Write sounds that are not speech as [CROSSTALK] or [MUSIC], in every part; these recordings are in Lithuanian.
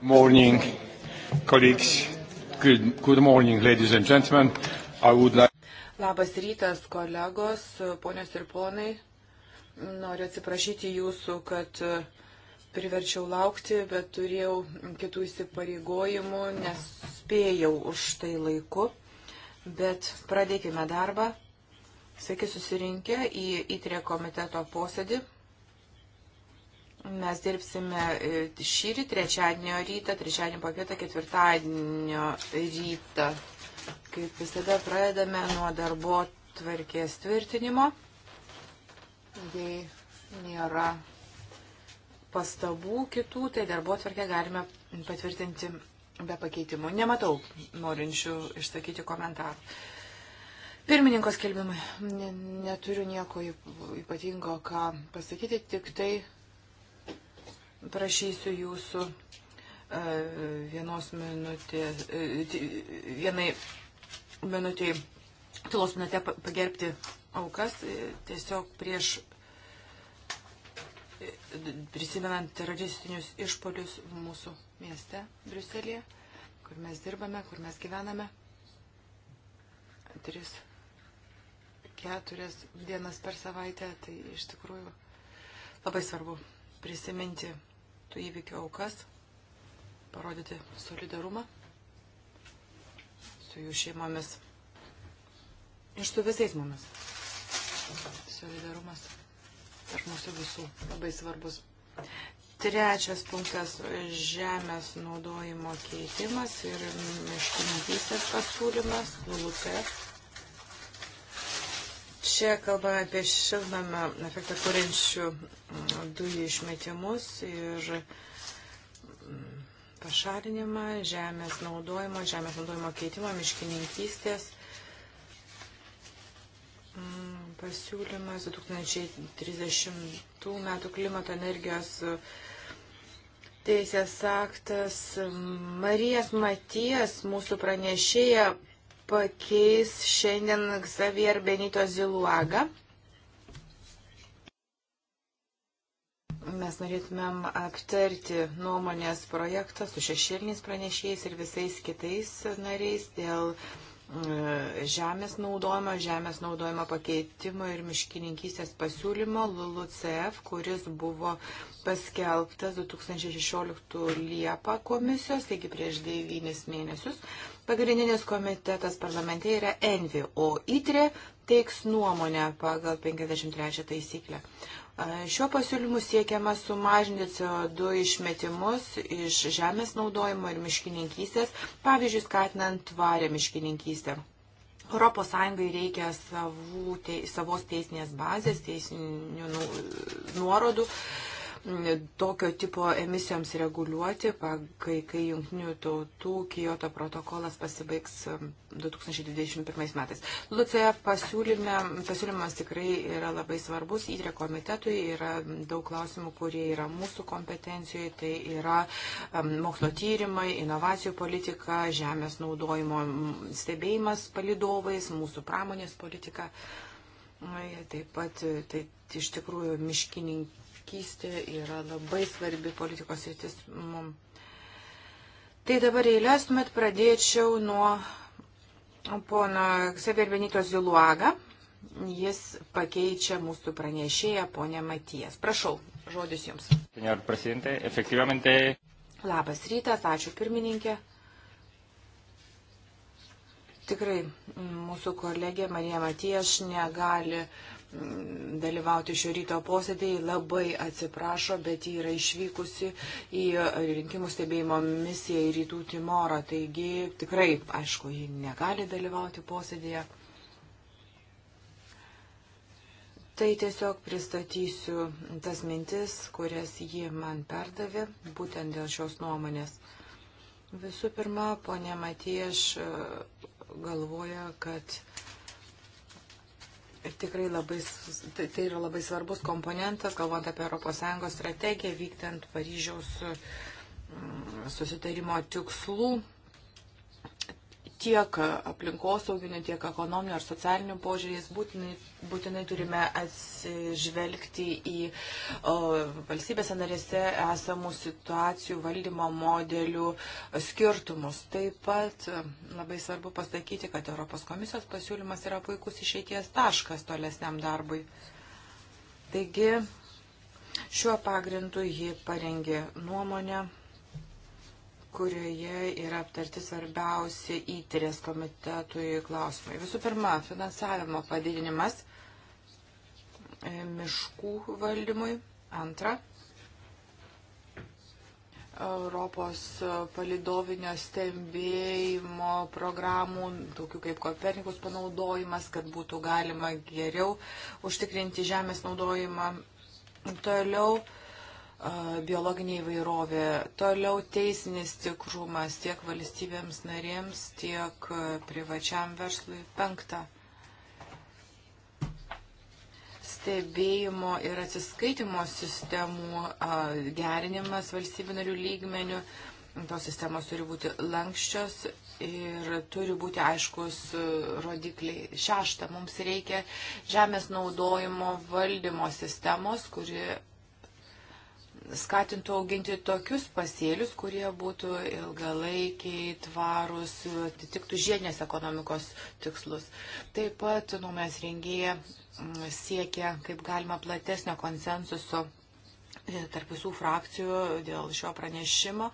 morning, colleagues. Good, good morning, ladies and gentlemen. I would like... Labas rytas, kolegos, ponios ir ponai. Noriu atsiprašyti jūsų, kad e, priverčiau laukti, bet turėjau kitų įsipareigojimų, nespėjau už tai laiku. Bet pradėkime darbą. Sveiki susirinkę į įtrė e komiteto posėdį. Mes dirbsime e, šį rytą, trečiadienio rytą, trečiadienio popietą, ketvirtadienio rytą. Kaip visada pradedame nuo darbo tvarkės tvirtinimo. Jei nėra pastabų kitų, tai darbo tvarkę galime patvirtinti be pakeitimų. Nematau norinčių išsakyti komentarų. Pirmininkos kelbimai. Neturiu nieko ypatingo, ką pasakyti, tik tai Prašysiu jūsų e, vienos minutės, e, vienai minutiai, tylos minutę pagerbti aukas, e, tiesiog prieš prisimenant teroristinius išpolius mūsų mieste, Briuselėje, kur mes dirbame, kur mes gyvename. Tris, keturias dienas per savaitę, tai iš tikrųjų labai svarbu prisiminti tų įvykių aukas, parodyti solidarumą su jų šeimomis ir su visais mumis. Solidarumas tarp mūsų visų labai svarbus. Trečias punktas - žemės naudojimo keitimas ir miškininkystės pasiūlymas, LULUCEF Čia kalbame apie šiltnamą efektą kuriančių mm, dujų išmetimus ir mm, pašalinimą, žemės naudojimo, žemės naudojimo keitimo, miškininkystės mm, pasiūlymas 2030 metų klimato energijos teisės aktas. Marijas Matijas, mūsų pranešėja, pakeis šiandien Xavier Benito Ziluaga. Mes norėtumėm aptarti nuomonės projektą su šešėliniais pranešėjais ir visais kitais nariais dėl žemės naudojimo, žemės naudojimo pakeitimo ir miškininkystės pasiūlymo LULUCF, kuris buvo paskelbtas 2016 Liepą komisijos, taigi prieš devynis mėnesius. Pagrindinis komitetas parlamente yra ENVI, o ITRE teiks nuomonę pagal 53 taisyklę. Šiuo pasiūlymu siekiama sumažinti CO2 išmetimus iš žemės naudojimo ir miškininkystės, pavyzdžiui, skatinant tvarę miškininkystę. Europos Sąjungai reikia savų, te, savos teisinės bazės, teisinių nuorodų. Nu, tokio tipo emisijoms reguliuoti, kai, kai jungtinių tautų Kyoto protokolas pasibaigs 2021 um, metais. LUCF pasiūlyme, pasiūlymas tikrai yra labai svarbus. Įtrė komitetui yra daug klausimų, kurie yra mūsų kompetencijoje. Tai yra um, mokslo tyrimai, inovacijų politika, žemės naudojimo stebėjimas palidovais, mūsų pramonės politika. Taip pat tai, iš tikrųjų miškininkai Bankininkystė yra labai svarbi politikos rytis mums. Tai dabar eilės, tuomet pradėčiau nuo pono Xavier Benito Ziluaga. Jis pakeičia mūsų pranešėją, ponę Matijas. Prašau, žodis jums. Senor prezidente, efektyvamente. Labas rytas, ačiū pirmininkė. Tikrai mm, mūsų kolegė Marija Matijaš negali uh, dalyvauti šio ryto posėdėje, labai atsiprašo, bet ji yra išvykusi į rinkimų stebėjimo misiją į rytų Timorą, taigi tikrai, aišku, ji negali dalyvauti posėdėje. Tai tiesiog pristatysiu tas mintis, kurias ji man perdavė, būtent dėl šios nuomonės. Visų pirma, ponė Matieš e, galvoja, kad uh, tikrai labai, tai, tai yra labai svarbus komponentas, galvant apie ES strategiją, vykdant Paryžiaus mm, susitarimo tikslų tiek aplinkosauginių, tiek ekonominių ar socialinių požiūrės būtinai, būtinai turime atsižvelgti į o, valstybėse narėse esamų situacijų valdymo modelių skirtumus. Taip pat e, labai svarbu pasakyti, kad Europos komisijos pasiūlymas yra puikus išeities taškas tolesniam darbui. Taigi, šiuo pagrindu ji parengė nuomonę kurioje yra aptarti svarbiausi įtirės komitetui klausimai. Visų pirma, finansavimo padidinimas e, miškų valdymui. Antra, Europos palidovinio stebėjimo programų, tokių kaip Kopernikus panaudojimas, kad būtų galima geriau užtikrinti žemės naudojimą. Toliau biologinė įvairovė, toliau teisinis tikrumas tiek valstybėms narėms, tiek privačiam verslui. Penkta. Stebėjimo ir atsiskaitimo sistemų gerinimas valstybių narių lygmenių. Tos sistemos turi būti lankščios ir turi būti aiškus rodikliai. Šešta, mums reikia žemės naudojimo valdymo sistemos, kuri skatintų auginti tokius pasėlius, kurie būtų ilgalaikiai tvarūs, atitiktų žiedinės ekonomikos tikslus. Taip pat nuomės rengėja mm, siekia kaip galima platesnio konsensuso e, tarp visų frakcijų dėl šio pranešimo.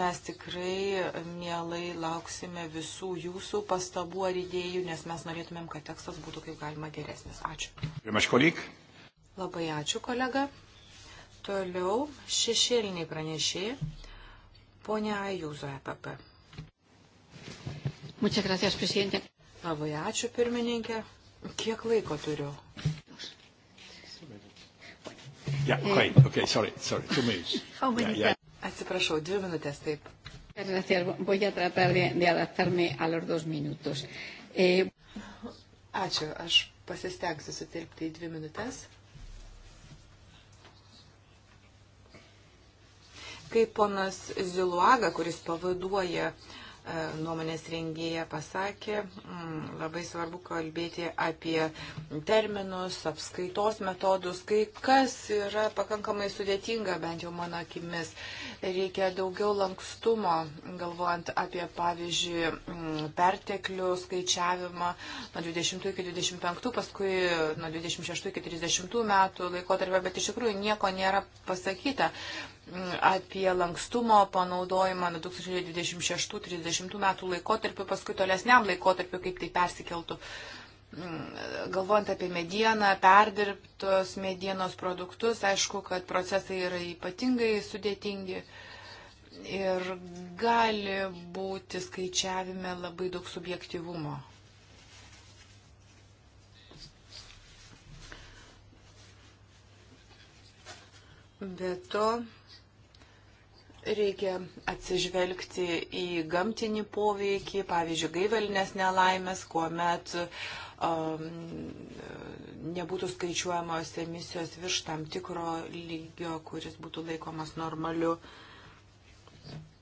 Mes tikrai mielai lauksime visų jūsų pastabų ar idėjų, nes mes norėtumėm, kad tekstas būtų kaip galima geresnis. Ačiū. Labai ačiū, kolega. Toliau šešėliniai pranešėjai. Pone Ajūzo EPP. Muchas gracias, presidente. Labai ačiū, pirmininkė. Kiek laiko turiu? Yeah, great. Okay, sorry, sorry. Two minutes. Oh, yeah, yeah. Atsiprašau, dvi minutės taip. Gracias. Voy a tratar de, de adaptarme a los dos minutos. Eh... Ačiū, aš pasistengsiu sutilpti į dvi minutės. Kaip ponas Ziluaga, kuris pavaduoja e, nuomonės rengėja pasakė, mm, labai svarbu kalbėti apie terminus, apskaitos metodus, kai kas yra pakankamai sudėtinga, bent jau mano akimis. Reikia daugiau lankstumo, galvojant apie, pavyzdžiui, mm, perteklių skaičiavimą nuo 20 iki 25, paskui nuo 26 iki 30 metų laikotarpio, bet iš tikrųjų nieko nėra pasakyta apie lankstumo panaudojimą 2026-30 metų laikotarpiu, paskui tolesniam laikotarpiu, kaip tai persikeltų. Mm, galvojant apie medieną, perdirbtos medienos produktus, aišku, kad procesai yra ypatingai sudėtingi ir gali būti skaičiavime labai daug subjektivumo. Be to, Reikia atsižvelgti į gamtinį poveikį, pavyzdžiui, gaivalinės nelaimės, kuomet um, nebūtų skaičiuojamos emisijos virš tam tikro lygio, kuris būtų laikomas normaliu.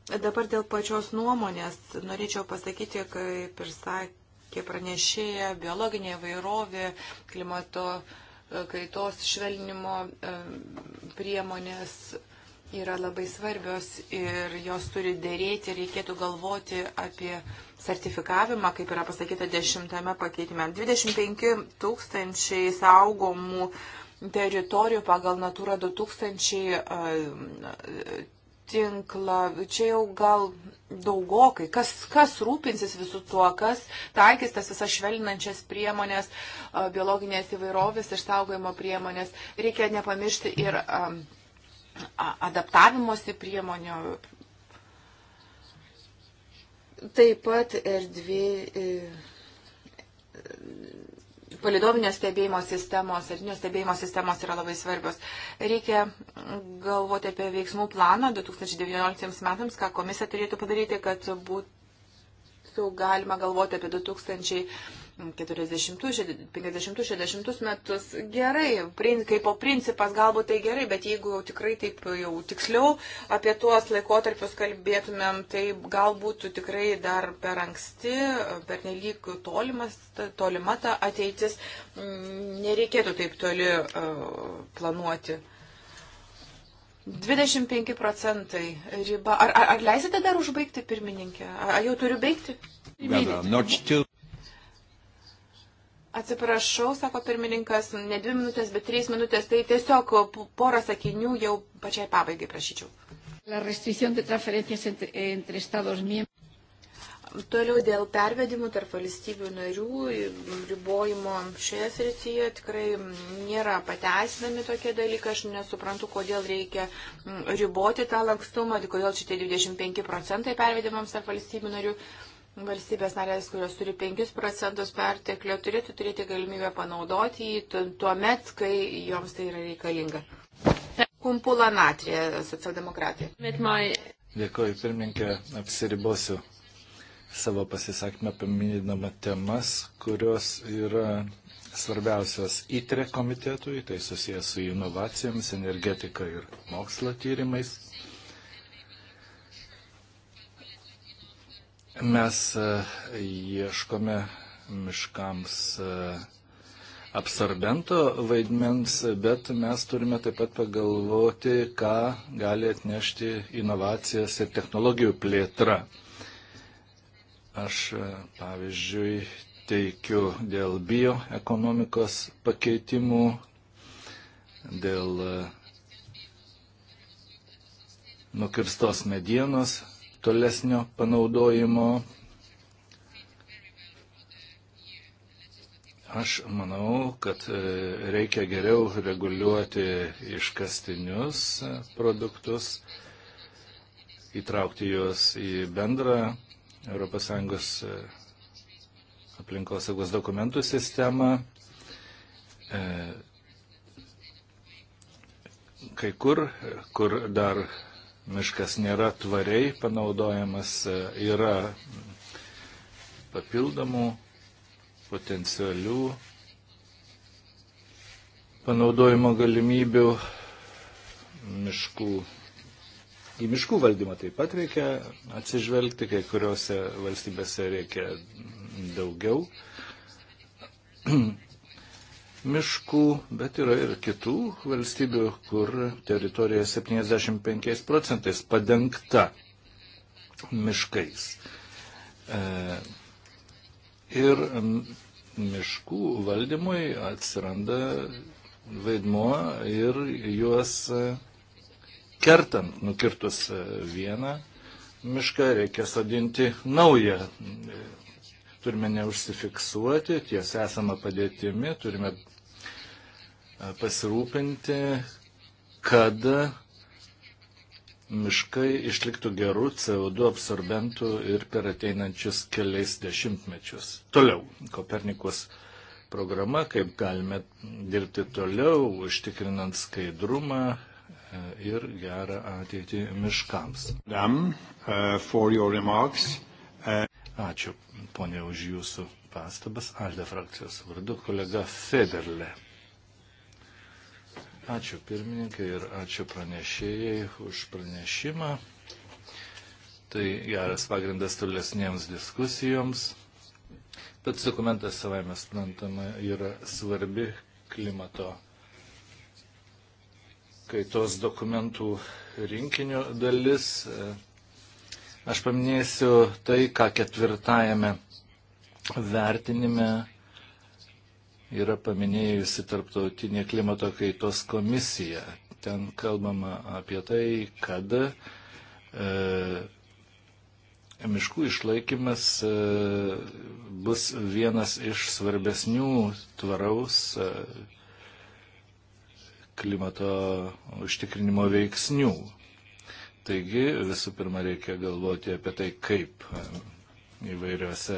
Dabar dėl pačios nuomonės norėčiau pasakyti, kaip ir sakė pranešėja, biologinė vairovė, klimato e, kaitos švelnimo e, priemonės yra labai svarbios ir jos turi dėrėti, reikėtų galvoti apie sertifikavimą, kaip yra pasakyta dešimtame pakeitime. 25 tūkstančiai saugomų teritorijų pagal Natura 2000 e, e, tinklą. Čia jau gal daugokai. Kas, kas rūpinsis visų tuo, kas taikys tas visas švelninančias priemonės, e, biologinės įvairovės išsaugojimo priemonės. Reikia nepamiršti ir. Um, adaptavimuose priemonių. Taip pat erdvė e, palidovinio stebėjimo sistemos, erdvinio stebėjimo sistemos yra labai svarbios. Reikia galvoti apie veiksmų planą 2019 metams, ką komisija turėtų padaryti, kad būtų galima galvoti apie 2000. 40-50 metus gerai, kaip po principas galbūt tai gerai, bet jeigu jau tikrai taip jau tiksliau apie tuos laikotarpius kalbėtumėm, tai galbūt tikrai dar per anksti, per nelik tolimas, tolima ta ateitis, mm, nereikėtų taip toli e, planuoti. 25 procentai riba. Ar, ar, ar leisite dar užbaigti pirmininkę? Ar, ar jau turiu baigti? Well, well, Atsiprašau, sako pirmininkas, ne dvi minutės, bet trys minutės, tai tiesiog porą sakinių jau pačiai pabaigai prašyčiau. Toliau dėl pervedimų tarp valstybių narių ribojimo šioje srityje tikrai nėra pateisinami tokie dalykai. Aš nesuprantu, kodėl reikia mm, riboti tą lankstumą, kodėl šitie 25 procentai pervedimams tarp valstybių narių. Valstybės narės, kurios turi 5 procentus perteklio, turėtų turėti galimybę panaudoti jį tuo met, kai joms tai yra reikalinga. Kumpula natrė, socialdemokratė. My... Dėkuoju, pirmininkė, apsiribosiu savo pasisakymą paminėdama temas, kurios yra svarbiausios ITRE komitetui, tai susijęs su inovacijomis, energetika ir mokslo tyrimais. Mes e, ieškome miškams e, absorbento vaidmens, bet mes turime taip pat pagalvoti, ką gali atnešti inovacijas ir technologijų plėtra. Aš, e, pavyzdžiui, teikiu dėl bioekonomikos pakeitimų, dėl nukirstos medienos tolesnio panaudojimo. Aš manau, kad e, reikia geriau reguliuoti iškastinius e, produktus, įtraukti juos į bendrą ES e, aplinkosaugos dokumentų sistemą. Kai kur, kur dar miškas nėra tvariai panaudojamas, e, yra papildomų potencialių panaudojimo galimybių miškų. Į miškų valdymą taip pat reikia atsižvelgti, kai kuriuose valstybėse reikia daugiau [CLEARS THROAT] miškų, bet yra ir kitų valstybių, kur teritorija 75 procentais padengta miškais. E, ir miškų valdymui atsiranda vaidmuo ir juos e, kertant, nukirtus e, vieną mišką, reikia sadinti naują Turime neužsifiksuoti ties esamą padėtimi, turime e, pasirūpinti, kad miškai išliktų gerų CO2 absorbentų ir per ateinančius keliais dešimtmečius. Toliau, Kopernikus programa, kaip galime dirbti toliau, užtikrinant skaidrumą e, ir gerą ateitį miškams. Them, e, uh, Ačiū, ponė, už jūsų pastabas. Alde frakcijos vardu kolega Federle. Ačiū pirmininkai ir ačiū pranešėjai už pranešimą. Tai geras pagrindas tolesniems diskusijoms. Pats dokumentas savai mes plantama yra svarbi klimato kaitos dokumentų rinkinio dalis. E, Aš paminėsiu tai, ką ketvirtajame vertinime yra paminėjusi Tarptautinė klimato kaitos komisija. Ten kalbama apie tai, kad e, miškų išlaikymas e, bus vienas iš svarbesnių tvaraus e, klimato užtikrinimo veiksnių. Taigi visų pirma reikia galvoti apie tai, kaip įvairiose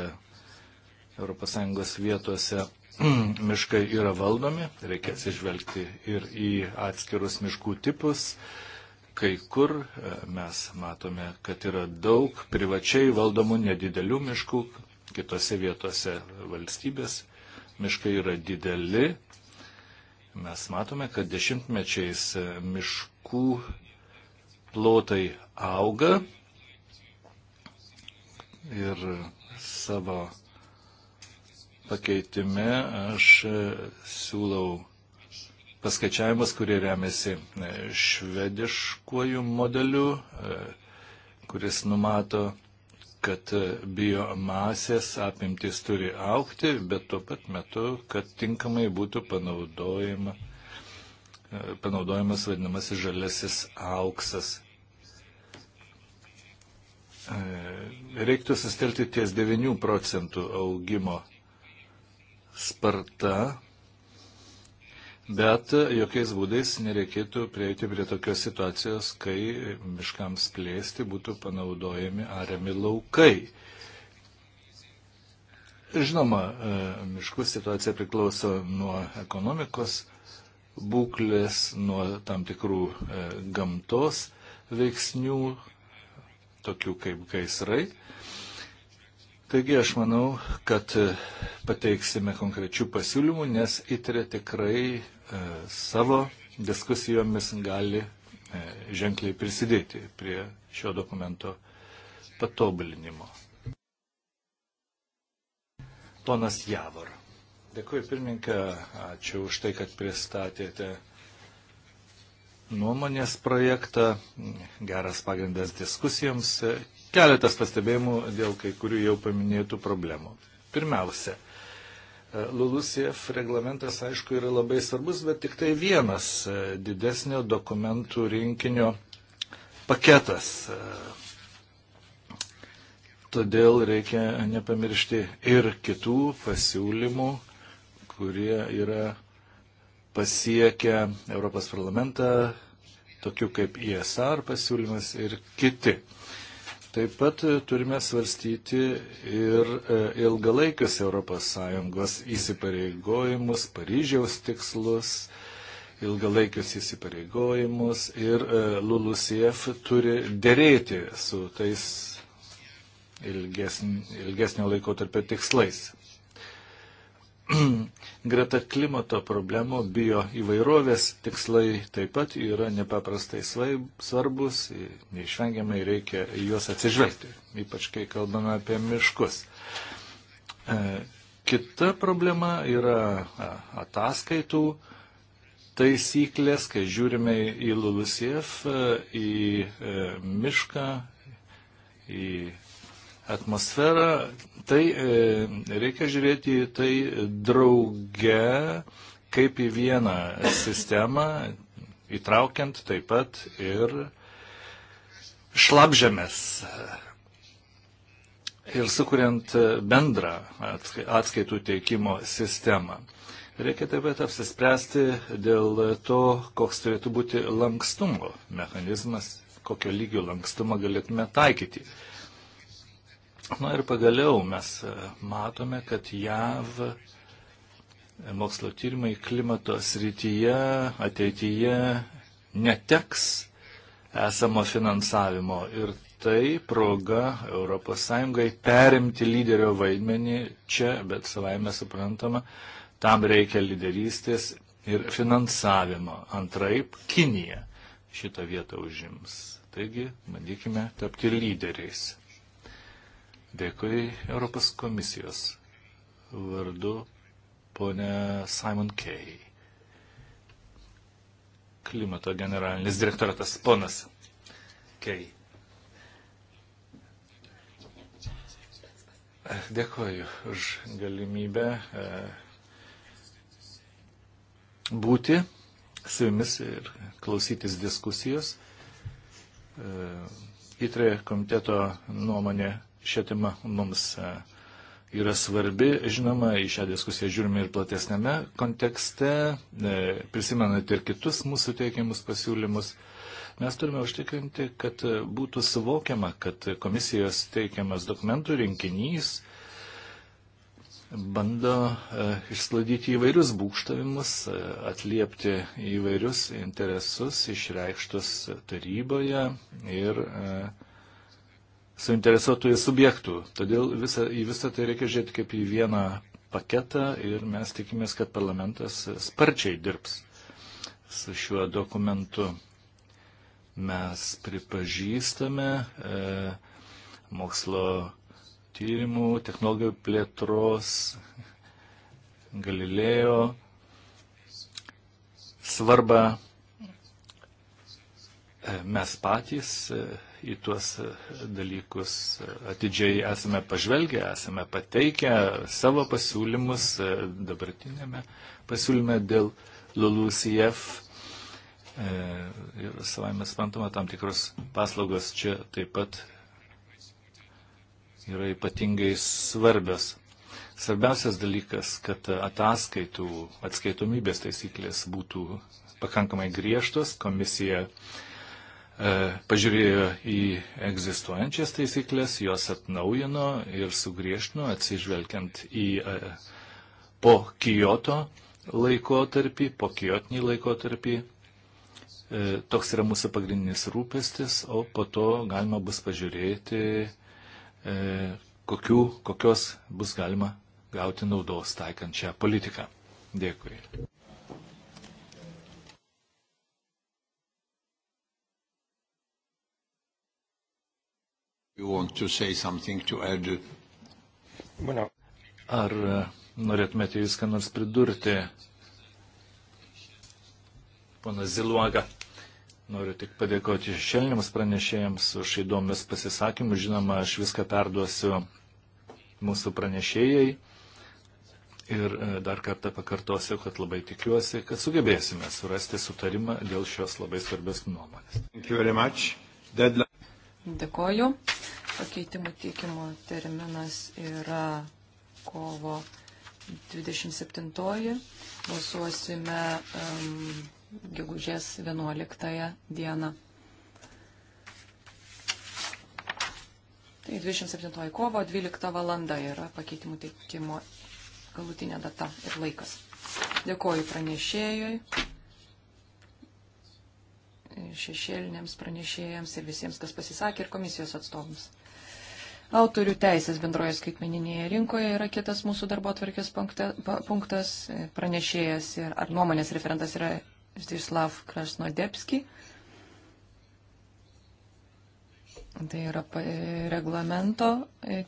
ES vietose [CLEARS THROAT] miškai yra valdomi, reikia atsižvelgti ir į atskirus miškų tipus. Kai kur e, mes matome, kad yra daug privačiai valdomų nedidelių miškų, kitose vietose valstybės miškai yra dideli. Mes matome, kad dešimtmečiais e, miškų plotai auga ir savo pakeitime aš siūlau paskaičiavimas, kurie remiasi švediškuoju modeliu, kuris numato, kad biomasės apimtis turi aukti, bet tuo pat metu, kad tinkamai būtų panaudojama panaudojamas vadinamasis žalesis auksas. E, reiktų sustelti ties 9 procentų augimo sparta, bet jokiais būdais nereikėtų prieiti prie tokios situacijos, kai miškams plėsti būtų panaudojami ariami laukai. Žinoma, e, miškų situacija priklauso nuo ekonomikos būklės, nuo tam tikrų e, gamtos veiksnių, tokių kaip gaisrai. Taigi aš manau, kad e, pateiksime konkrečių pasiūlymų, nes ITRE tikrai e, savo diskusijomis gali ženkliai prisidėti prie šio dokumento patobulinimo. Ponas Javor. Dėkuoju pirmininką, ačiū už tai, kad pristatėte nuomonės projektą. Geras pagrindas diskusijoms. Keletas pastebėjimų dėl kai kurių jau paminėtų problemų. Pirmiausia, LULUSIEF reglamentas, aišku, yra labai svarbus, bet tik tai vienas didesnio dokumentų rinkinio paketas. Todėl reikia nepamiršti ir kitų pasiūlymų, kurie yra pasiekę Europos parlamentą, tokių kaip ISR e pasiūlymas ir kiti. Taip pat turime svarstyti ir e, ilgalaikius ES įsipareigojimus, Paryžiaus tikslus, ilgalaikius įsipareigojimus ir e, LULUSIEF turi dėrėti su tais ilgesnio laiko tarp tikslais. [CLEARS THROAT] greta klimato problemų bio įvairovės tikslai taip pat yra nepaprastai svarbus, neišvengiamai reikia juos atsižvelgti, ypač kai kalbame apie miškus. E, kita problema yra ataskaitų taisyklės, kai žiūrime į LULUSIEF, e, į e, mišką, į atmosferą, tai e, reikia žiūrėti į tai drauge kaip į vieną sistemą, įtraukiant taip pat ir šlapžemės ir sukuriant bendrą atskaitų teikimo sistemą. Reikia taip pat apsispręsti dėl to, koks turėtų būti lankstumo mechanizmas, kokio lygio lankstumą galėtume taikyti. Na ir pagaliau mes e, matome, kad JAV e, mokslo tyrimai klimato srityje ateityje neteks esamo finansavimo ir tai proga ES perimti lyderio vaidmenį čia, bet savaime suprantama, tam reikia lyderystės ir finansavimo. Antraip, Kinija šitą vietą užims. Taigi, bandykime tapti lyderiais. Dėkui Europos komisijos vardu ponė Simon Kay. Klimato generalinis direktoratas ponas Kay. Dėkoju už galimybę e, būti su jumis ir klausytis diskusijos. Įtrė e, komiteto nuomonė šią temą mums e, yra svarbi. Žinoma, į šią diskusiją žiūrime ir platesnėme kontekste, e, prisimenate ir kitus mūsų teikiamus pasiūlymus. Mes turime užtikrinti, kad būtų suvokiama, kad komisijos teikiamas dokumentų rinkinys bando e, išsklaidyti įvairius būkštavimus, atliepti įvairius interesus išreikštus taryboje ir uh, suinteresuotųjų subjektų. Todėl visa, į visą tai reikia žiūrėti kaip į vieną paketą ir mes tikimės, kad parlamentas sparčiai dirbs su šiuo dokumentu. Mes pripažįstame e, mokslo tyrimų, technologijų plėtros, Galilėjo svarbą e, mes patys e, į tuos e, dalykus e, atidžiai esame pažvelgę, esame pateikę savo pasiūlymus e, dabartinėme pasiūlyme dėl LULUCF ir savai mes spantama tam tikros paslaugos čia taip pat yra ypatingai svarbios. Svarbiausias dalykas, kad ataskaitų atskaitomybės taisyklės būtų pakankamai griežtos, komisija uh, E, pažiūrėjo į egzistuojančias taisyklės, juos atnaujino ir sugriežtino atsižvelgiant į e, po Kyoto laikotarpį, po Kyotinį laikotarpį. E, toks yra mūsų pagrindinis rūpestis, o po to galima bus pažiūrėti, kokių, kokios bus galima gauti naudos taikant šią politiką. Dėkui. Ar e, norėtumėte jūs ką nors pridurti? Pana Ziluaga, noriu tik padėkoti šešėliniams pranešėjams už įdomius pasisakymus. Žinoma, aš viską perduosiu mūsų pranešėjai. Ir e, dar kartą pakartosiu, kad labai tikiuosi, kad sugebėsime surasti sutarimą dėl šios labai svarbios nuomonės. Dėkoju. Pakeitimų teikimo terminas yra kovo 27. Balsuosime um, gegužės 11 dieną. Tai 27 kovo 12 valanda yra pakeitimų teikimo galutinė data ir laikas. Dėkoju pranešėjui, šešėliniams pranešėjams ir visiems, kas pasisakė, ir komisijos atstovams. Autorių teisės bendroje skaitmeninėje rinkoje yra kitas mūsų darbo atvarkės punktas. Pranešėjas ir, ar nuomonės referentas yra Zdislav Krasnodepski. Tai yra reglamento e,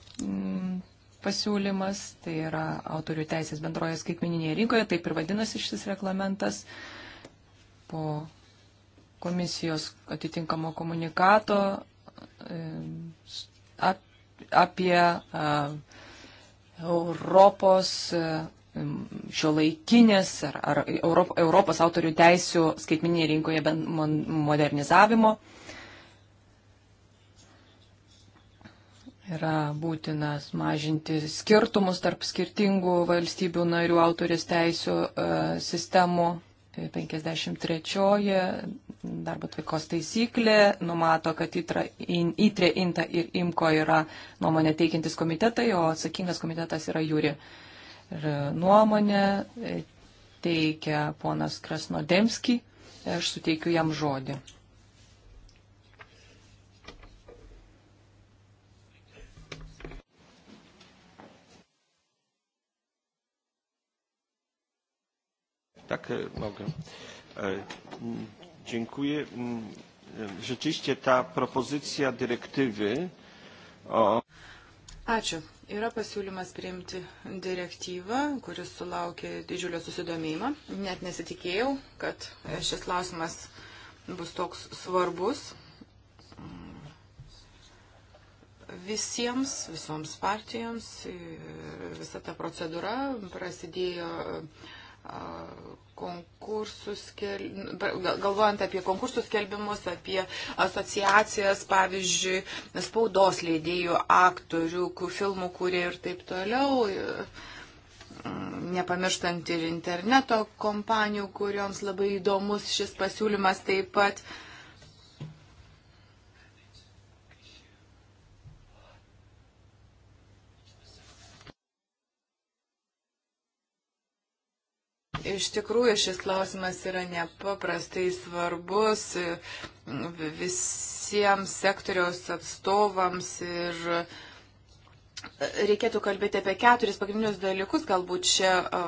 pasiūlymas, tai yra autorių teisės bendroje skaitmeninėje rinkoje, taip ir vadinasi šis reglamentas. Po komisijos atitinkamo komunikato e, ap, apie Europos šio laikinės ar, ar Europos autorių teisių skaitminėje rinkoje modernizavimo. Yra būtina mažinti skirtumus tarp skirtingų valstybių narių autorės teisų sistemų 53 darbo tvarkos taisyklė numato, kad ITRE, INTA ir IMKO yra nuomonė teikiantis komitetai, o atsakingas komitetas yra Jūri. Ir nuomonė e, teikia ponas Krasnodemski, aš suteikiu jam žodį. Tak, e, mogę. E, dziękuję. E, rzeczywiście ta propozycja dyrektywy o... Ačiū. Yra pasiūlymas priimti direktyvą, kuris sulaukė didžiulio susidomėjimo. Net nesitikėjau, kad šis klausimas bus toks svarbus visiems, visoms partijoms. Visa ta procedūra prasidėjo uh, konkursus, galvojant apie konkursus kelbimus, apie asociacijas, pavyzdžiui, spaudos leidėjų, aktorių, filmų kūrėjų ir taip toliau, mm, nepamirštant ir interneto kompanijų, kurioms labai įdomus šis pasiūlymas taip pat. Uh, Iš tikrųjų, šis klausimas yra nepaprastai svarbus e, visiems sektoriaus atstovams ir e, reikėtų kalbėti apie keturis pagrindinius dalykus, galbūt čia e,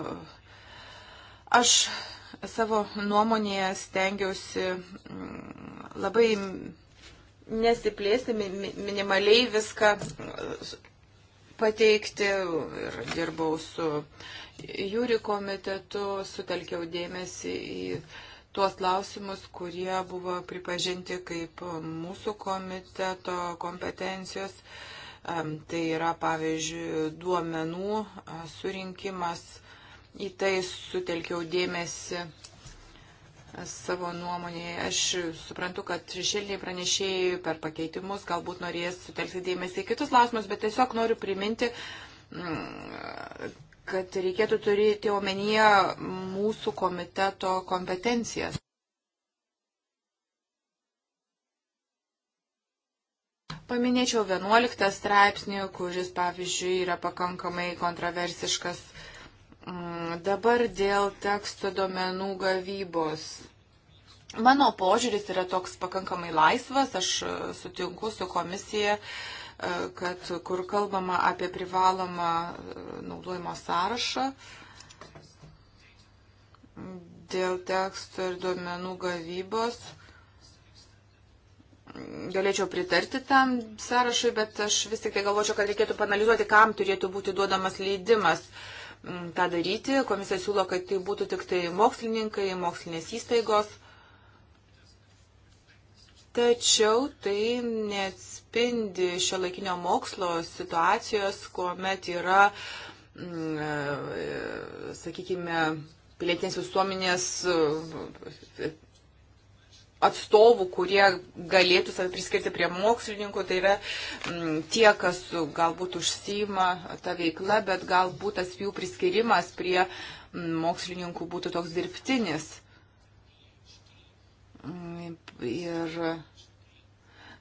aš savo nuomonėje stengiausi mm, labai nesiplėsti, minimaliai viską pateikti ir dirbau su jūri komitetu, sutelkiau dėmesį į tuos klausimus, kurie buvo pripažinti kaip mūsų komiteto kompetencijos. Tai yra, pavyzdžiui, duomenų surinkimas. Į tai sutelkiau dėmesį savo nuomonėje. Aš suprantu, kad šešėliniai pranešėjai per pakeitimus galbūt norės sutelkti dėmesį į kitus klausimus, bet tiesiog noriu priminti, mm, kad reikėtų turėti omenyje mūsų komiteto kompetencijas. Paminėčiau 11 straipsnį, kuris, pavyzdžiui, yra pakankamai kontroversiškas Dabar dėl teksto domenų gavybos. Mano požiūris yra toks pakankamai laisvas, aš e, sutinku su komisija, e, kad kur kalbama apie privalomą e, naudojimo sąrašą dėl teksto ir duomenų gavybos, galėčiau pritarti tam sąrašui, bet aš vis tik tai galvočiau, kad reikėtų panalizuoti, kam turėtų būti duodamas leidimas. Uh, tą daryti. Komisija siūlo, kad tai būtų tik tai mokslininkai, mokslinės įstaigos. Tačiau tai neatspindi šio laikinio mokslo situacijos, kuomet yra, e, sakykime, pilietinės visuomenės atstovų, kurie galėtų save priskirti prie mokslininkų, tai yra m, mm, tie, kas galbūt užsima tą veiklą, bet galbūt tas jų priskirimas prie m, mm, mokslininkų būtų toks dirbtinis. Mm, ir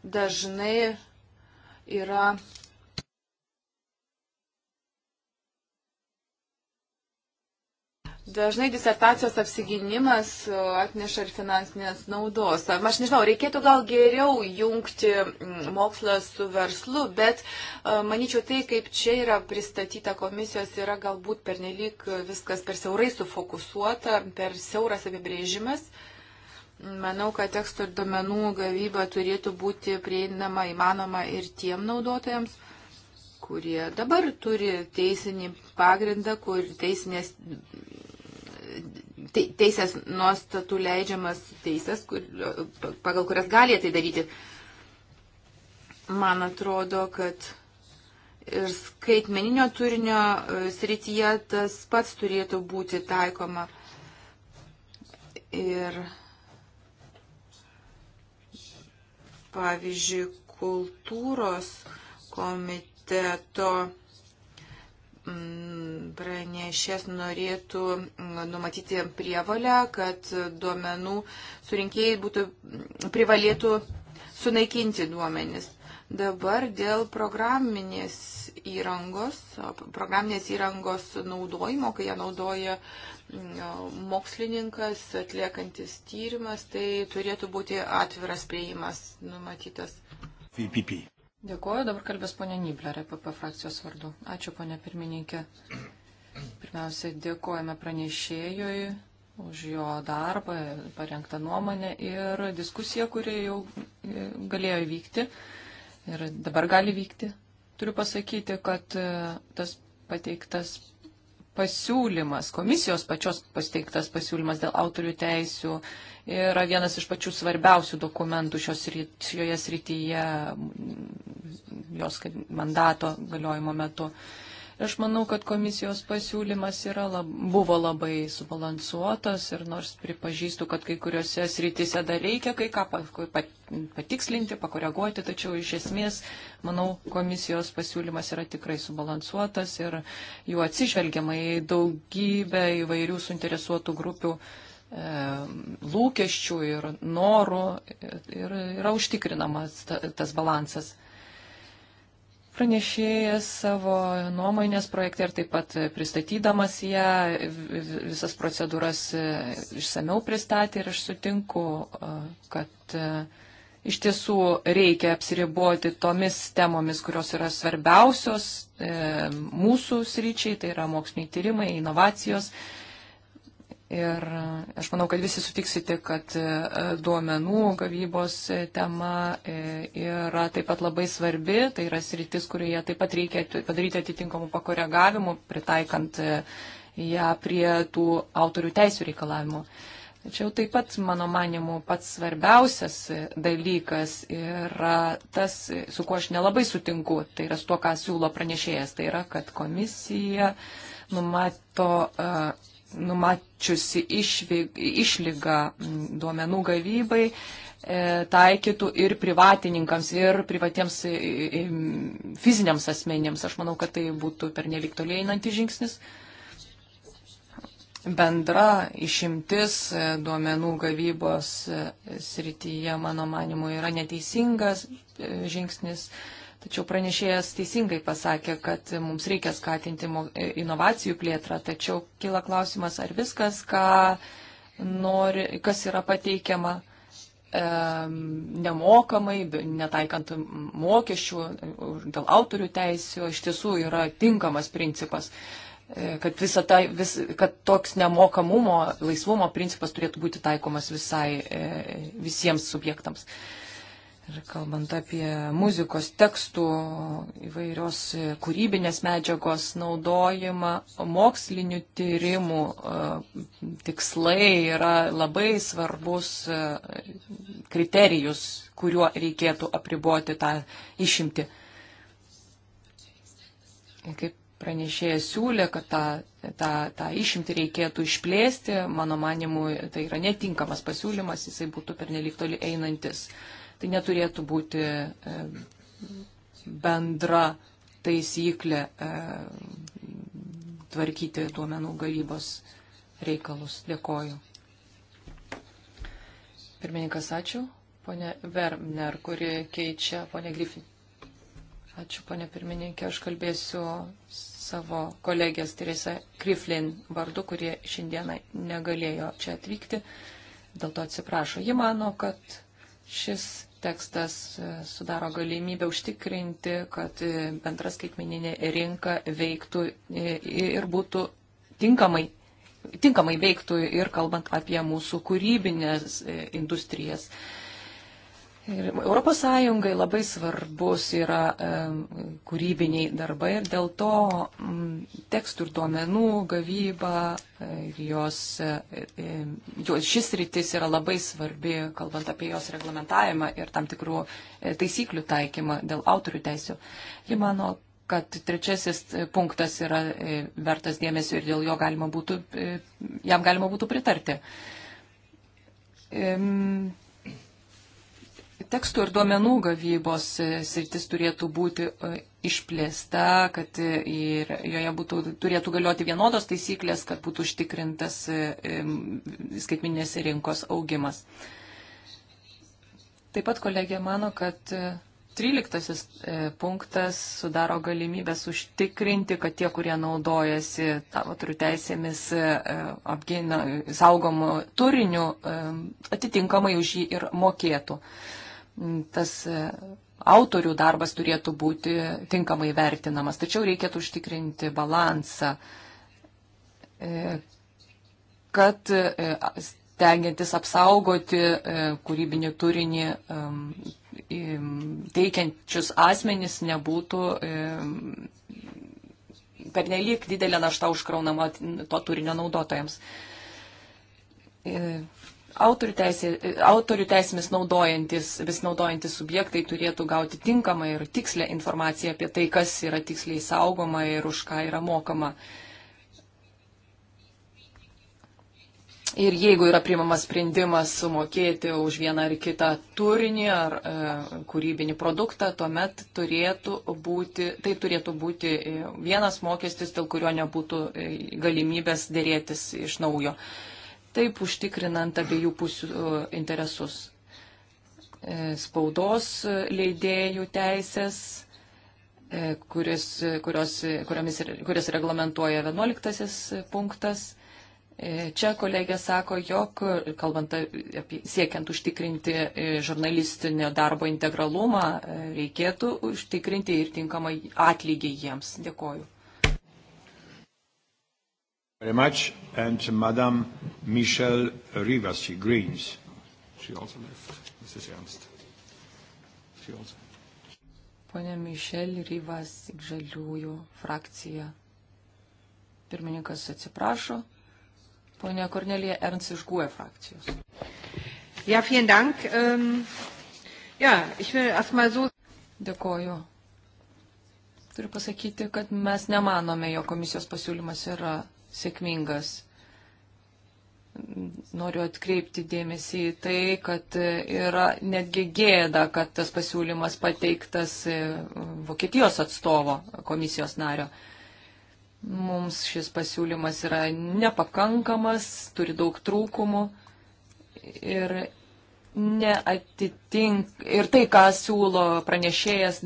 dažnai yra Dažnai disertacijos apsiginimas e, atneša ir finansinės naudos. Aš nežinau, reikėtų gal geriau jungti mm, mokslą su verslu, bet e, manyčiau tai, kaip čia yra pristatyta komisijos, yra galbūt pernelyg viskas per siaurai sufokusuota, per siauras apibrėžimas. Manau, kad teksto ir domenų gavyba turėtų būti prieinama įmanoma ir tiem naudotojams kurie dabar turi teisinį pagrindą, kur teisinės teisės nuostatų leidžiamas teisės, kur, pagal kurias gali tai daryti. Man atrodo, kad ir skaitmeninio turinio e, srityje tas pats turėtų būti taikoma. Ir pavyzdžiui, kultūros komiteto Mm, pranešės norėtų mm, numatyti prievalę, kad duomenų surinkėjai būtų, mm, privalėtų sunaikinti duomenis. Dabar dėl programinės įrangos, programinės įrangos naudojimo, kai ją naudoja mokslininkas atliekantis tyrimas, tai turėtų būti atviras prieimas numatytas. VPP. Dėkuoju, dabar kalbės ponė Nibler, EPP frakcijos vardu. Ačiū, ponė pirmininkė. Pirmiausia, dėkojame pranešėjui už jo darbą, parengtą nuomonę ir diskusiją, kuri jau e, galėjo vykti ir dabar gali vykti. Turiu pasakyti, kad e, tas pateiktas pasiūlymas, komisijos pačios pasteiktas pasiūlymas dėl autorių teisių yra vienas iš pačių svarbiausių dokumentų šios, šioje srityje jos mandato galiojimo metu. Ir aš manau, kad komisijos pasiūlymas yra, lab, buvo labai subalansuotas ir nors pripažįstu, kad kai kuriuose srityse dar reikia kai ką patikslinti, pakoreguoti, tačiau iš esmės, manau, komisijos pasiūlymas yra tikrai subalansuotas ir jų atsižvelgiama į daugybę įvairių suinteresuotų grupių e, lūkesčių ir norų ir yra užtikrinamas tas balansas pranešėjas savo nuomonės projekte ir taip pat pristatydamas ją visas procedūras e, išsameu pristatė ir aš sutinku, e, kad e, iš tiesų reikia apsiriboti tomis temomis, kurios yra svarbiausios mūsų sryčiai, tai yra moksliniai tyrimai, inovacijos Ir aš manau, kad visi sutiksite, kad e, duomenų gavybos e, tema e, yra taip pat labai svarbi, tai yra sritis, kurioje taip pat reikia padaryti atitinkamų pakoregavimų, pritaikant ją prie tų autorių teisų reikalavimų. Tačiau taip pat, mano manimu, pats svarbiausias dalykas yra tas, su kuo aš nelabai sutinku, tai yra su tuo, ką siūlo pranešėjas, tai yra, kad komisija numato. Uh, numačiusi išvyg, išlygą duomenų gavybai, e, taikytų ir privatininkams, ir privatiems e, e, fiziniams asmenėms. Aš manau, kad tai būtų per nelik toliai einantis žingsnis. Bendra išimtis duomenų gavybos srityje, mano manimu, yra neteisingas žingsnis. E, Tačiau pranešėjas teisingai pasakė, kad mums reikia skatinti e, inovacijų plėtrą, tačiau kila klausimas, ar viskas, nori, kas yra pateikiama e, nemokamai, netaikant mokesčių dėl autorių teisų, iš tiesų yra tinkamas principas e, kad, ta, vis, kad toks nemokamumo, laisvumo principas turėtų būti taikomas visai, e, visiems subjektams. E, Ir kalbant apie muzikos tekstų įvairios kūrybinės medžiagos naudojimą, mokslinių tyrimų e, tikslai yra labai svarbus e, kriterijus, kuriuo reikėtų apriboti tą išimti. Kaip pranešėjas siūlė, kad tą, tą, tą išimtį reikėtų išplėsti, mano manimu, tai yra netinkamas pasiūlymas, jisai būtų pernelyg toli einantis. Uh, Tai neturėtų būti e, bendra taisyklė e, tvarkyti duomenų galybos reikalus. Dėkoju. Pirmininkas, ačiū. Pone Vermner, kuri keičia pone Griffith. Ačiū, ponė pirmininkė. Aš kalbėsiu savo kolegės Teresa Kriflin vardu, kurie šiandieną negalėjo čia atvykti. Dėl to atsiprašo. Ji mano, kad Šis tekstas e, sudaro galimybę užtikrinti, kad e, bendra skaitmeninė rinka veiktų e, ir būtų tinkamai tinkamai veiktų ir kalbant apie mūsų kūrybinės industrijas. Ir Europos Sąjungai labai svarbus yra e, kūrybiniai darbai ir dėl to m, tekstų ir duomenų gavyba e, ir jos, e, e jos, šis rytis yra labai svarbi, kalbant apie jos reglamentavimą ir tam tikrų e, taisyklių taikymą dėl autorių teisų. Ji mano, kad trečiasis e, punktas yra e, vertas dėmesio ir dėl jo galima būtų, e, jam galima būtų pritarti. E, tekstų ir duomenų gavybos e, sritis turėtų būti e, išplėsta, kad e, ir joje būtų, turėtų galioti vienodos taisyklės, kad būtų užtikrintas skaitminės rinkos augimas. Taip pat kolegė mano, kad 13 punktas sudaro galimybės užtikrinti, kad tie, kurie naudojasi autorių teisėmis apgina saugomų turinių, atitinkamai už jį ir mokėtų tas e, autorių darbas turėtų būti tinkamai vertinamas. Tačiau reikėtų užtikrinti balansą, e, kad e, tengiantis apsaugoti kūrybinį turinį teikiančius asmenys nebūtų per nelik didelė našta užkraunama to turinio naudotojams autorių, teisė, autorių teisėmis naudojantis, vis naudojantis subjektai turėtų gauti tinkamą ir tikslę informaciją apie tai, kas yra tiksliai saugoma ir už ką yra mokama. Ir jeigu yra priimamas sprendimas sumokėti už vieną ar kitą turinį ar e, kūrybinį produktą, tuomet turėtų būti, tai turėtų būti e, vienas mokestis, dėl kurio nebūtų e, galimybės dėrėtis iš naujo. E, taip užtikrinant abiejų pusių e, interesus e, spaudos leidėjų teisės, e, kuris, kurios, kuriomis, kuris reglamentuoja 11 punktas. Čia kolegė sako, jog, kalbant apie siekiant užtikrinti žurnalistinio darbo integralumą, reikėtų užtikrinti ir tinkamą atlygį jiems. Dėkoju. Very much. And Madame Michelle Rivas, she Greens. She also left. Mrs. Ernst. She also. Pone Mišel Rivas, Žaliųjų frakcija. Pirmininkas atsiprašo. Pone Kornelija Ernst iš GUE frakcijos. Ja, vielen Dank. Um, ja, ich will erstmal so. Dėkoju. Turiu pasakyti, kad mes nemanome, jo komisijos pasiūlymas yra sėkmingas. Noriu atkreipti dėmesį į tai, kad yra netgi gėda, kad tas pasiūlymas pateiktas e, Vokietijos atstovo komisijos nario. Mums šis pasiūlymas yra nepakankamas, turi daug trūkumų ir neatitink. Ir tai, ką siūlo pranešėjas,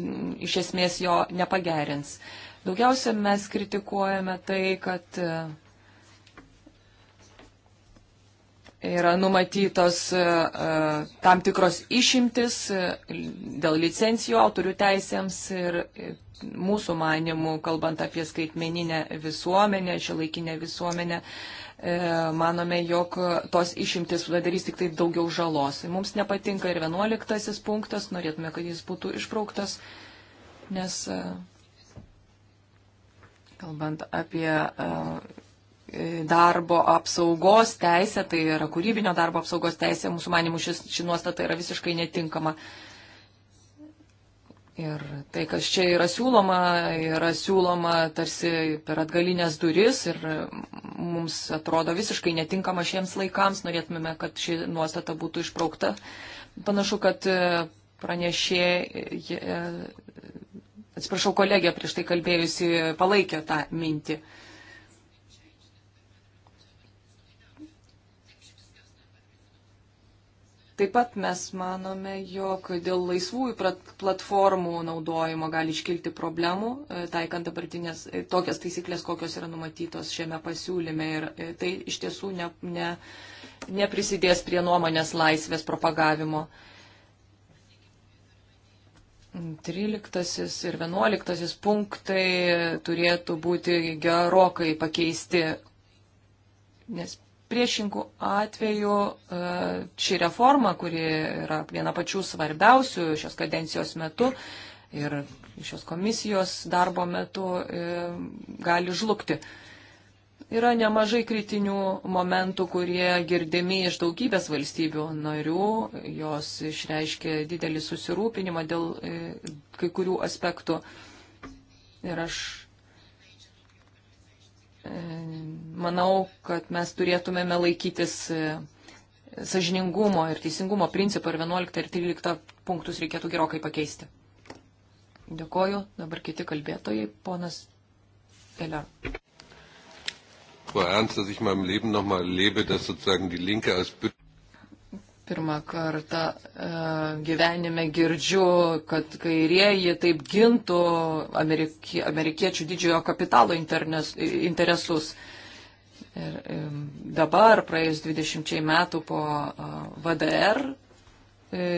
iš esmės jo nepagerins. Daugiausia mes kritikuojame tai, kad e, yra numatytos e, e, tam tikros išimtis dėl licencijų autorių teisėms ir mūsų manimų, kalbant apie skaitmeninę visuomenę, šiolaikinę visuomenę, manome, jog tos išimtis padarys tik tai daugiau žalos. Tai mums nepatinka ir vienuoliktasis punktas, norėtume, kad jis būtų išbrauktas, nes kalbant apie e, e, darbo apsaugos teisę, tai yra kūrybinio darbo apsaugos teisė, mūsų manimų šis, ši nuostata yra visiškai netinkama. Ir tai, kas čia yra siūloma, yra siūloma tarsi per atgalinės duris ir mums atrodo visiškai netinkama šiems laikams, norėtume, kad ši nuostata būtų išbraukta. Panašu, kad e, pranešė atsiprašau, kolegė prieš tai kalbėjusi palaikė tą mintį. Taip pat mes manome, jog dėl laisvųjų platformų naudojimo gali iškilti problemų, e, taikant dabartinės e, tokias taisyklės, kokios yra numatytos šiame pasiūlyme. Ir e, tai iš tiesų ne, ne, neprisidės prie nuomonės laisvės propagavimo. Uh, 13 ir 11 punktai turėtų būti gerokai pakeisti, nes priešingų atveju e, ši reforma, kuri yra viena pačių svarbiausių šios kadencijos metu ir šios komisijos darbo metu, e, gali žlugti. Yra nemažai kritinių momentų, kurie girdimi iš daugybės valstybių narių, jos išreiškia didelį susirūpinimą dėl e, kai kurių aspektų. Ir aš e, manau, kad mes turėtumėme laikytis e, sažiningumo ir teisingumo principą ir 11 ir 13 punktus reikėtų gerokai pakeisti. Dėkoju. Dabar kiti kalbėtojai. Ponas Eller. Frau Ernst, dass ich meinem Leben nochmal lebe, dass sozusagen die Linke als Pirmą kartą e, gyvenime girdžiu, kad kairieji taip gintų amerikie, amerikiečių didžiojo kapitalo internes, interesus. Ir e, dabar, praėjus 20 metų po e, VDR e,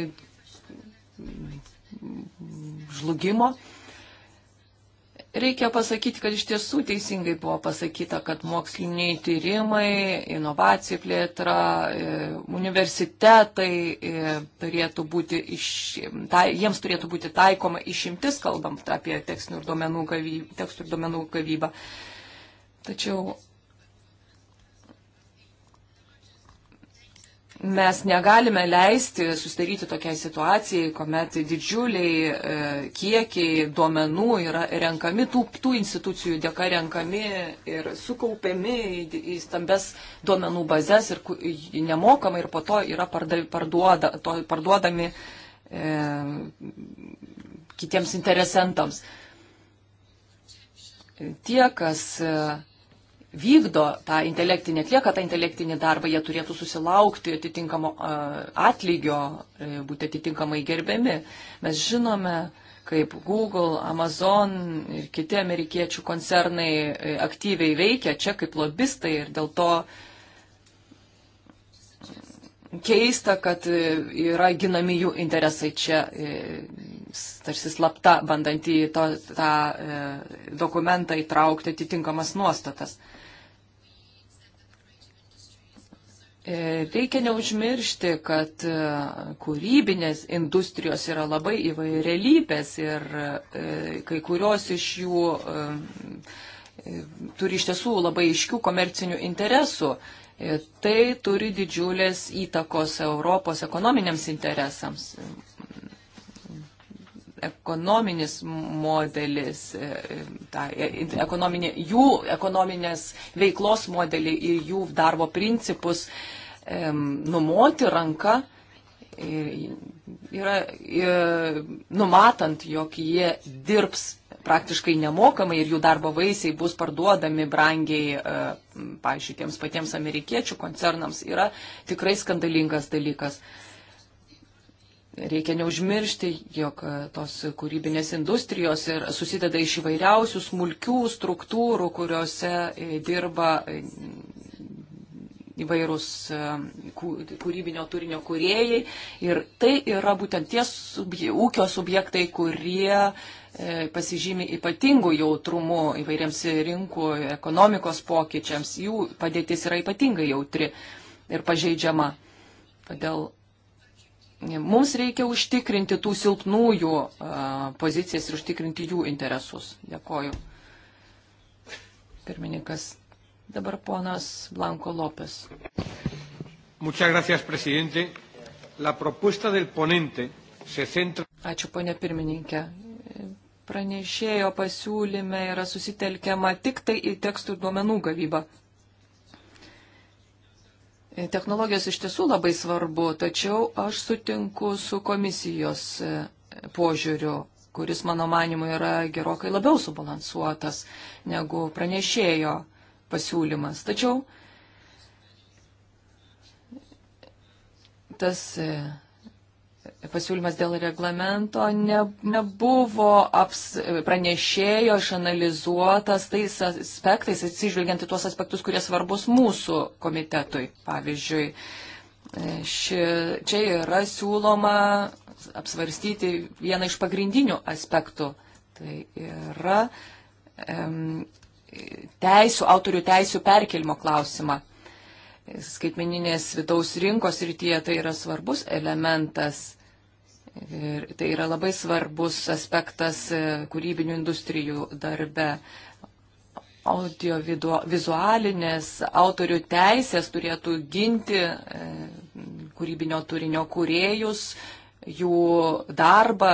žlugimo, e, Reikia pasakyti, kad iš tiesų teisingai buvo pasakyta, kad moksliniai tyrimai, inovacijų plėtra, e, universitetai e, turėtų būti, iš, ta, jiems turėtų būti taikoma išimtis, kalbant apie tekstų ir duomenų, gavy, tekstų ir duomenų gavybą. Tačiau Mes negalime leisti susidaryti tokiai situacijai, kuomet didžiuliai e, kiekiai duomenų yra renkami, tų, tų institucijų dėka renkami ir sukaupiami į stambes duomenų bazės ir nemokamai ir po to yra parduoda, to, parduodami e, kitiems interesentams. Tie, kas. E, vykdo tą intelektinį, atlieka tą intelektinį darbą, jie turėtų susilaukti atitinkamo atlygio, e, būti atitinkamai gerbiami. Mes žinome, kaip Google, Amazon ir kiti amerikiečių koncernai e, aktyviai veikia čia kaip lobistai ir dėl to keista, kad e, yra ginami jų interesai čia, tarsi slapta, bandant į to, tą dokumentą įtraukti atitinkamas nuostatas. E, reikia neužmiršti, kad e, kūrybinės industrijos yra labai įvairialypės ir e, kai kurios iš jų turi iš tiesų labai iškių komercinių interesų. Tai turi didžiulės įtakos Europos ekonominiams interesams ekonominis modelis, e, e, ta, e, ekonominė, jų ekonominės veiklos modelį ir jų darbo principus em, numoti ranka, ir, yra, ir, numatant, jog jie dirbs praktiškai nemokamai ir jų darbo vaisiai bus parduodami brangiai, pavyzdžiui, tiems patiems amerikiečių koncernams, yra tikrai skandalingas dalykas. Reikia neužmiršti, jog e, tos kūrybinės industrijos ir susideda iš įvairiausių smulkių struktūrų, kuriuose e, dirba e, įvairūs kūrybinio turinio kūrėjai. Ir tai yra būtent tie subje, ūkio subjektai, kurie pasižymi ypatingų jautrumų įvairiams rinkų ekonomikos pokyčiams. Jų padėtis yra ypatingai jautri ir pažeidžiama. Todėl mums reikia užtikrinti tų silpnųjų pozicijas ir užtikrinti jų interesus. Dėkoju. Pirmininkas. Dabar ponas Blanko Lopes. Muchas gracias, presidente. La propuesta del ponente se centra. Ačiū, ponė pirmininkė. Pranešėjo pasiūlyme yra susitelkiama tik tai į tekstų ir duomenų gavybą. Technologijos iš tiesų labai svarbu, tačiau aš sutinku su komisijos e, požiūriu, kuris mano manimu yra gerokai labiau subalansuotas negu pranešėjo pasiūlymas. Tačiau tas e, pasiūlymas dėl reglamento ne, nebuvo aps, pranešėjo išanalizuotas tais aspektais, atsižvelgiant į tuos aspektus, kurie svarbus mūsų komitetui. Pavyzdžiui, e, ši, čia yra siūloma apsvarstyti vieną iš pagrindinių aspektų. Tai yra um, teisų, autorių teisų perkelimo klausimą skaitmeninės vidaus rinkos rytyje tai yra svarbus elementas. Ir tai yra labai svarbus aspektas e, kūrybinių industrijų darbe. Audiovizualinės autorių teisės turėtų ginti e, kūrybinio turinio kūrėjus, jų darbą,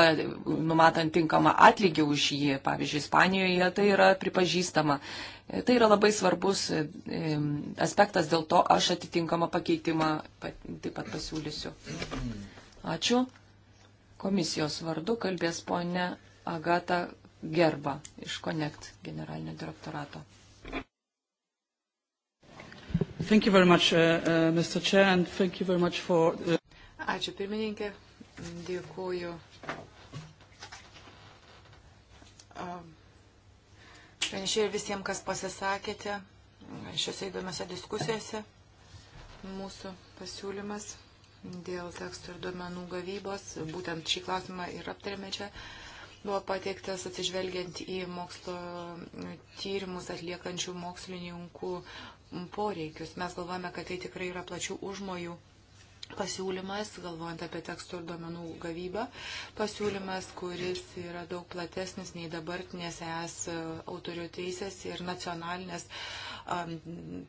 numatant tinkamą atlygį už jį. Pavyzdžiui, Ispanijoje tai yra pripažįstama. E, tai yra labai svarbus aspektas, dėl to aš atitinkamą pakeitimą taip pat pasiūlysiu. Ačiū. Komisijos vardu kalbės ponė Agata Gerba iš Connect generalinio direktorato. Much, uh, uh, Chair, for, uh... Ačiū pirmininkė, dėkuoju um, pranešėjai ir visiems, kas pasisakėte šiuose įdomiose diskusijose. Mūsų pasiūlymas dėl tekstų ir duomenų gavybos. Būtent šį klausimą ir aptarėme čia. Buvo pateiktas atsižvelgiant į mokslo tyrimus atliekančių mokslininkų poreikius. Mes galvojame, kad tai tikrai yra plačių užmojų pasiūlymas, galvojant apie tekstų ir duomenų gavybą, pasiūlymas, kuris yra daug platesnis nei dabartinės ES autorių teisės ir nacionalinės uh,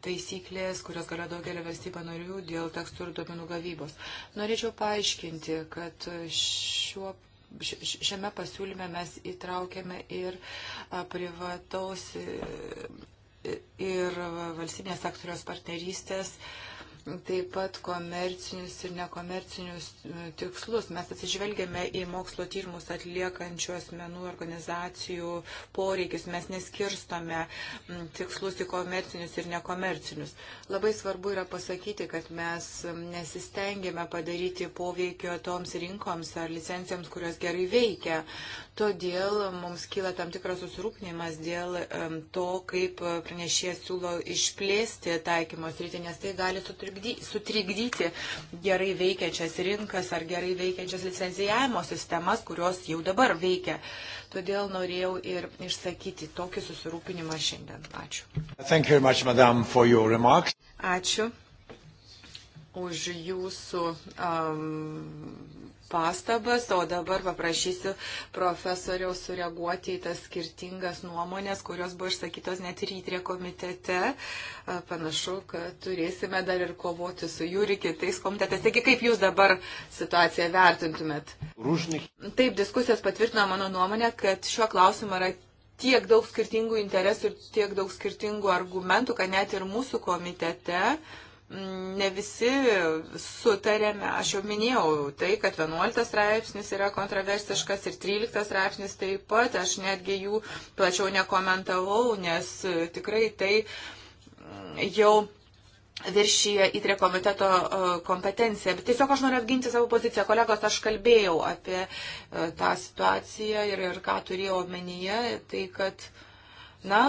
taisyklės, kurios galio daugelio valstybė narių dėl tekstų ir duomenų gavybos. Norėčiau paaiškinti, kad šiuo šiame pasiūlyme mes įtraukėme ir privataus e, ir valstybinės sektoriaus partnerystės uh, taip pat komercinius ir nekomercinius e, tikslus. Mes atsižvelgėme į mokslo tyrimus atliekančių asmenų organizacijų poreikius. Mes neskirstome tikslus į komercinius ir nekomercinius. Labai svarbu yra pasakyti, kad mes nesistengėme padaryti poveikio toms rinkoms ar licencijoms, kurios gerai veikia. Todėl mums kyla tam tikras susirūpinimas dėl to, kaip pranešėjas siūlo išplėsti taikymo sritį, nes tai gali sutrikdyti sutrikdy, sutrikdyti gerai veikiančias rinkas ar gerai veikiančias licenzijavimo sistemas, kurios jau dabar veikia. Todėl norėjau ir išsakyti tokį susirūpinimą šiandien. Ačiū. Much, madam, Ačiū už jūsų um, pastabas, o dabar paprašysiu profesoriaus sureaguoti į tas skirtingas nuomonės, kurios buvo išsakytos net rytrė komitete. Panašu, kad turėsime dar ir kovoti su jų ir kitais komitetais. Taigi, kaip jūs dabar situaciją vertintumėt? Rūžnik. Taip, diskusijos patvirtino mano nuomonę, kad šiuo klausimu yra tiek daug skirtingų interesų ir tiek daug skirtingų argumentų, kad net ir mūsų komitete uh, ne visi sutarėme, aš jau minėjau tai, kad 11 straipsnis yra kontroversiškas ir 13 straipsnis taip pat, aš netgi jų plačiau nekomentavau, nes tikrai tai mm, jau viršyje įtrė komiteto e, kompetenciją. Bet tiesiog aš noriu apginti savo poziciją. Kolegos, aš kalbėjau apie e, tą situaciją ir, ir ką turėjau omenyje, tai kad, na,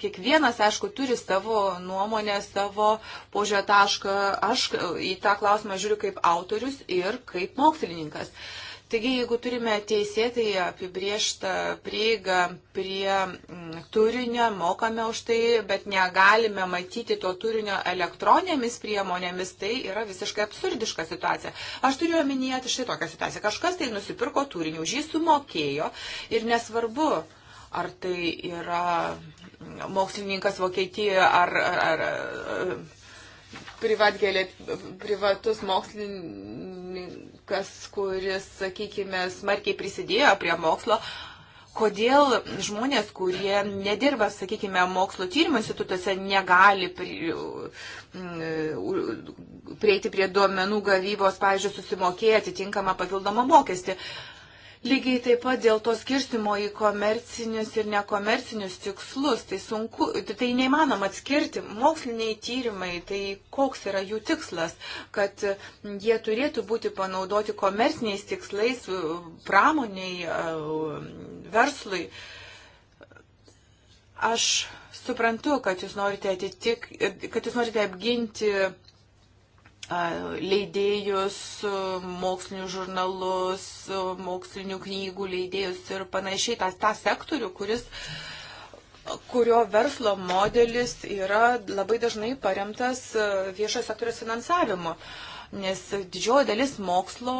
kiekvienas, aišku, turi savo nuomonę, savo požiūrę tašką. Aš į tą klausimą žiūriu kaip autorius ir kaip mokslininkas. Taigi, jeigu turime teisėtai apibrieštą prieigą prie mm, turinio, mokame už tai, bet negalime matyti to turinio elektroninėmis priemonėmis, tai yra visiškai absurdiška situacija. Aš turiu omenyje tai štai tokią situaciją. Kažkas tai nusipirko turinį, už jį sumokėjo ir nesvarbu, ar tai yra mokslininkas Vokietijoje ar, ar, ar privatgelė, privatus mokslininkas, kuris, sakykime, smarkiai prisidėjo prie mokslo. Kodėl žmonės, kurie nedirba, sakykime, mokslo tyrimo institutuose, negali prie, prieiti prie duomenų gavybos, pavyzdžiui, susimokėti tinkamą papildomą mokestį? Uh, Lygiai taip pat dėl to skirstimo į komercinius ir nekomercinius tikslus, tai sunku, tai neįmanoma atskirti. Moksliniai tyrimai, tai koks yra jų tikslas, kad jie turėtų būti panaudoti komerciniais tikslais, pramoniai, verslui. Aš suprantu, kad jūs norite, atitik, kad jūs norite apginti leidėjus, mokslinius žurnalus, mokslinių knygų leidėjus ir panašiai, tą, tą sektorių, kuris kurio verslo modelis yra labai dažnai paremtas viešojo sektoriaus finansavimu, nes didžioji dalis mokslo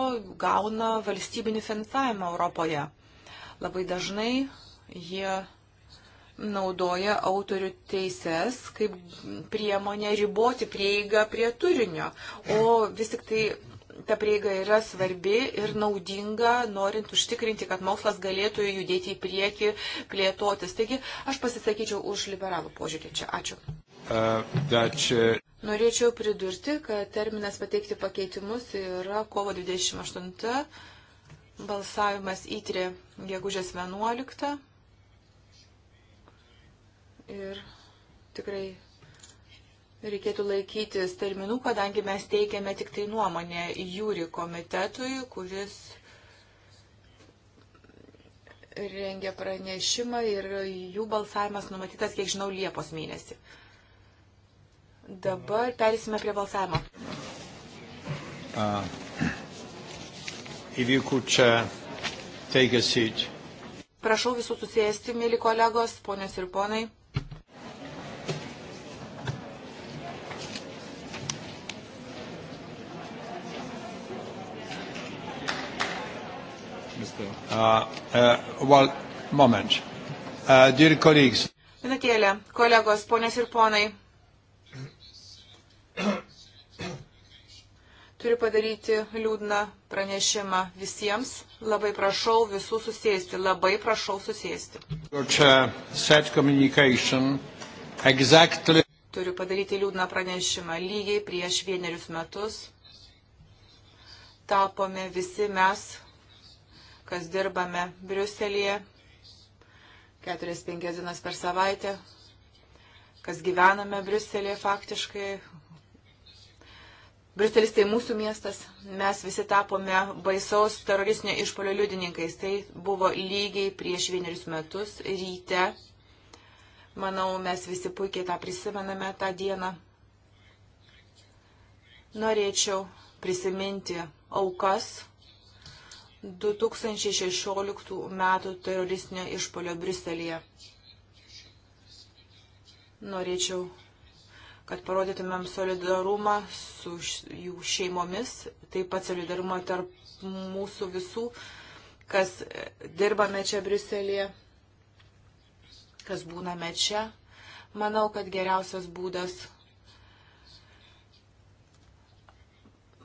gauna valstybinį finansavimą Europoje. Labai dažnai jie naudoja autorių teises kaip priemonė riboti prieigą prie turinio. O vis tik tai ta prieiga yra svarbi ir naudinga, norint užtikrinti, kad mokslas galėtų judėti į priekį, plėtotis. Taigi aš pasisakyčiau už liberalų požiūrį čia. Ačiū. Uh, čia... Uh, Norėčiau pridurti, kad terminas pateikti pakeitimus yra kovo 28, balsavimas įtrė gegužės 11 ir tikrai reikėtų laikytis terminų, kadangi mes teikiame tik tai nuomonę jūri komitetui, kuris rengia pranešimą ir jų balsavimas numatytas, kiek žinau, Liepos mėnesį. Dabar perėsime prie balsavimo. Uh, if you could uh, take a seat. Prašau visų susėsti, mėly kolegos, ponios ir ponai. Mr. Uh, uh, well, moment. Uh, dear colleagues. Minutėlė, kolegos, ponės ir ponai. Turiu padaryti liūdną pranešimą visiems. Labai prašau visų susėsti. Labai prašau susėsti. Exactly. Turiu padaryti liūdną pranešimą. Lygiai prieš vienerius metus tapome visi mes kas dirbame Briuselėje, 4-5 dienas per savaitę, kas gyvename Briuselėje faktiškai. Briuselis tai mūsų miestas, mes visi tapome baisaus teroristinio išpolio liudininkais. Tai buvo lygiai prieš vienerius metus ryte. Manau, mes visi puikiai tą prisimename tą dieną. Norėčiau prisiminti aukas, 2016 metų teroristinio išpolio Briselėje. Norėčiau, kad parodytumėm solidarumą su jų šeimomis, taip pat solidarumą tarp mūsų visų, kas e, dirbame čia Briselėje, kas būname čia. Manau, kad geriausias būdas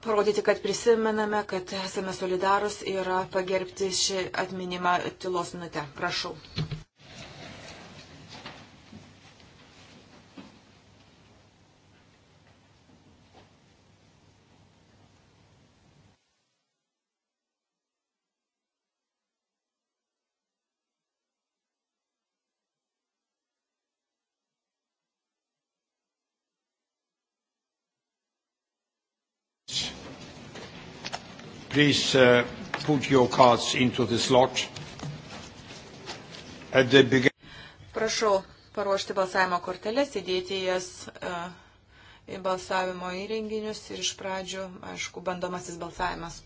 parodyti, kad prisimename, kad esame solidarus ir pagerbti šį atminimą tylos minutę. Prašau. Please uh, put your cards into the slot. At the begin... Prašau paruošti balsavimo korteles, įdėti jas uh, į balsavimo įrenginius ir iš pradžių, aišku, bandomasis balsavimas.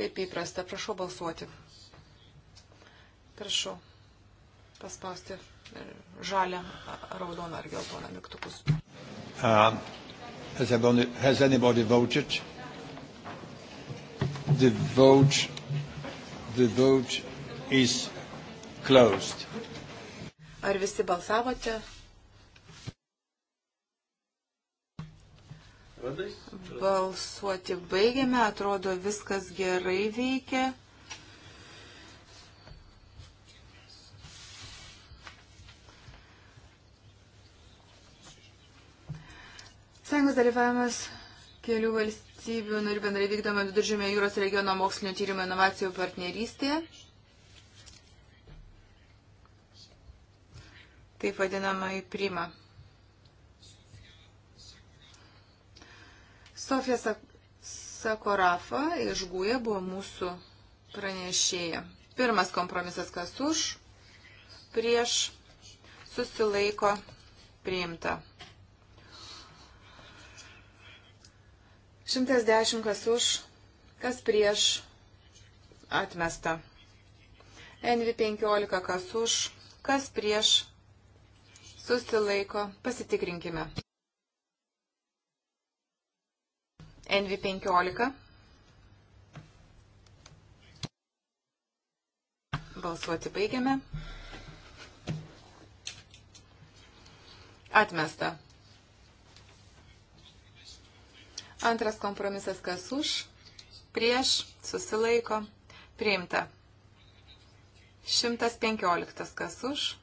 Kaip įprasta, prašau balsuoti. Prašau paspausti žalę, raudoną ar geltoną mygtukus. Uh, has anybody, has anybody voted? The vote, the vote is closed. Ar visi balsavote? Balsuoti baigiame, atrodo viskas gerai veikia. Sąjungos dalyvavimas kelių valstybių valstybių narių bendrai vykdoma Viduržėmio jūros regiono mokslinio tyrimo inovacijų partnerystė. Taip vadinama į primą. Sofija Sakorafa iš Gūje buvo mūsų pranešėja. Pirmas kompromisas, kas už, prieš, susilaiko, priimta. 110 kas už, kas prieš atmesta. NV15 kas už, kas prieš susilaiko, pasitikrinkime. NV15. Balsuoti baigiame. Atmesta. Antras kompromisas, kas už, prieš, susilaiko, priimta. 115, kas už,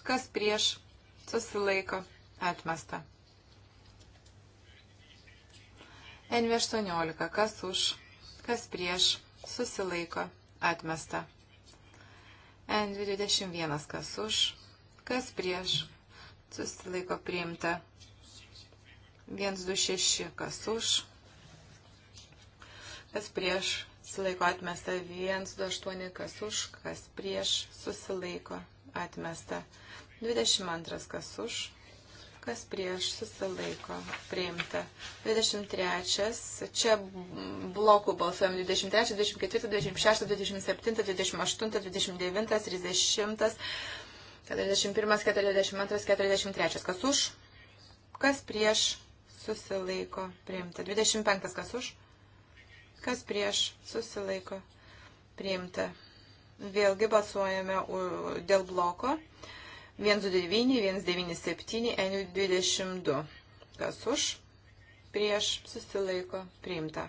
kas prieš, susilaiko, atmesta. N18, kas už, kas prieš, susilaiko, atmesta. N21, kas už, kas prieš, susilaiko, priimta. 126, kas už, kas prieš, susilaiko atmesta. 128, kas už, kas prieš, susilaiko atmesta. 22, kas už, kas prieš, susilaiko priimta. 23, čia blokų balsuojam 23, 24, 26, 27, 28, 29, 30. 41, 42, 43. Kas už, kas prieš susilaiko priimta. 25 kas už, kas prieš susilaiko priimta. Vėlgi balsuojame dėl bloko 129, 197, N22. Kas už, prieš susilaiko priimta.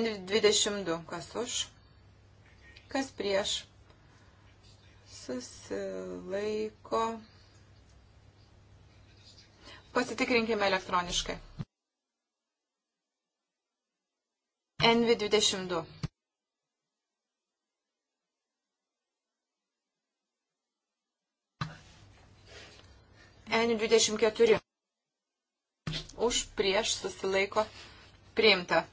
N22 kas už, kas prieš susilaiko priimta Pasitikrinkime elektroniškai. NV22. N24. Už prieš susilaiko priimta.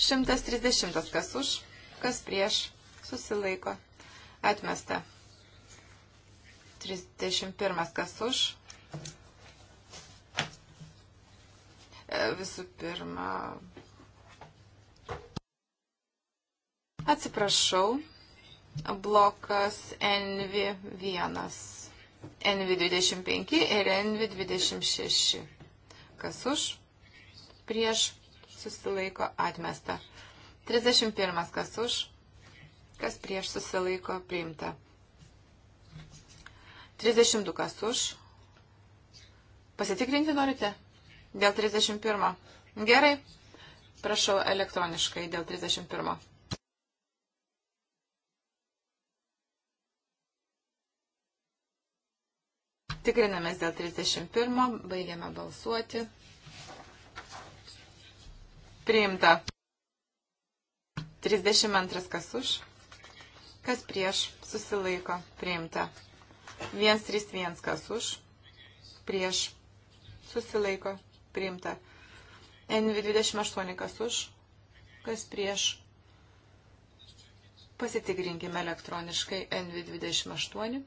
130. Kas už, kas prieš susilaiko atmesta. 31. Kas už? E, visų pirma. Atsiprašau. Blokas NV1. NV25 ir NV26. Kas už? Prieš susilaiko atmesta. 31. Kas už? Kas prieš susilaiko priimta. 32 kas už. Pasitikrinti norite? Dėl 31. Gerai. Prašau elektroniškai dėl 31. Tikrinamės dėl 31. Baigiame balsuoti. Priimta. 32 kas už. Kas prieš susilaiko. Priimta. 131 kas už, prieš, susilaiko, priimta. NV28 kas už, kas prieš. Pasitikrinkime elektroniškai NV28.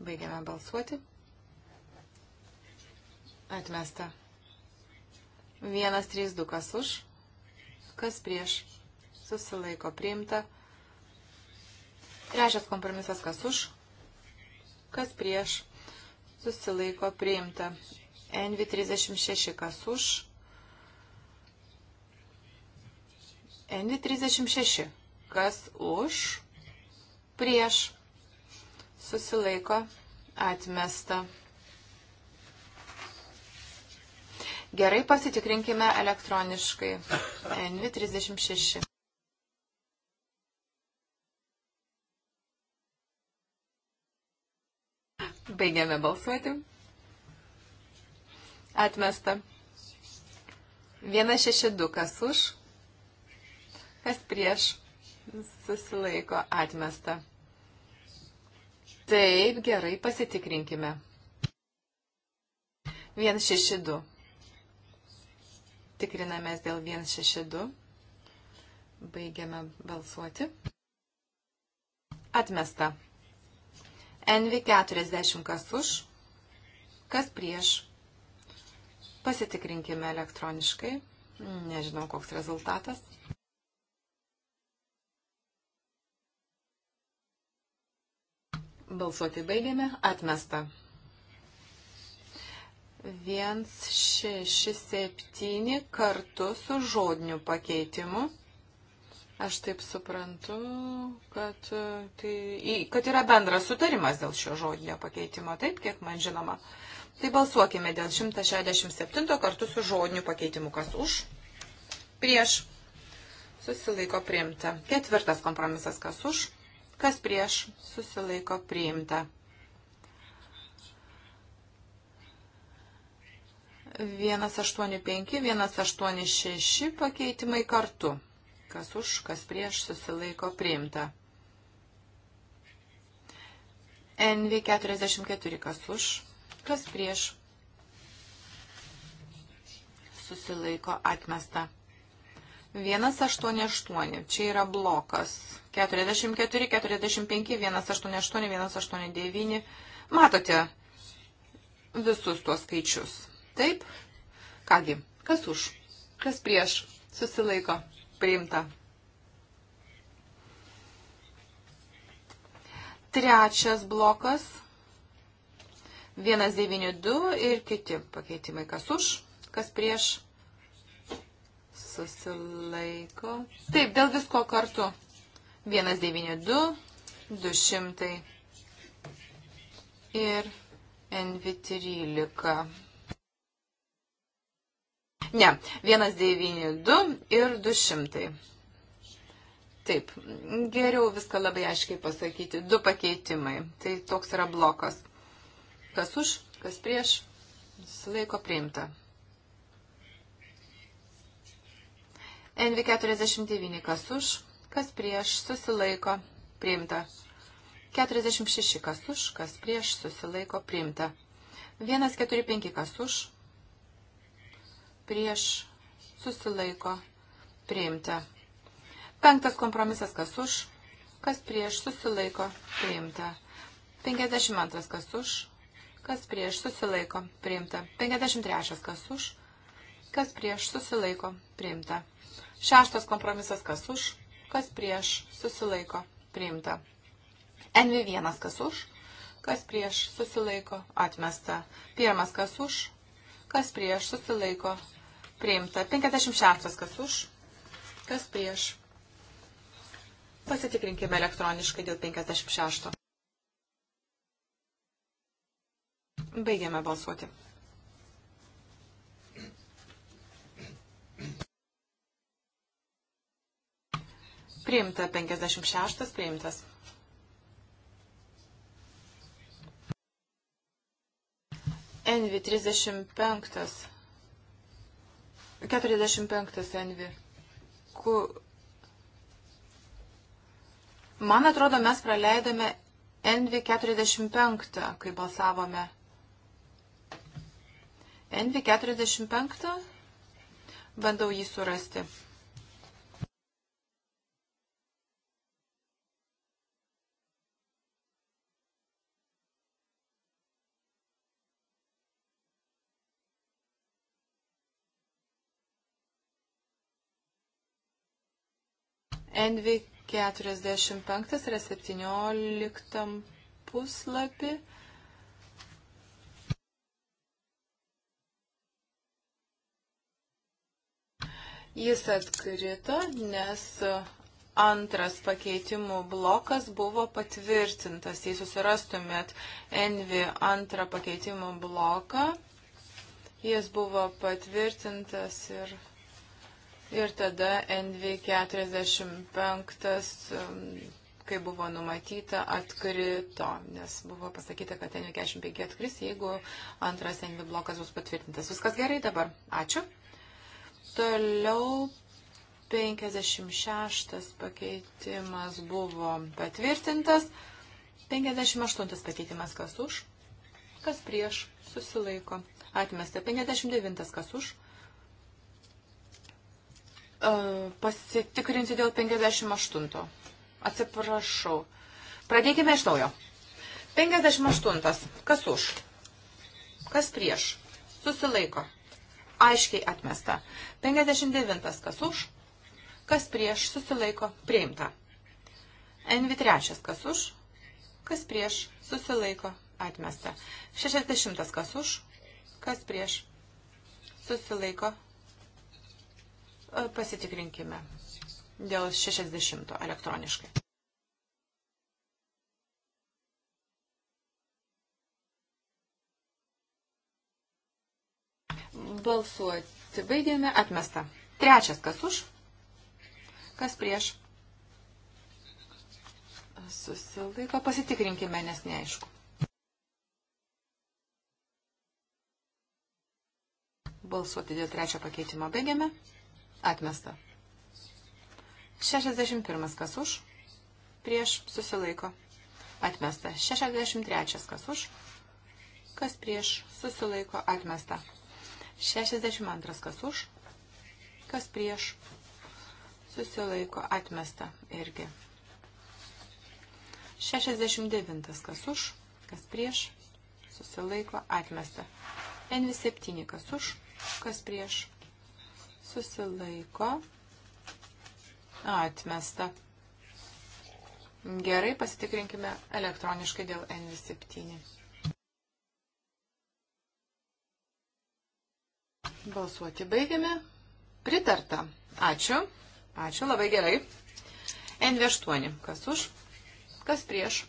Baigiame balsuoti. Atmesta. 1, 3, 2 kas už, kas prieš. Susilaiko priimta. Trečias kompromisas, kas už, kas prieš, susilaiko priimta. NV36, kas už. NV36, kas už, prieš, susilaiko atmesta. Gerai pasitikrinkime elektroniškai. NV36. Baigiame balsuoti. Atmesta. 162 kas už, kas prieš, susilaiko atmesta. Taip, gerai, pasitikrinkime. 162. Tikrinamės dėl 162. Baigiame balsuoti. Atmesta. NV40 kas už, kas prieš. Pasitikrinkime elektroniškai. Nežinau, koks rezultatas. Balsuoti baigėme. Atmesta. 1, 6, 7 kartu su žodiniu pakeitimu. Aš taip suprantu, kad, e, tai, kad yra bendras sutarimas dėl šio žodinio pakeitimo, taip kiek man žinoma. Tai balsuokime dėl 167 kartu su žodiniu pakeitimu, kas už, prieš, susilaiko priimta. Ketvirtas kompromisas, kas už, kas prieš, susilaiko priimta. Vienas aštuoni penki, vienas aštuoni šeši pakeitimai kartu. Kas už, kas prieš susilaiko priimta. NV44 kas už, kas prieš susilaiko atmesta. 188. Čia yra blokas. 44, 45, 188, 189. Matote visus tuos skaičius. Taip? Kągi, kas už? Kas prieš? Susilaiko priimta. Trečias blokas. 192 ir kiti pakeitimai. Kas už, kas prieš. Susilaiko. Taip, dėl visko kartu. 192, 200 ir NV13. Ne, 192 ir 200. Taip, geriau viską labai aiškiai pasakyti. Du pakeitimai. Tai toks yra blokas. Kas už, kas prieš, sulaiko priimta. NV49 kas už, kas prieš, susilaiko, priimta. 46 kas už, kas prieš, susilaiko, priimta. 145 kas už, prieš susilaiko priimta. Penktas kompromisas kas už, kas prieš susilaiko priimta. 52 kas už, kas prieš susilaiko priimta. 53 kas už, kas prieš susilaiko priimta. Šeštas kompromisas kas už, kas prieš susilaiko priimta. NV1 kas už, kas prieš susilaiko atmesta. Pirmas kas už, kas prieš susilaiko priimta. 56. Kas už, kas prieš. Pasitikrinkime elektroniškai dėl 56. Baigiame balsuoti. Priimta 56, priimtas. Envi 35. 45 envi. Ku... Man atrodo, mes praleidome envi 45, kai balsavome. Envi 45? Bandau jį surasti. Envi 45 yra 17 puslapį. Jis atkrito, nes antras pakeitimų blokas buvo patvirtintas. Jei susirastumėt Envi antrą pakeitimų bloką, jis buvo patvirtintas ir Ir tada NV45 um, kai buvo numatyta, atkrito, nes buvo pasakyta, kad N45 atkris, jeigu antras NV blokas bus patvirtintas. Viskas gerai dabar. Ačiū. Toliau 56 pakeitimas buvo patvirtintas. 58 pakeitimas kas už, kas prieš, susilaiko. Atmesta 59 kas už, E, pasitikrinti dėl 58. Atsiprašau. Pradėkime iš naujo. 58. Kas už? Kas prieš? Susilaiko. Aiškiai atmesta. 59. Kas už? Kas prieš? Susilaiko. Priimta. NV3. Kas už? Kas prieš? Susilaiko. Atmesta. 60. Kas už? Kas prieš? Susilaiko. E, pasitikrinkime dėl 60 elektroniškai. Balsuoti baigėme, atmesta. Trečias, kas už, kas prieš. Susilaiko, pasitikrinkime, nes neaišku. Balsuoti dėl trečio pakeitimo baigėme, Atmesta. 61. Kas už? Prieš susilaiko. Atmesta. 63. Kas už? Kas prieš susilaiko. Atmesta. 62. Kas už? Kas prieš susilaiko. Atmesta. Irgi. 69. Kas už? Kas prieš susilaiko. Atmesta. N7. Kas už? Kas prieš susilaiko, atmesta. Gerai, pasitikrinkime elektroniškai dėl NV7. Balsuoti baigiame. Pritarta. Ačiū. Ačiū, labai gerai. NV8. Kas už? Kas prieš?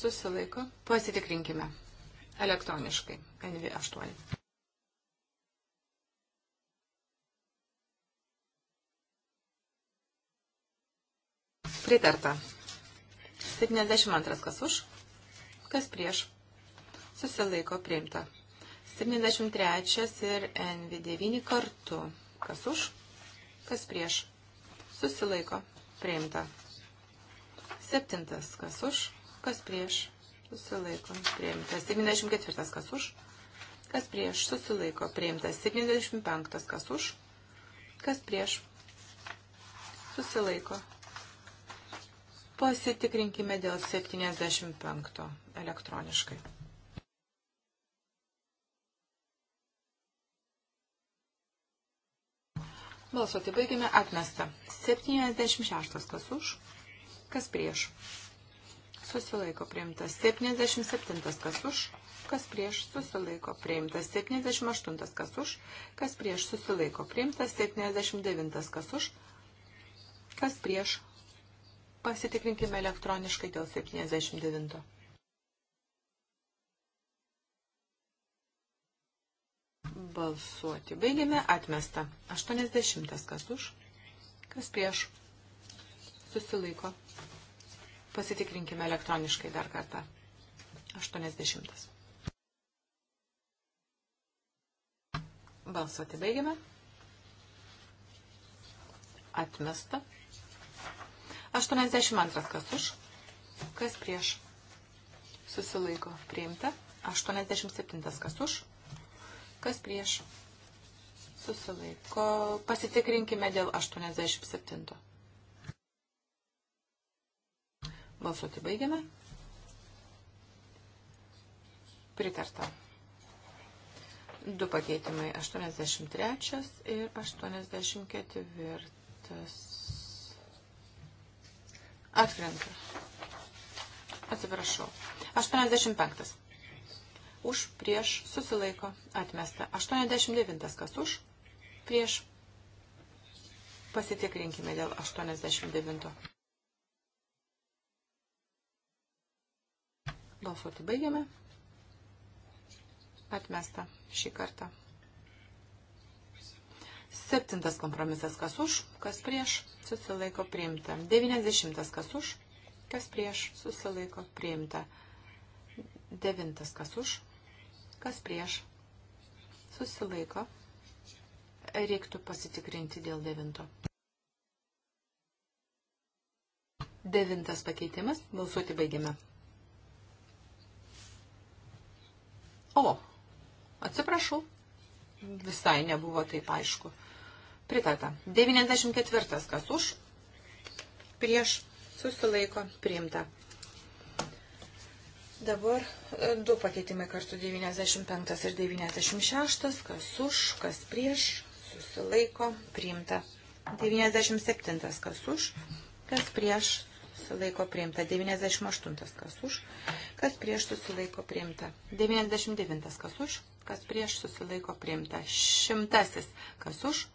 Susilaiko. Pasitikrinkime elektroniškai. NV8. Pritarta. 72. Kas už? Kas prieš? Susilaiko priimta. 73 ir NV9 kartu. Kas už? Kas prieš? Susilaiko priimta. 7. Kas už? Kas prieš? Susilaiko priimta. 74. Kas už? Kas prieš? Susilaiko priimta. 75. Kas už? Kas prieš? Susilaiko Pasitikrinkime dėl 75 elektroniškai. Balsuoti baigime atmestą. 76 kas už, kas prieš. Susilaiko priimtas. 77 kas už, kas prieš susilaiko priimtas 78, kas už, kas prieš susilaiko priimtas 79, kas už, kas prieš Pasitikrinkime elektroniškai dėl 79. Balsuoti. Baigėme atmestą. 80. Kas už? Kas prieš? Susilaiko. Pasitikrinkime elektroniškai dar kartą. 80. Balsuoti baigėme. Atmesta. 82 kas už, kas prieš, susilaiko priimta. 87 kas už, kas prieš, susilaiko. Pasitikrinkime dėl 87. Balsuoti baigiame. Pritarta. Du pakeitimai 83 ir 84. Atkrenta. Atsiprašau. 85. Už, prieš, susilaiko, atmesta. 89. Kas už, prieš. Pasitikrinkime dėl 89. Balsuoti baigiame. Atmesta šį kartą. Septintas kompromisas kas už, kas prieš, susilaiko priimta. Devyniasdešimtas kas už, kas prieš, susilaiko priimta. Devintas kas už, kas prieš, susilaiko. Reiktų pasitikrinti dėl devinto. Devintas pakeitimas. Balsuoti baigiame. O, atsiprašau, visai nebuvo taip aišku. Pritarta. 94. Kas už? Prieš susilaiko priimta. Dabar e, du pakeitimai kartu 95 ir 96. Kas už, kas prieš susilaiko priimta. 97. Kas už, kas prieš susilaiko priimta. 98. Kas už, kas prieš susilaiko priimta. 99. Kas už, kas prieš susilaiko priimta. Šimtasis. Kas už,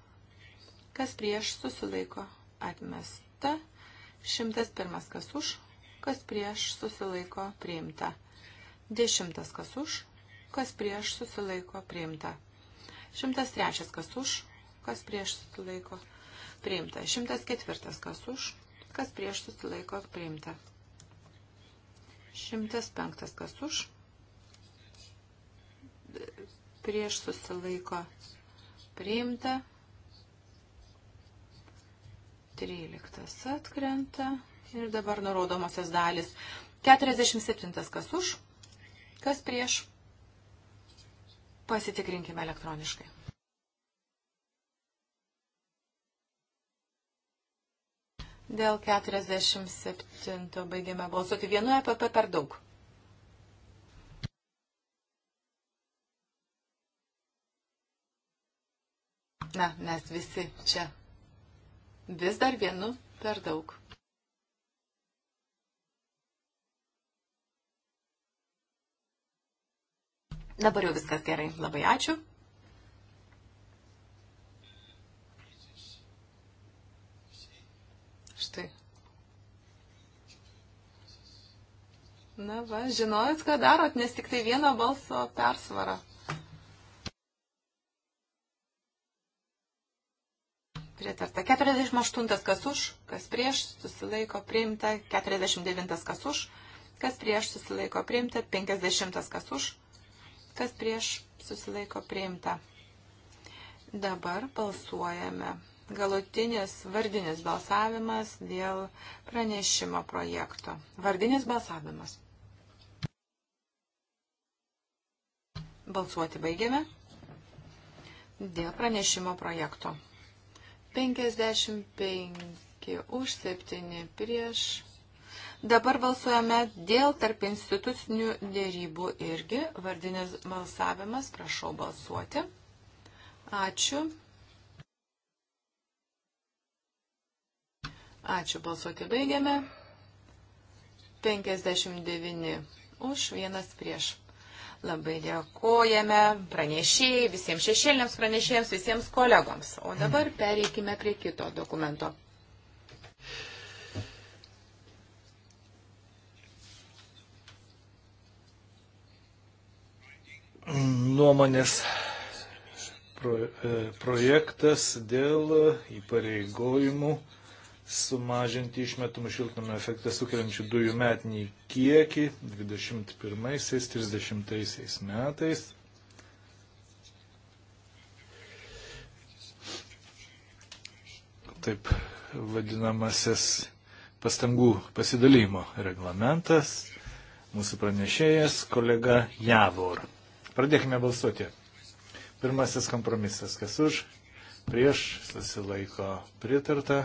kas prieš susilaiko atmesta, 101 kas už, kas prieš susilaiko priimta, 10 kas už, kas prieš susilaiko priimta, 103 kas už, kas prieš susilaiko priimta, 104 kas už, kas prieš susilaiko priimta, 105 kas už, prieš susilaiko priimta, 13 atkrenta ir dabar nurodomosios dalis. 47 kas už, kas prieš. Pasitikrinkime elektroniškai. Dėl 47 baigėme balsuoti. Vienu EPP per daug. Na, mes visi čia Vis dar vienu per daug. Dabar jau viskas gerai. Labai ačiū. Štai. Na va, žinojot, ką darot, nes tik tai vieno balso persvara. Pritarta. 48 kas už, kas prieš, susilaiko priimta. 49 kas už, kas prieš, susilaiko priimta. 50 kas už, kas prieš, susilaiko priimta. Dabar balsuojame. Galutinis vardinis balsavimas dėl pranešimo projekto. Vardinis balsavimas. Balsuoti baigiame dėl pranešimo projekto. 55 už 7 prieš. Dabar balsuojame dėl tarp institucinių dėrybų irgi. Vardinis balsavimas, prašau balsuoti. Ačiū. Ačiū, balsuoti baigiame. 59 už, vienas prieš. Labai dėkojame pranešėjai, visiems šešėliniams pranešėjams, visiems kolegoms. O dabar pereikime prie kito dokumento. Nuomonės pro, e, projektas dėl įpareigojimų sumažinti išmetamų šiltnamio efektą sukeliančių dujų metinį kiekį 21-30 metais. Taip vadinamasis pastangų pasidalymo reglamentas. Mūsų pranešėjas kolega Javor. Pradėkime balsuoti. Pirmasis kompromisas, kas už, prieš, susilaiko pritarta.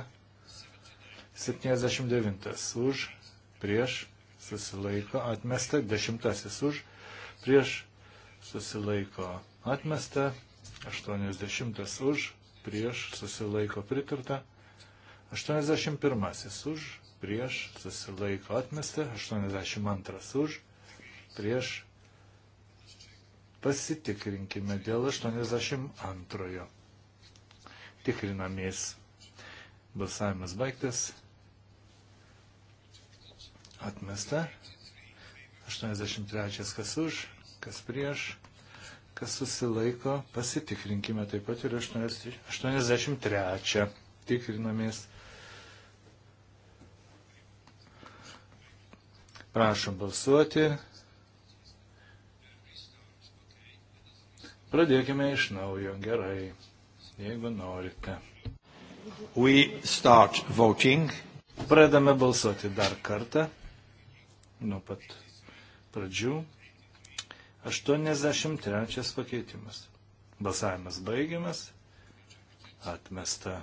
79 už, prieš, susilaiko, atmesta, 10 už, prieš, susilaiko, atmesta, 80 už, prieš, susilaiko, pritarta, 81 už, prieš, susilaiko, atmesta, 82 už, prieš, pasitikrinkime dėl 82. Tikrinamės. Balsavimas baigtas atmesta. 83 kas už, kas prieš, kas susilaiko, pasitikrinkime taip pat ir 83. Tikrinamės. Prašom balsuoti. Pradėkime iš naujo, gerai, jeigu norite. We start voting. Pradame balsuoti dar kartą nuo pat pradžių. 83 pakeitimas. Balsavimas baigiamas. Atmesta.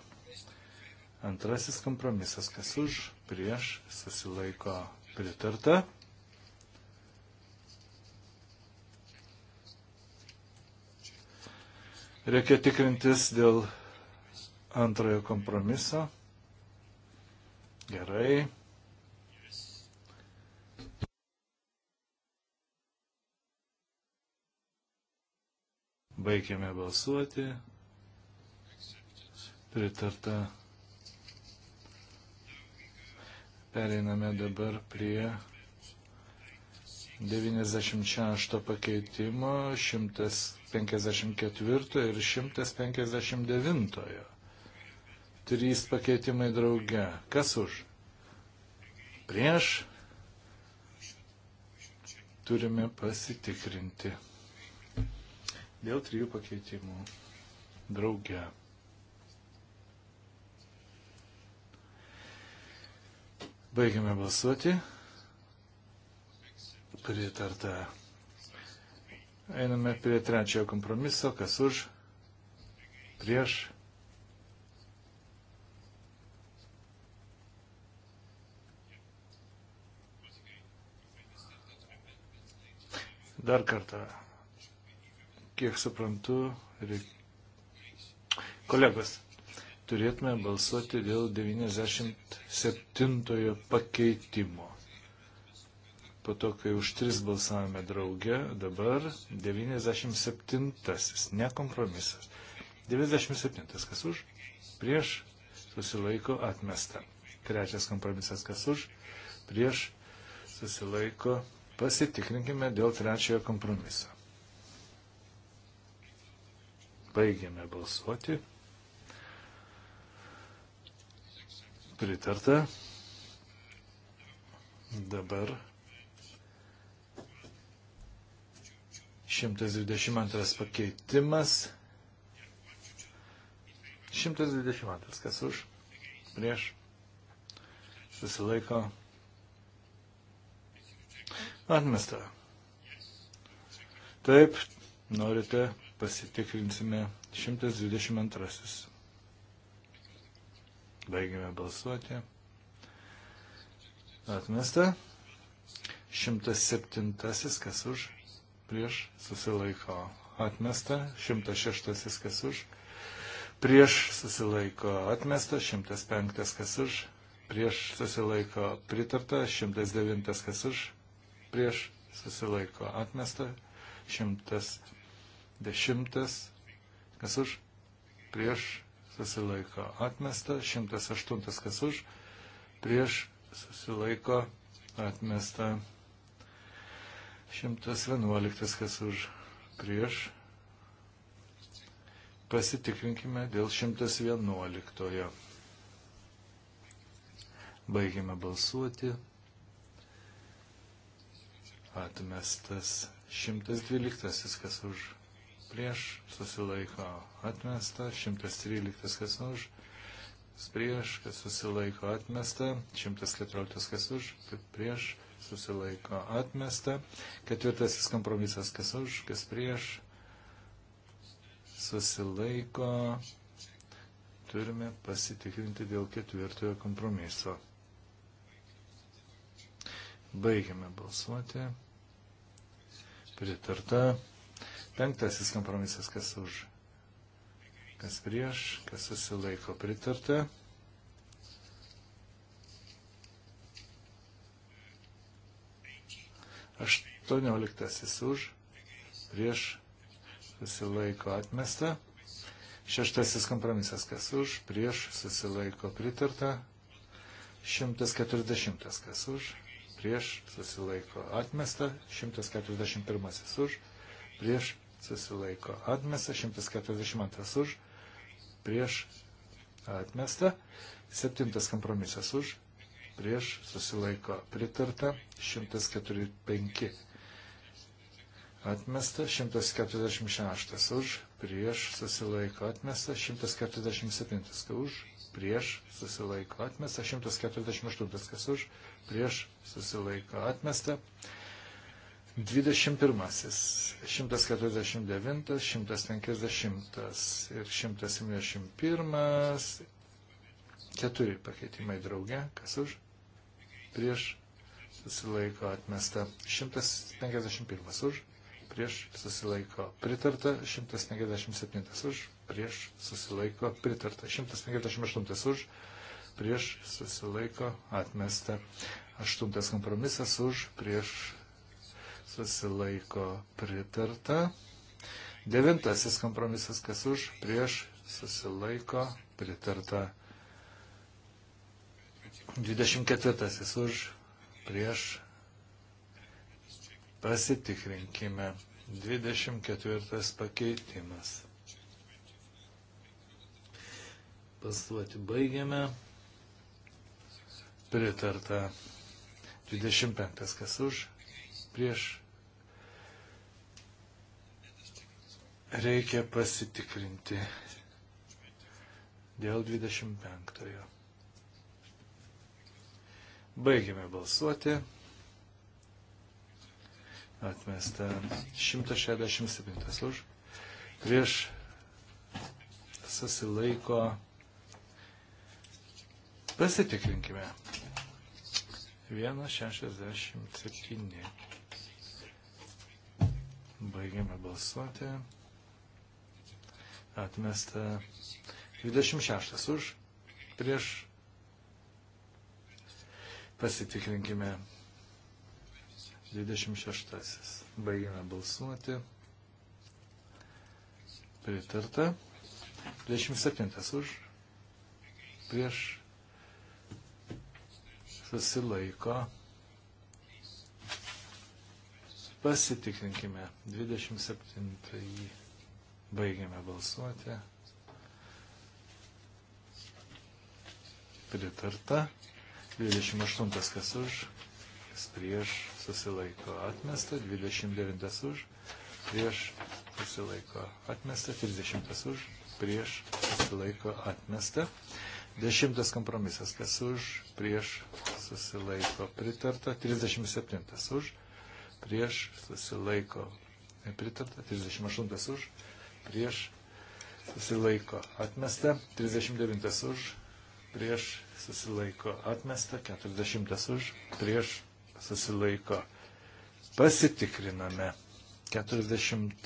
Antrasis kompromisas, kas už, prieš, susilaiko pritarta. Reikia tikrintis dėl antrojo kompromiso. Gerai. Baigiame balsuoti. Pritarta. Pereiname dabar prie 96 pakeitimo 154 ir 159. Trys pakeitimai drauge. Kas už? Prieš turime pasitikrinti dėl trijų pakeitimų drauge. Baigiame balsuoti. Pritarta. Einame prie trečiojo kompromiso. Kas už? Prieš. Dar kartą Kiek suprantu, reik... kolegos, turėtume balsuoti dėl 97 pakeitimo. Po to, kai už tris balsavome drauge, dabar 97, ne kompromisas. 97, kas už, prieš, susilaiko atmesta. Trečias kompromisas, kas už, prieš, susilaiko. Pasitikrinkime dėl trečiojo kompromiso. Baigėme balsuoti. Pritarta. Dabar 122 pakeitimas. 122, kas už, prieš, susilaiko, atmesta. Taip, norite pasitikrinsime 122. Baigime balsuoti. Atmesta. 107. Kas už? Prieš susilaiko. Atmesta. 106. Kas už? Prieš susilaiko. Atmesta. 105. Kas už? Prieš susilaiko. Pritarta. 109. Kas už? Prieš susilaiko. Atmesta. 100 Dešimtas, kas už, prieš susilaiko atmesta. Šimtas aštuntas, kas už, prieš susilaiko atmesta. Šimtas vienuoliktas, kas už, prieš. Pasitikrinkime dėl 111. Baigime balsuoti. Atmestas 112, kas už prieš, susilaiko atmesta, 113 kas už, prieš, kas susilaiko atmesta, 114 kas už, prieš, susilaiko atmesta, ketvirtasis kompromisas kas už, kas prieš, susilaiko, turime pasitikrinti dėl ketvirtojo kompromiso. Baigiame balsuoti. Pritarta. Penktasis kompromisas, kas už, kas prieš, kas susilaiko pritarta. Aštuonioliktasis už, prieš, susilaiko atmesta. Šeštasis kompromisas, kas už, prieš, susilaiko pritarta. 140 kas už, prieš susilaiko atmesta, 141 už, prieš susilaiko atmesta, 142 už, prieš atmesta, 7 kompromisas už, prieš susilaiko pritarta, 145 atmesta, 146 už, prieš susilaiko atmesta, 147 už, prieš susilaiko atmesta, 148 kas už, prieš susilaiko atmesta. 148, 21, 149, 150 ir 171, keturi pakeitimai drauge, kas už, prieš, susilaiko atmesta, 151 už, prieš, susilaiko pritarta, 157 už, prieš, susilaiko pritarta, 158 už, prieš, susilaiko atmesta, 8 kompromisas už, prieš, susilaiko pritarta. Devintasis kompromisas, kas už, prieš, susilaiko pritarta. 24 už, prieš, pasitikrinkime. 24 pakeitimas. Pasuoti baigiame. Pritarta. 25 kas už, prieš, reikia pasitikrinti dėl 25. Baigėme balsuoti. Atmesta 167 už. Prieš susilaiko. Pasitikrinkime. 167. Baigėme balsuoti atmesta. 26 už, prieš pasitikrinkime 26. Baigime balsuoti. Pritarta. 27 už, prieš susilaiko. Pasitikrinkime 27. Baigiame balsuoti. Pritarta. 28 kas už, kas prieš susilaiko atmesta. 29 už, prieš susilaiko atmesta. 30 už, prieš susilaiko atmesta. Dešimtas kompromisas, kas už, prieš susilaiko pritarta, 37 už, prieš susilaiko pritarta, 38 už, prieš susilaiko atmesta, 39 už, prieš susilaiko atmesta, 40 už, prieš susilaiko. Pasitikriname. 40.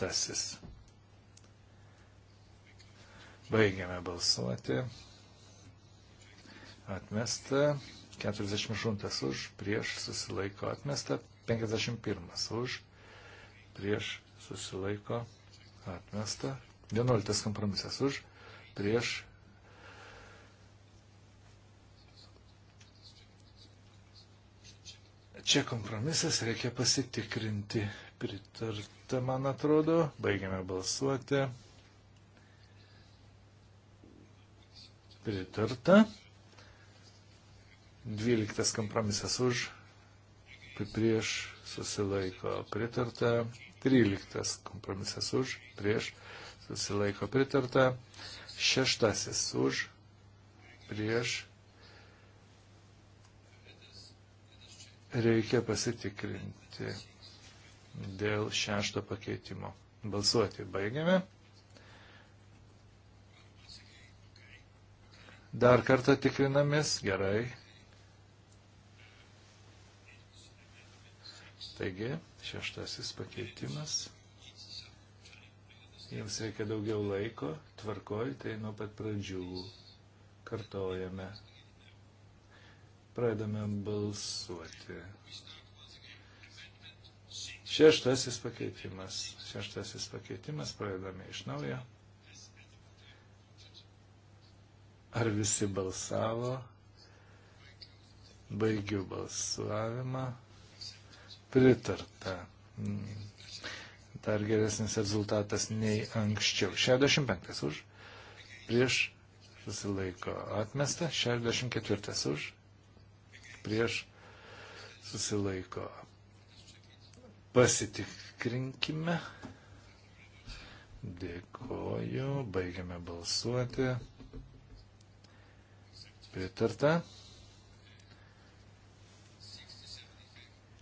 Baigiame balsuoti. Atmesta. 48 už, prieš susilaiko atmesta. 51 už, prieš susilaiko atmesta atmesta. 11 kompromisas už, prieš. Čia kompromisas reikia pasitikrinti. Pritarta, man atrodo. Baigiame balsuoti. Pritarta. 12 kompromisas už, prieš susilaiko pritarta, 13 kompromisas už, prieš, susilaiko pritarta, šeštasis už, prieš, reikia pasitikrinti dėl šešto pakeitimo. Balsuoti baigiame. Dar kartą tikrinamės, gerai. Taigi, Šeštasis pakeitimas. Jiems reikia daugiau laiko, tvarkoj, tai nuo pat pradžių kartojame. Pradame balsuoti. Šeštasis pakeitimas. Šeštasis pakeitimas, pradedame iš naujo. Ar visi balsavo? Baigiu balsavimą pritarta. Dar geresnis rezultatas nei anksčiau. 65 už, prieš susilaiko atmesta, 64 už, prieš susilaiko. Pasitikrinkime. Dėkoju, baigiame balsuoti. Pritarta.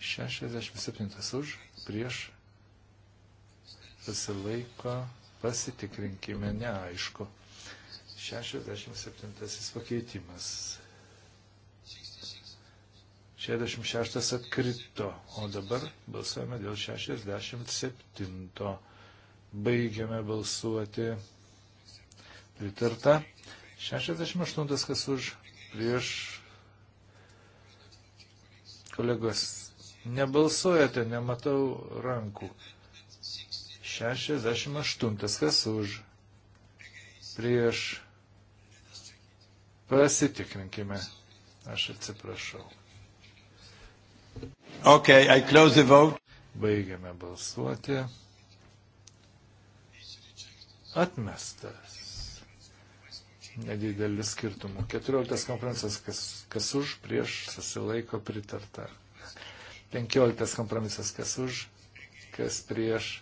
67 už, prieš susilaiko, pasitikrinkime, neaišku. 67 pakeitimas. 66 atkrito, o dabar balsuojame dėl 67. Baigiame balsuoti. Pritarta. 68 kas už prieš kolegos nebalsuojate, nematau rankų. 68. Kas už? Prieš. Pasitikrinkime. Aš atsiprašau. Okay, I close the vote. Baigiame balsuoti. Atmestas. Nedidelis skirtumų. 14 konferencijos, kas, kas už, prieš, susilaiko pritarta. Penkioliktas kompromisas, kas už, kas prieš,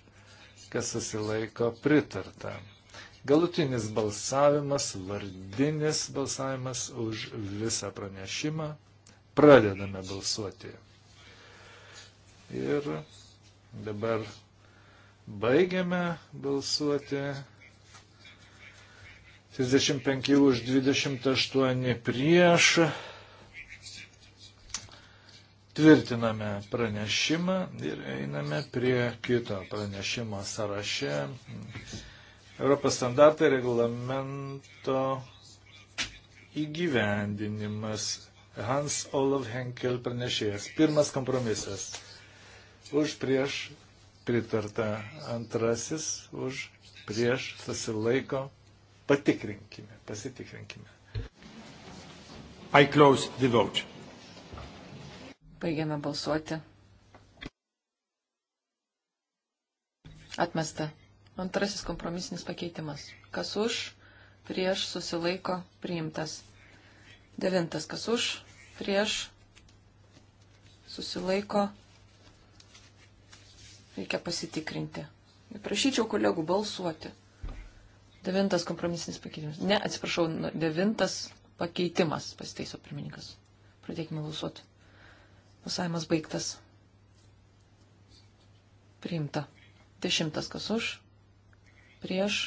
kas susilaiko pritarta. Galutinis balsavimas, vardinis balsavimas už visą pranešimą. Pradedame balsuoti. Ir dabar baigiame balsuoti. 35 už 28 prieš Tvirtiname pranešimą ir einame prie kito pranešimo sąraše. Europos standartai reglamento įgyvendinimas. Hans Olaf Henkel pranešėjas. Pirmas kompromisas. Už prieš pritarta. Antrasis už prieš susilaiko. Patikrinkime, pasitikrinkime. I close the vote. Baigiame balsuoti. Atmesta. Antrasis kompromisinis pakeitimas. Kas už, prieš, susilaiko, priimtas. Devintas. Kas už, prieš, susilaiko, reikia pasitikrinti. Prašyčiau kolegų balsuoti. Devintas kompromisinis pakeitimas. Ne, atsiprašau, devintas pakeitimas, pasitaiso pirmininkas. Pradėkime balsuoti. Balsavimas baigtas. Priimta. Dešimtas kas už. Prieš.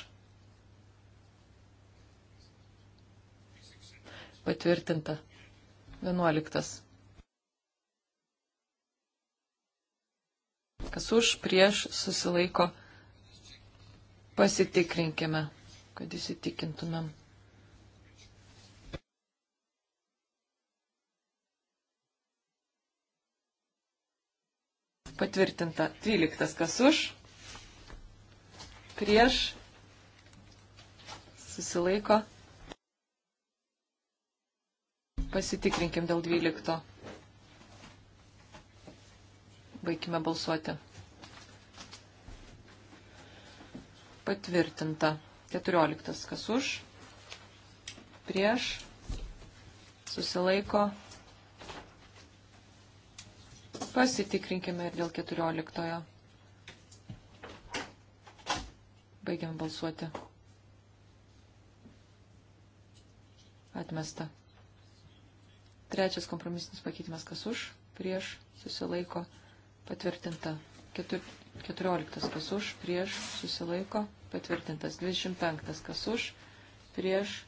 Patvirtinta. Vienuoliktas. Kas už, prieš, susilaiko. Pasitikrinkime, kad įsitikintumėm. Patvirtinta. 13. Kas už? Prieš. Susilaiko. Pasitikrinkim dėl 12. Baigime balsuoti. Patvirtinta. 14. Kas už? Prieš. Susilaiko. Pasitikrinkime ir dėl 14. Baigiam balsuoti. Atmesta. Trečias kompromisinis pakeitimas kas už, prieš, susilaiko, patvirtinta. Ketur, 14 kas už, prieš, susilaiko, patvirtintas. 25 kas už, prieš,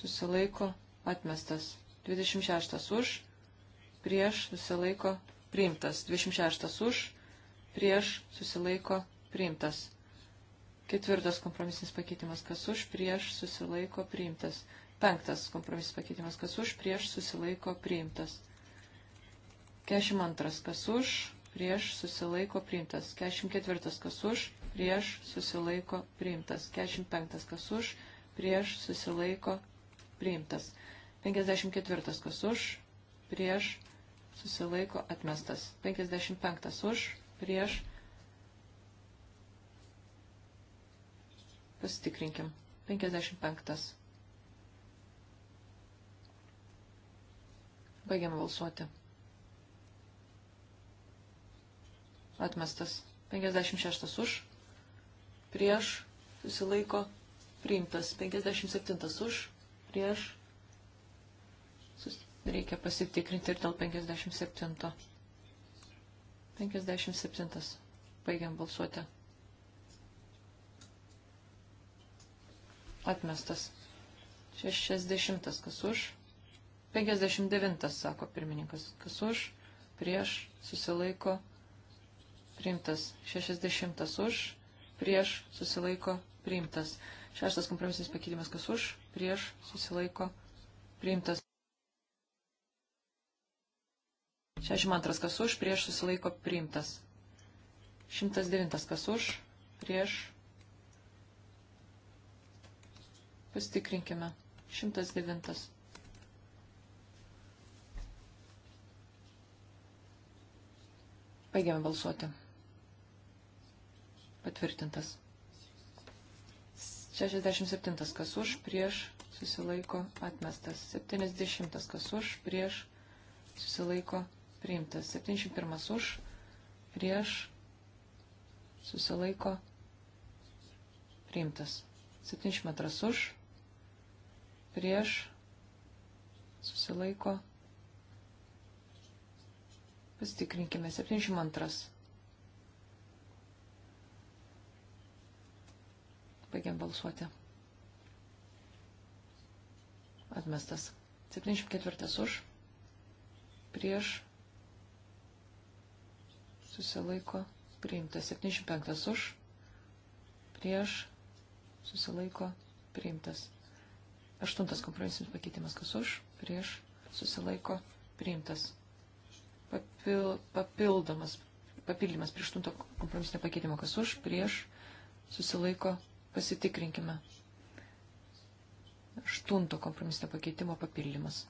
susilaiko, atmestas. 26 už, prieš susilaiko priimtas. 26 už, prieš susilaiko priimtas. Ketvirtas kompromisinis pakeitimas, kas už, prieš susilaiko priimtas. Penktas kompromisinis pakeitimas, kas už, prieš susilaiko priimtas. 42 kas už, prieš susilaiko priimtas. 44 kas už, prieš susilaiko priimtas. 45 kas už, prieš susilaiko priimtas. 54 kas už, prieš susilaiko atmestas. 55 už, prieš. Pasitikrinkim. 55. Baigiam balsuoti. Atmestas. 56 už, prieš, susilaiko, priimtas. 57 už, prieš, reikia pasitikrinti ir dėl 57. 57. Baigiam balsuoti. Atmestas. 60. Kas už? 59. Sako pirmininkas. Kas už? Prieš. Susilaiko. Priimtas. 60. Už. Prieš. Susilaiko. Priimtas. Šeštas kompromisinis pakeitimas. Kas už? Prieš. Susilaiko. Priimtas. 62 kas už, prieš susilaiko priimtas. 109 kas už, prieš. Pastikrinkime. 109. Baigiame balsuoti. Patvirtintas. 67 kas už, prieš, susilaiko, atmestas. 70 kas už, prieš, susilaiko, priimtas. 71 už, prieš, susilaiko, priimtas. 72 už, prieš, susilaiko. Pasitikrinkime 72. Baigiam balsuoti. Atmestas. 74 už, prieš, susilaiko priimta. 75 už, prieš susilaiko priimtas. Aštuntas kompromisinis pakeitimas, kas už, prieš susilaiko priimtas. Papil, papildomas, papildymas prieš aštunto kompromisinio pakeitimo, kas už, prieš susilaiko pasitikrinkime. Aštunto kompromisinio pakeitimo papildymas.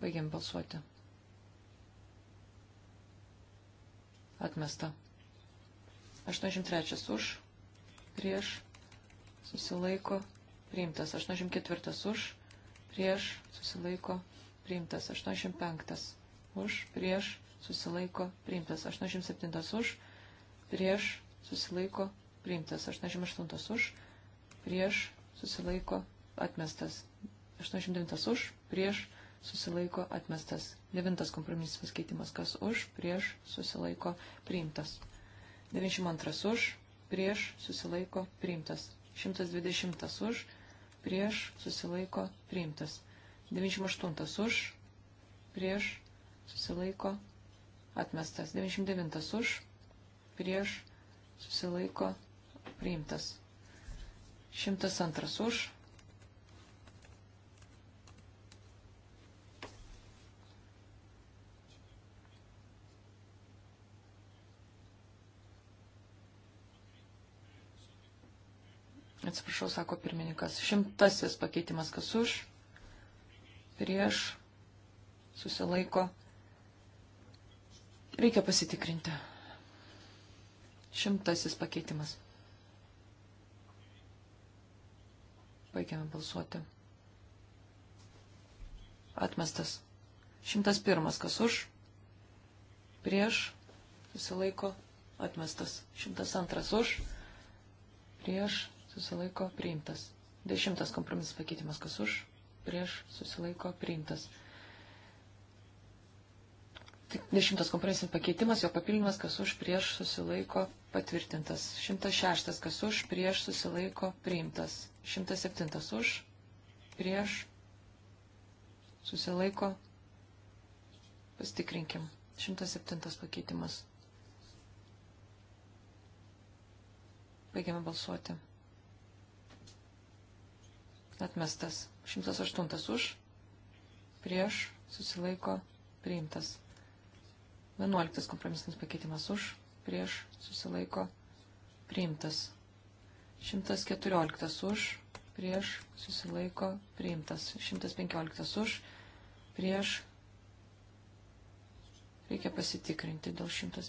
Baigiam balsuoti. Atmesta. 83 už, prieš, susilaiko, priimtas. 84 už, prieš, susilaiko, priimtas. 85 už, prieš, susilaiko, priimtas. 87 už, prieš, susilaiko, priimtas. 88 už, prieš, susilaiko, atmestas. 89 už, prieš, susilaiko atmestas. Devintas kompromisinis pakeitimas, kas už, prieš, susilaiko priimtas. 92 už, prieš, susilaiko priimtas. 120 už, prieš, susilaiko priimtas. 98 už, prieš, susilaiko atmestas. 99 už, prieš, susilaiko priimtas. 102 už, Atsiprašau, sako pirmininkas. Šimtasis pakeitimas kas už, prieš, susilaiko. Reikia pasitikrinti. Šimtasis pakeitimas. Baigiame balsuoti. Atmestas. Šimtas pirmas kas už, prieš, susilaiko. Atmestas. Šimtas antras už, prieš, susilaiko priimtas. Dešimtas kompromisas pakeitimas, kas už, prieš, susilaiko priimtas. Dešimtas kompromisinis pakeitimas, jo papildymas, kas už, prieš, susilaiko patvirtintas. Šimtas šeštas, kas už, prieš, susilaiko priimtas. Šimtas septintas už, prieš, susilaiko. Pastikrinkim. Šimtas septintas pakeitimas. Baigiame balsuoti atmestas. 108 už, prieš, susilaiko, priimtas. 11 kompromisinis pakeitimas už, prieš, susilaiko, priimtas. 114 už, prieš, susilaiko, priimtas. 115 už, prieš, reikia pasitikrinti dėl 115.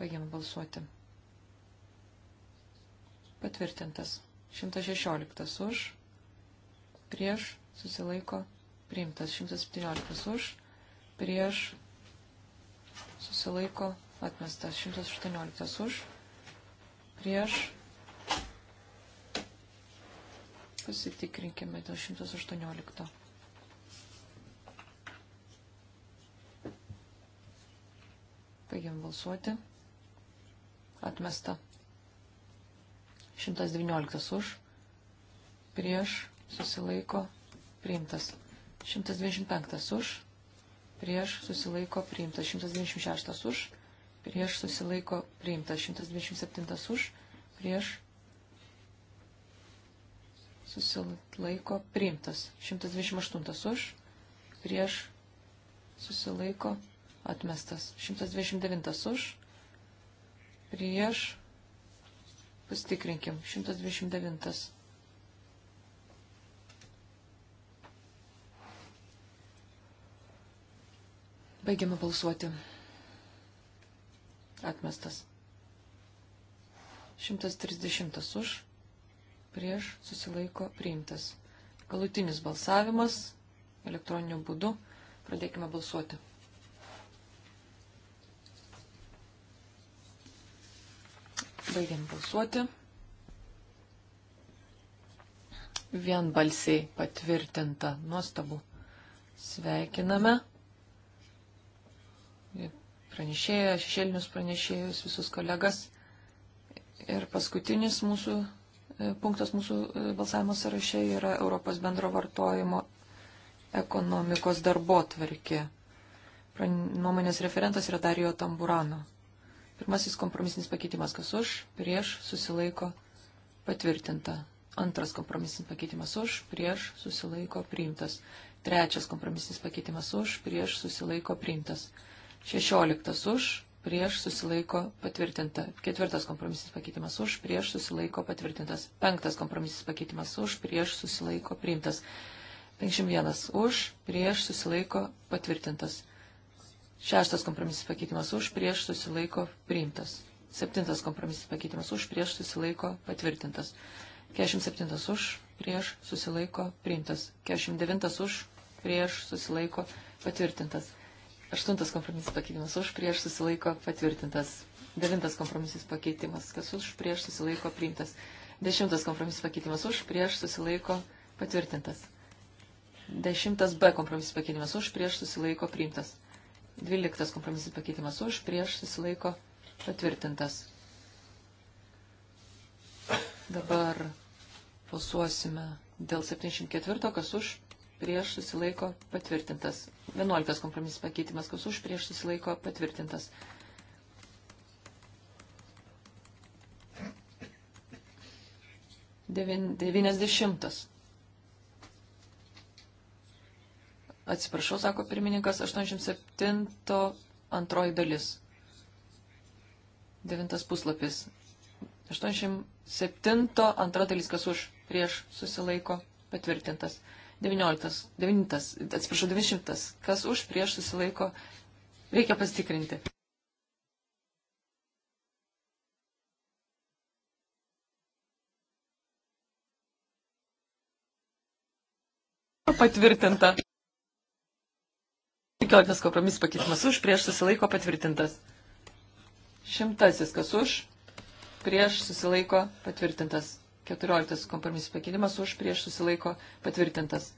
Baigiam balsuoti. Patvirtintas. 116 už, prieš, susilaiko, priimtas. 117 už, prieš, susilaiko, atmestas. 118 už, prieš, pasitikrinkime dėl 118. Baigiam balsuoti. Atmesta. 119 už, prieš, susilaiko, priimtas. 125 už, prieš, susilaiko, priimtas. 126 už, prieš, susilaiko, priimtas. 127 už, prieš, susilaiko, priimtas. 128 už, prieš, susilaiko, atmestas. 129 už, prieš, Pasitikrinkim. 129. Baigiame balsuoti. Atmestas. 130 už, prieš, susilaiko, priimtas. Galutinis balsavimas elektroniniu būdu. Pradėkime balsuoti. Baigiam balsuoti. Vienbalsiai patvirtinta nuostabu. Sveikiname. Pranešėją, šešėlinius pranešėjus, visus kolegas. Ir paskutinis mūsų e, punktas mūsų e, balsavimo sąraše yra Europos bendro vartojimo ekonomikos darbo tvarkė. Nuomonės referentas yra Darijo Tamburano. Pirmasis kompromisinis pakeitimas, kas už, prieš, susilaiko, patvirtinta. Antras kompromisinis pakeitimas už, prieš, susilaiko, priimtas. Trečias kompromisinis pakeitimas už, prieš, susilaiko, priimtas. Šešioliktas už, prieš, susilaiko, patvirtinta. Ketvirtas kompromisinis pakeitimas už, prieš, susilaiko, patvirtintas. Penktas kompromisinis pakeitimas už, prieš, susilaiko, priimtas. 51 už, prieš, susilaiko, patvirtintas. Šeštas kompromisas pakeitimas už, prieš susilaiko priimtas. Septintas kompromisas pakeitimas už, prieš susilaiko patvirtintas. 47 už, prieš susilaiko priimtas. 49 už, prieš susilaiko patvirtintas. Aštuntas kompromisas pakeitimas už, prieš susilaiko patvirtintas. Devintas kompromisas pakeitimas, kas už, prieš susilaiko priimtas. Dešimtas kompromisas pakeitimas už, prieš susilaiko patvirtintas. Dešimtas B kompromisas pakeitimas už, prieš susilaiko priimtas. 12 kompromisas pakeitimas už, prieš susilaiko patvirtintas. Dabar balsuosime dėl 74, kas už, prieš susilaiko patvirtintas. 11 kompromisas pakeitimas, kas už, prieš susilaiko patvirtintas. Devin, 90 Atsiprašau, sako pirmininkas, 87 antroji dalis. Devintas puslapis. 87 antra dalis, kas už prieš susilaiko, patvirtintas. 19, 9, atsiprašau, 900, kas už prieš susilaiko, reikia pasitikrinti. Patvirtinta. Penkioliktas kompromisas pakeitimas už, prieš susilaiko patvirtintas. Šimtasis kas už, prieš susilaiko patvirtintas. Keturioliktas kompromisas pakeitimas už, prieš susilaiko patvirtintas.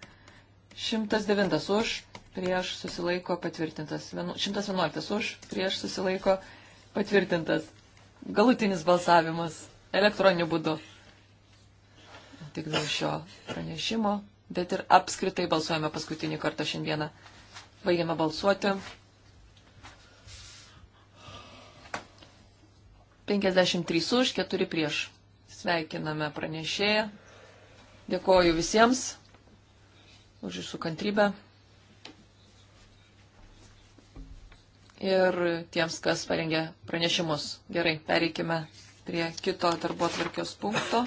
Šimtas devintas už, prieš susilaiko patvirtintas. Šimtas vienuoliktas už, prieš susilaiko patvirtintas. Galutinis balsavimas elektroniniu būdu. Tik dėl šio pranešimo, bet ir apskritai balsuojame paskutinį kartą šiandieną. Baigiame balsuoti. 53 už, 4 prieš. Sveikiname pranešėją. Dėkoju visiems už jūsų kantrybę. Ir tiems, kas parengė pranešimus. Gerai, pereikime prie kito darbo atvarkios punkto.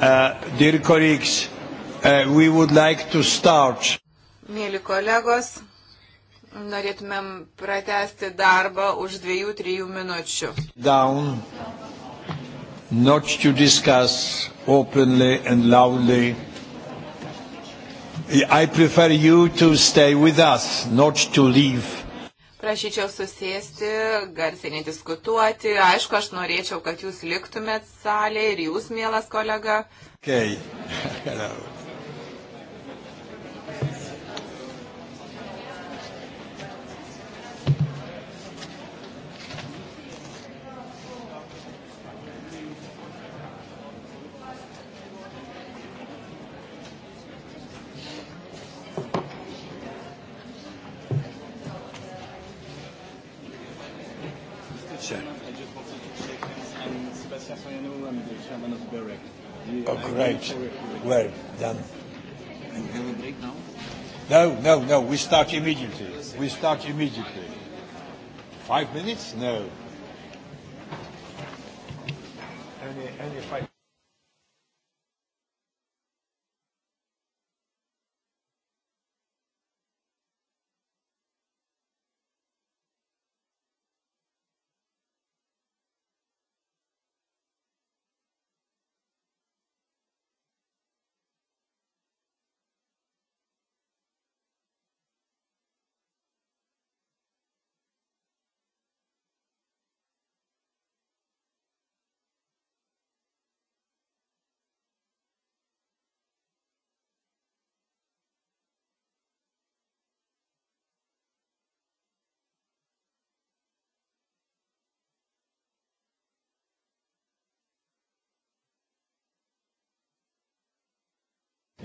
Uh, dear colleagues, uh, we would like to start. Mėly kolegos, norėtumėm pratesti darbą už dviejų, trijų minučių. Down, not to discuss openly and loudly. I prefer you to stay with us, not to leave. Prašyčiau susėsti, garsiai nediskutuoti. Aišku, aš norėčiau, kad jūs liktumėt salėje ir jūs, mielas kolega. Okay. [LAUGHS] No, no, no. We start immediately. We start immediately. Five minutes? No. Only, only five.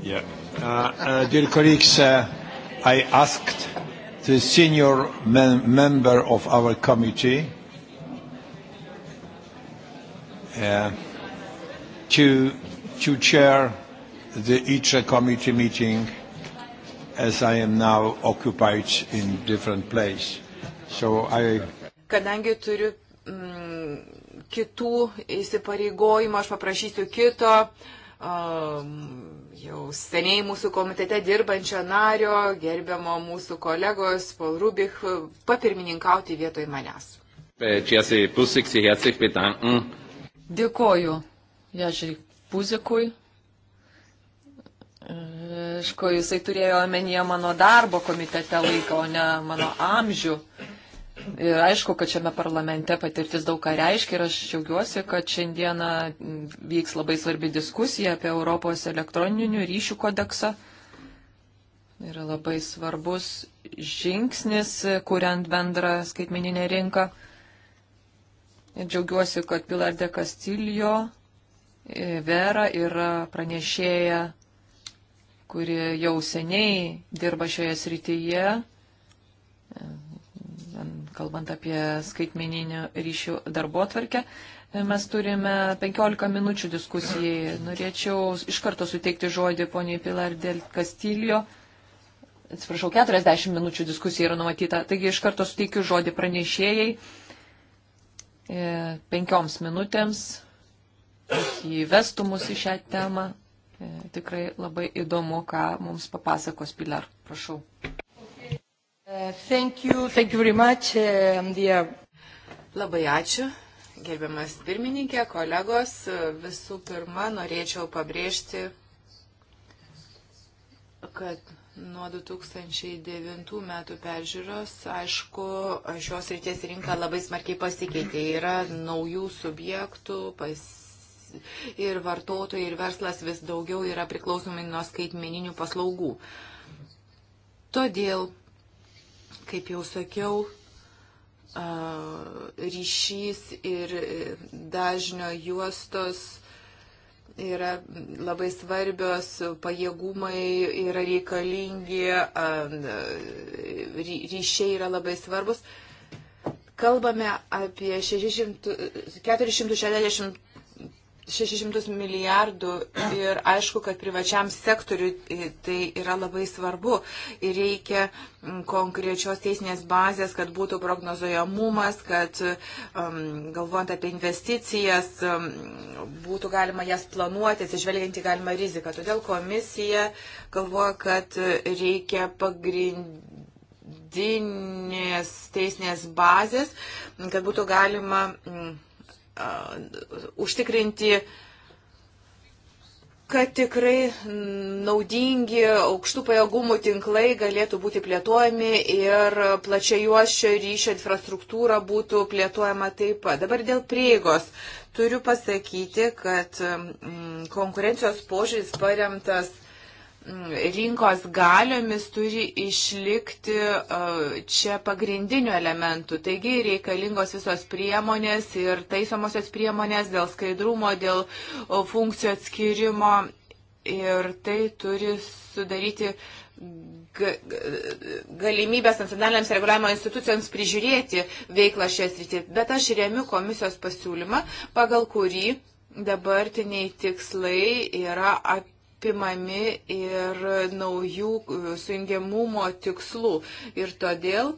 Yeah. Uh, uh, dear colleagues, uh, I asked the senior mem member of our committee uh, to, to chair the ITRE committee meeting as I am now occupied in different place. So I... Kadangi turiu mm, kitų įsipareigojimų, aš paprašysiu kito. Um, jau seniai mūsų komitete dirbančio nario, gerbiamo mūsų kolegos Paul Rubik, papirmininkauti vietoj manęs. Dėkoju Ježiui Puzikui. Aišku, e, jisai turėjo omenyje mano darbo komitete laiką, o ne mano amžių. Ir aišku, kad šiame parlamente patirtis daug ką reiškia ir aš džiaugiuosi, kad šiandieną vyks labai svarbi diskusija apie Europos elektroninių ryšių kodeksą. Yra labai svarbus žingsnis, kuriant bendrą skaitmeninę rinką. Ir džiaugiuosi, kad Pilar de Castillo e, Vera yra pranešėja, kuri jau seniai dirba šioje srityje kalbant apie skaitmeninių ryšių darbo tvarkę. Mes turime 15 minučių diskusijai. Norėčiau iš karto suteikti žodį poniai Pilar dėl Kastilio. Atsiprašau, 40 minučių diskusija yra numatyta. Taigi iš karto suteikiu žodį pranešėjai e, penkioms minutėms, kad įvestų mus į šią temą. E, tikrai labai įdomu, ką mums papasakos Pilar. Prašau. Thank you, thank you very much, uh, dear. Labai ačiū, gerbiamas pirmininkė, kolegos. Visų pirma, norėčiau pabrėžti, kad nuo 2009 metų peržiūros, aišku, šios ryties rinka labai smarkiai pasikeitė. Yra naujų subjektų, pas, ir vartotojai, ir verslas vis daugiau yra priklausomi nuo skaitmeninių paslaugų. Todėl Kaip jau sakiau, ryšys ir dažnio juostos yra labai svarbios, pajėgumai yra reikalingi, ryšiai yra labai svarbus. Kalbame apie 600, 460 600 milijardų ir aišku, kad privačiam sektoriui e, tai yra labai svarbu ir reikia konkrečios teisinės bazės, kad būtų prognozojamumas, kad um, galvojant apie investicijas um, būtų galima jas planuoti, atsižvelgiant į galimą riziką. Todėl komisija galvoja, kad reikia pagrindinti teisinės bazės, kad būtų galima mm, Uh, užtikrinti kad tikrai naudingi aukštų pajėgumų tinklai galėtų būti plėtojami ir plačiai juošio ryšio infrastruktūra būtų plėtojama taip pat. Dabar dėl prieigos. Turiu pasakyti, kad mm, konkurencijos požiūris paremtas rinkos galiomis turi išlikti e, čia pagrindinių elementų. Taigi reikalingos visos priemonės ir taisomosios priemonės dėl skaidrumo, dėl funkcijų atskirimo ir tai turi sudaryti galimybės nacionaliniams reguliavimo institucijoms prižiūrėti veiklą šią sritį. Bet aš remiu komisijos pasiūlymą, pagal kurį dabartiniai tikslai yra apie apimami ir naujų e, sujungiamumo tikslų. Ir todėl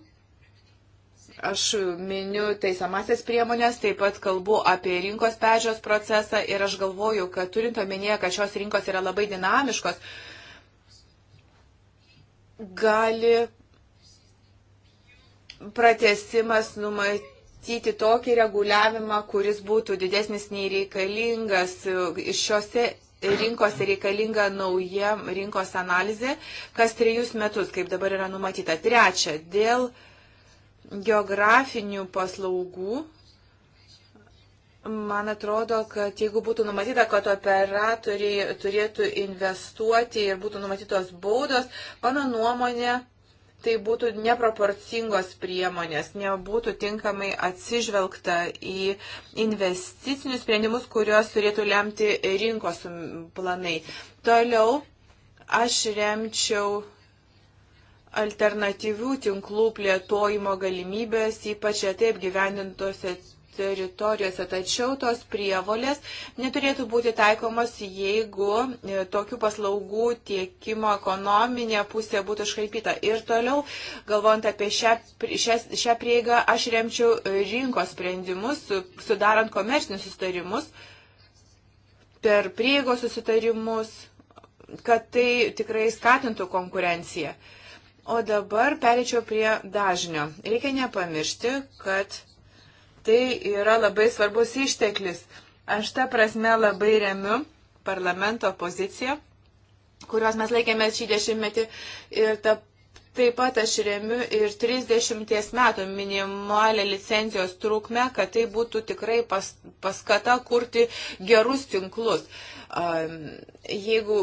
Aš miniu teisamasias priemonės, taip pat kalbu apie rinkos pežios procesą ir aš galvoju, kad turint omenyje, kad šios rinkos yra labai dinamiškos, gali pratesimas numatyti numatyti tokį reguliavimą, kuris būtų didesnis nei reikalingas e, šiuose rinkose reikalinga nauja rinkos analizė kas trejus metus, kaip dabar yra numatyta. Trečia, dėl geografinių paslaugų. Man atrodo, kad jeigu būtų numatyta, kad operatoriai turėtų investuoti ir būtų numatytos baudos, mano nuomonė, tai būtų neproporcingos priemonės, nebūtų tinkamai atsižvelgta į investicinius sprendimus, kuriuos turėtų lemti rinkos planai. Toliau aš remčiau alternatyvių tinklų plėtojimo galimybės, ypač taip gyvendintose teritorijose. Tačiau tos prievolės neturėtų būti taikomos, jeigu e, tokių paslaugų tiekimo ekonominė pusė būtų iškaipyta. Ir toliau, galvojant apie šią, šią, šią prieigą, aš remčiau rinkos sprendimus, sudarant komercinius sustarimus per prieigos susitarimus, kad tai tikrai skatintų konkurenciją. O dabar perėčiau prie dažnio. Reikia nepamiršti, kad tai yra labai svarbus išteklis. Aš tą prasme labai remiu parlamento poziciją, kurios mes laikėmės šį dešimtmetį ir ta Taip pat aš remiu ir 30 metų minimalę licencijos trukmę, kad tai būtų tikrai pas, paskata kurti gerus tinklus. Jeigu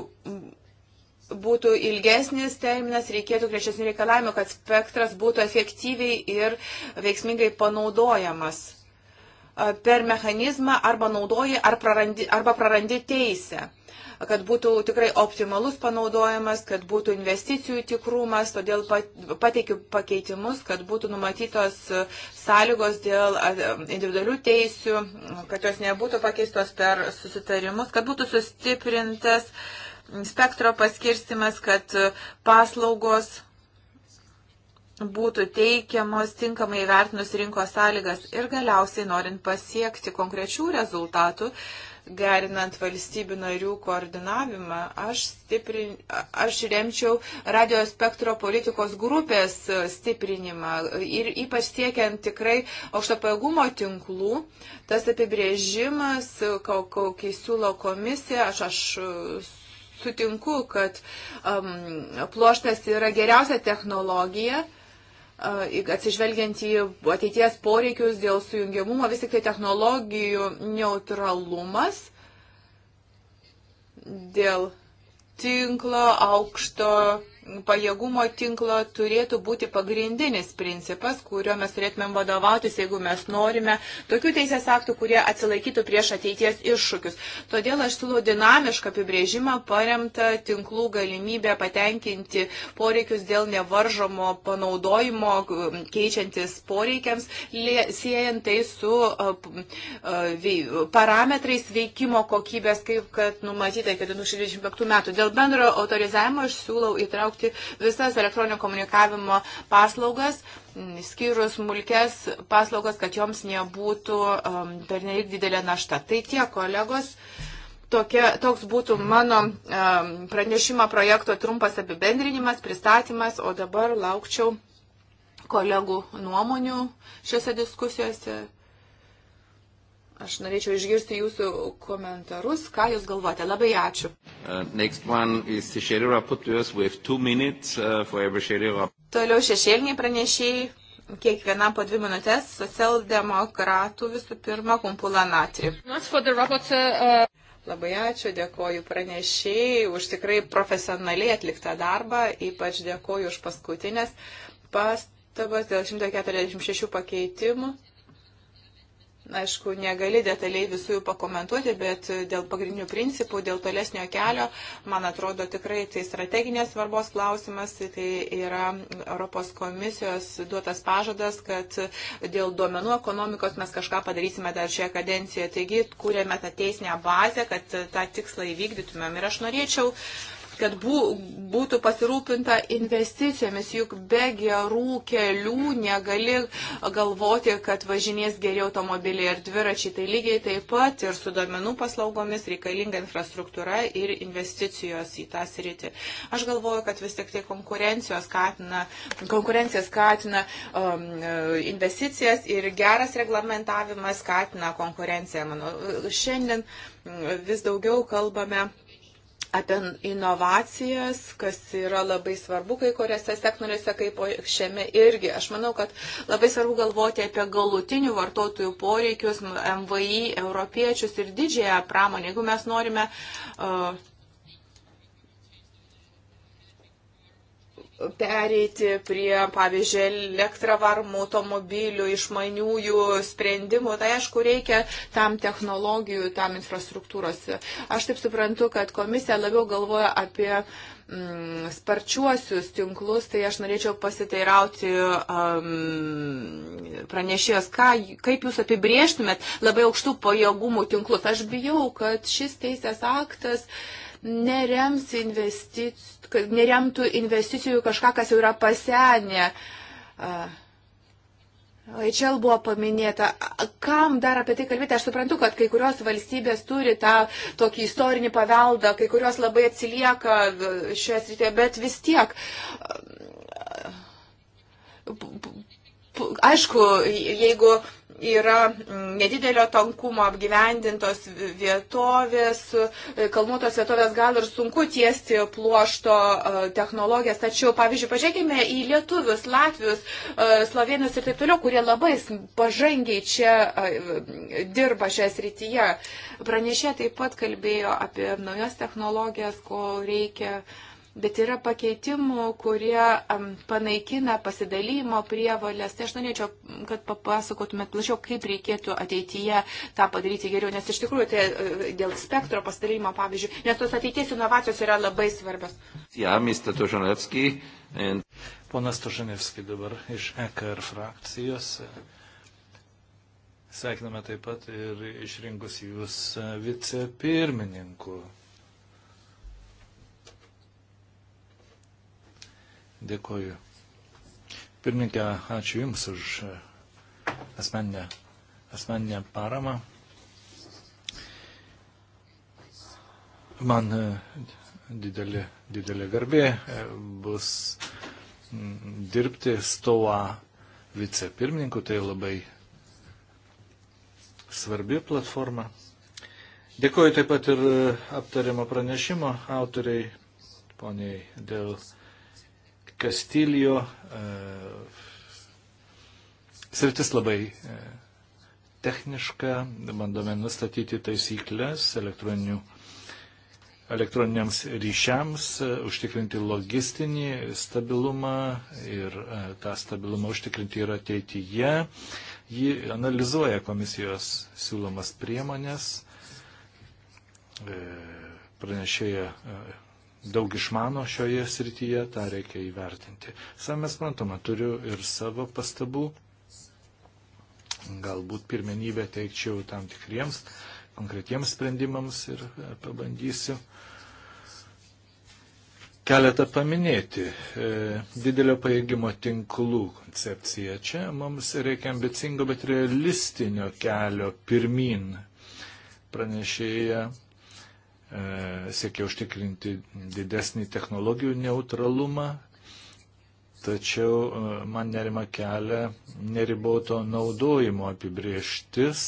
būtų ilgesnis terminas, reikėtų grešesnių reikalavimų, kad spektras būtų efektyviai ir veiksmingai panaudojamas per mechanizmą arba naudoji ar prarandi, arba prarandi teisę kad būtų tikrai optimalus panaudojimas, kad būtų investicijų tikrumas, todėl pateikiu pakeitimus, kad būtų numatytos sąlygos dėl individualių teisių, kad jos nebūtų pakeistos per susitarimus, kad būtų sustiprintas uh, spektro paskirstimas, kad paslaugos būtų teikiamos tinkamai vertinus rinkos sąlygas ir galiausiai norint pasiekti konkrečių rezultatų, gerinant valstybių narių koordinavimą, aš, stiprin, aš remčiau radio spektro politikos grupės stiprinimą ir ypač siekiant tikrai aukšto pajėgumo tinklų. Tas apibrėžimas, kokį siūlo komisija, aš, aš sutinku, kad um, pluoštas yra geriausia technologija atsižvelgiant į ateities poreikius dėl sujungiamumo, vis tik tai technologijų neutralumas dėl tinklo aukšto pajėgumo tinklo turėtų būti pagrindinis principas, kuriuo mes turėtumėm vadovautis, jeigu mes norime tokių teisės aktų, kurie atsilaikytų prieš ateities iššūkius. Todėl aš siūlau dinamišką apibrėžimą paremtą tinklų galimybę patenkinti poreikius dėl nevaržomo panaudojimo, keičiantis poreikiams, siejant tai su parametrais veikimo kokybės, kaip kad numatyta iki 2025 metų. Dėl bendro autorizavimo aš siūlau įtraukti įtraukti visas elektroninio komunikavimo paslaugas, skyrus smulkes paslaugas, kad joms nebūtų um, pernelyg didelė našta. Tai tie kolegos. Tokia, toks būtų mano um, pranešimo projekto trumpas apibendrinimas, pristatymas, o dabar laukčiau kolegų nuomonių šiuose diskusijose. Aš norėčiau išgirsti jūsų komentarus, ką jūs galvojate. Labai ačiū. Uh, minutes, uh, Toliau šešėliniai pranešėjai, kiekviena po dvi minutės, socialdemokratų visų pirma, kumpula natri. Uh, Labai ačiū, dėkoju pranešėjai už tikrai profesionaliai atliktą darbą, ypač dėkoju už paskutinės pastabas dėl 146 pakeitimų. Aišku, negali detaliai visų jų pakomentuoti, bet dėl pagrindinių principų, dėl tolesnio kelio, man atrodo, tikrai tai strateginės svarbos klausimas, tai yra Europos komisijos duotas pažadas, kad dėl duomenų ekonomikos mes kažką padarysime dar šioje kadencijoje. Taigi, kūrėme tą teisinę bazę, kad tą tikslą įvykdytumėm. Ir aš norėčiau uh, kad bū, būtų pasirūpinta investicijomis, juk be gerų kelių negali galvoti, kad važinės geri automobiliai ar dviračiai, tai lygiai taip pat ir su domenų paslaugomis reikalinga infrastruktūra ir investicijos į tą sritį. Aš galvoju, kad vis tik tai konkurencija skatina, skatina um, investicijas ir geras reglamentavimas skatina konkurenciją. Manau, šiandien mm, vis daugiau kalbame apie inovacijas, kas yra labai svarbu kai kuriuose sektoriuose, kaip šiame irgi. Aš manau, kad labai svarbu galvoti apie galutinių vartotojų poreikius, MVI, europiečius ir didžiąją pramonę. Jeigu mes norime uh, pereiti prie, pavyzdžiui, elektravarmų automobilių, išmaniųjų sprendimų, tai aišku, reikia tam technologijų, tam infrastruktūros. Aš taip suprantu, kad komisija labiau galvoja apie mm, sparčiuosius tinklus, tai aš norėčiau pasiteirauti um, pranešėjos, ką, kaip jūs apibrieštumėt labai aukštų pajėgumų tinklus. Aš bijau, kad šis teisės aktas nerems investicijų neremtų investicijų kažką, kas jau yra pasenę. HL buvo paminėta. Kam dar apie tai kalbėti? Aš suprantu, kad kai kurios valstybės turi tą tokį istorinį paveldą, kai kurios labai atsilieka šioje srityje, bet vis tiek. Aišku, jeigu yra mm, nedidelio tankumo apgyvendintos vietovės, kalnuotos vietovės gal ir sunku tiesti pluošto e, technologijas, tačiau, pavyzdžiui, pažiūrėkime į lietuvius, latvius, e, slovėnius ir taip toliau, kurie labai pažangiai čia e, dirba šią srityje. Pranešė taip pat kalbėjo apie naujas technologijas, ko reikia bet yra pakeitimų, kurie panaikina pasidalymo prievolės. Tai aš norėčiau, kad papasakotumėt plačiau, kaip reikėtų ateityje tą padaryti geriau, nes iš tikrųjų tai e, dėl spektro pasidalymo, pavyzdžiui, nes tos ateities inovacijos yra labai svarbios. Ja, Mr. Tožanevski. And... Ponas Tožanevski dabar iš EKR frakcijos. Sveikiname taip pat ir išrinkus jūs e, vicepirmininku. Dėkoju. Pirmininkė, ačiū Jums už e, asmeninę, asmeninę paramą. Man e, didelė, didelė garbė e, bus dirbti stoa vicepirmininku, tai labai svarbi platforma. Dėkuoju taip pat ir aptariamo pranešimo autoriai, poniai dėl Kastilijo e, sritis labai e, techniška, bandome nustatyti taisyklės elektroninių elektroniniams ryšiams, e, užtikrinti logistinį stabilumą ir tą stabilumą užtikrinti ir ateityje. Ji analizuoja komisijos siūlomas priemonės, pranešėja daug išmano šioje srityje, tą reikia įvertinti. Savame suprantama, turiu ir savo pastabų. Galbūt pirmenybę teikčiau tam tikriems konkretiems sprendimams ir e, pabandysiu keletą paminėti. E, didelio pajėgimo tinklų koncepcija. Čia mums reikia ambicingo, bet realistinio kelio pirmin. Pranešėja E, siekia užtikrinti didesnį technologijų neutralumą, tačiau e, man nerima kelia neriboto naudojimo apibrieštis.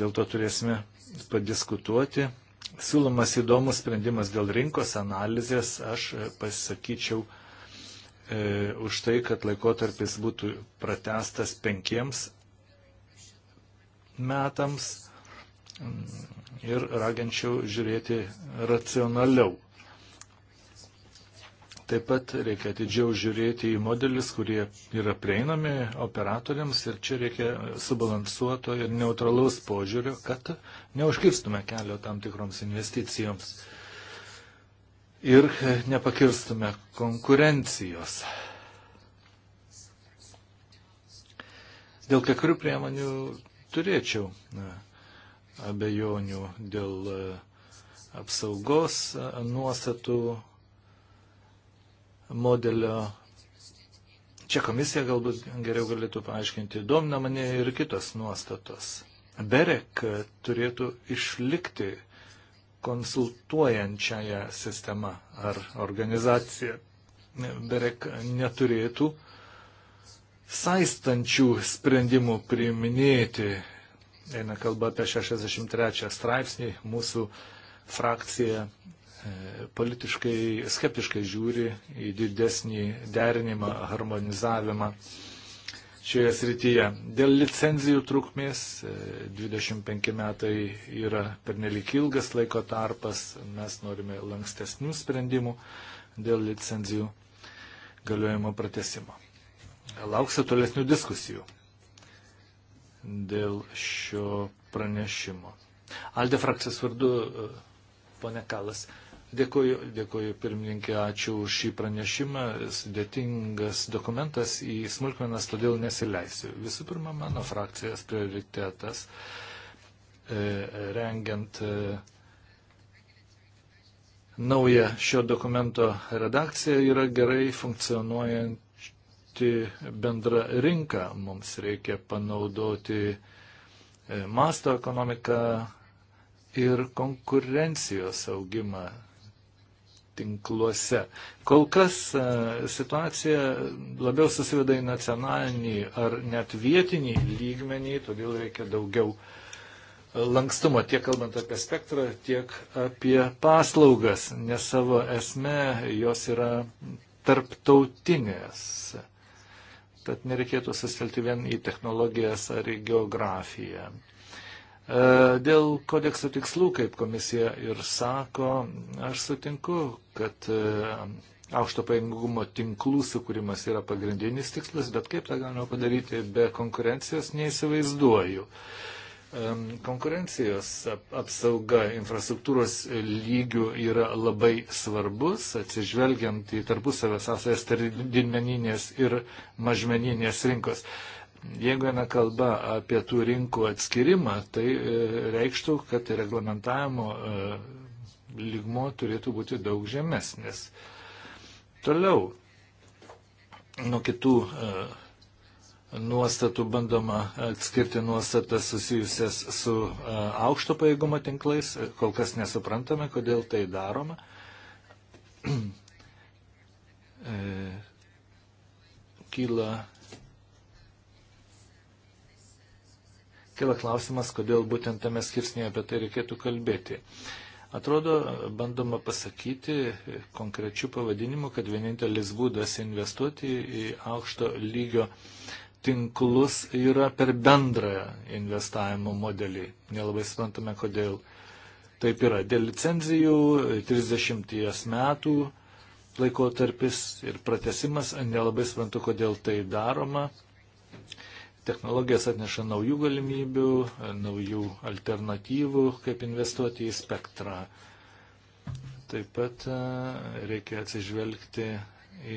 Dėl to turėsime padiskutuoti. Siūlomas įdomus sprendimas dėl rinkos analizės, aš e, pasakyčiau e, už tai, kad laikotarpis būtų pratestas penkiems metams ir raginčiau žiūrėti racionaliau. Taip pat reikia atidžiau žiūrėti į modelius, kurie yra prieinami operatoriams ir čia reikia subalansuoto ir neutralaus požiūrio, kad neužkirstume kelio tam tikroms investicijoms ir nepakirstume konkurencijos. Dėl kai kurių priemonių turėčiau na, abejonių dėl e, apsaugos e, nuostatų modelio. Čia komisija galbūt geriau galėtų paaiškinti, domina mane ir kitos nuostatos. Berek turėtų išlikti konsultuojančiąją sistemą ar organizaciją. Berek neturėtų saistančių sprendimų priiminėti eina kalba apie 63 straipsnį, mūsų frakcija e, politiškai skeptiškai žiūri į didesnį derinimą, harmonizavimą šioje srityje. Dėl licenzijų trukmės 25 e, metai yra pernelik ilgas laiko tarpas, mes norime lankstesnių sprendimų dėl licenzijų galiojimo pratesimo. Lauksiu tolesnių diskusijų dėl šio pranešimo. Alde frakcijos vardu, e, pone Kalas. Dėkuoju, dėkuoju pirmininkė, ačiū už šį pranešimą. Sudėtingas dokumentas į smulkmenas, todėl nesileisiu. Visų pirma, mano frakcijos prioritetas e, rengiant e, naują šio dokumento redakciją yra gerai funkcionuojant kurti bendrą rinką, mums reikia panaudoti e, masto ekonomiką ir konkurencijos augimą tinkluose. Kol kas e, situacija labiau susiveda į nacionalinį ar net vietinį lygmenį, todėl reikia daugiau e, lankstumo tiek kalbant apie spektrą, tiek apie paslaugas, nes savo esme jos yra tarptautinės tad nereikėtų susitelti vien į technologijas ar į geografiją. E, dėl kodekso tikslų, kaip komisija ir sako, aš sutinku, kad e, aukšto pajėgumo tinklų sukūrimas yra pagrindinis tikslas, bet kaip tą galima padaryti be konkurencijos, neįsivaizduoju. Konkurencijos apsauga infrastruktūros lygių yra labai svarbus, atsižvelgiant į tarpusavę sąsajas tarp didmeninės ir mažmeninės rinkos. Jeigu viena kalba apie tų rinkų atskirimą, tai e, reikštų, kad reglamentavimo e, lygmo turėtų būti daug žemesnis. Toliau, nuo kitų uh, nuostatų bandoma atskirti nuostatas susijusias su e, aukšto pajėgumo tinklais. Kol kas nesuprantame, kodėl tai daroma. [CLEARS THROAT] E, kyla, kyla klausimas, kodėl būtent tame skirsnėje apie tai reikėtų kalbėti. Atrodo, bandoma pasakyti konkrečių pavadinimų, kad vienintelis būdas investuoti į aukšto lygio uh, tinklus yra per bendrą investavimo modelį. Nelabai suprantame, kodėl taip yra. Dėl licenzijų 30 metų laikotarpis ir pratesimas, nelabai suprantu, kodėl tai daroma. Technologijas atneša naujų galimybių, naujų alternatyvų, kaip investuoti į spektrą. Taip pat e, reikia atsižvelgti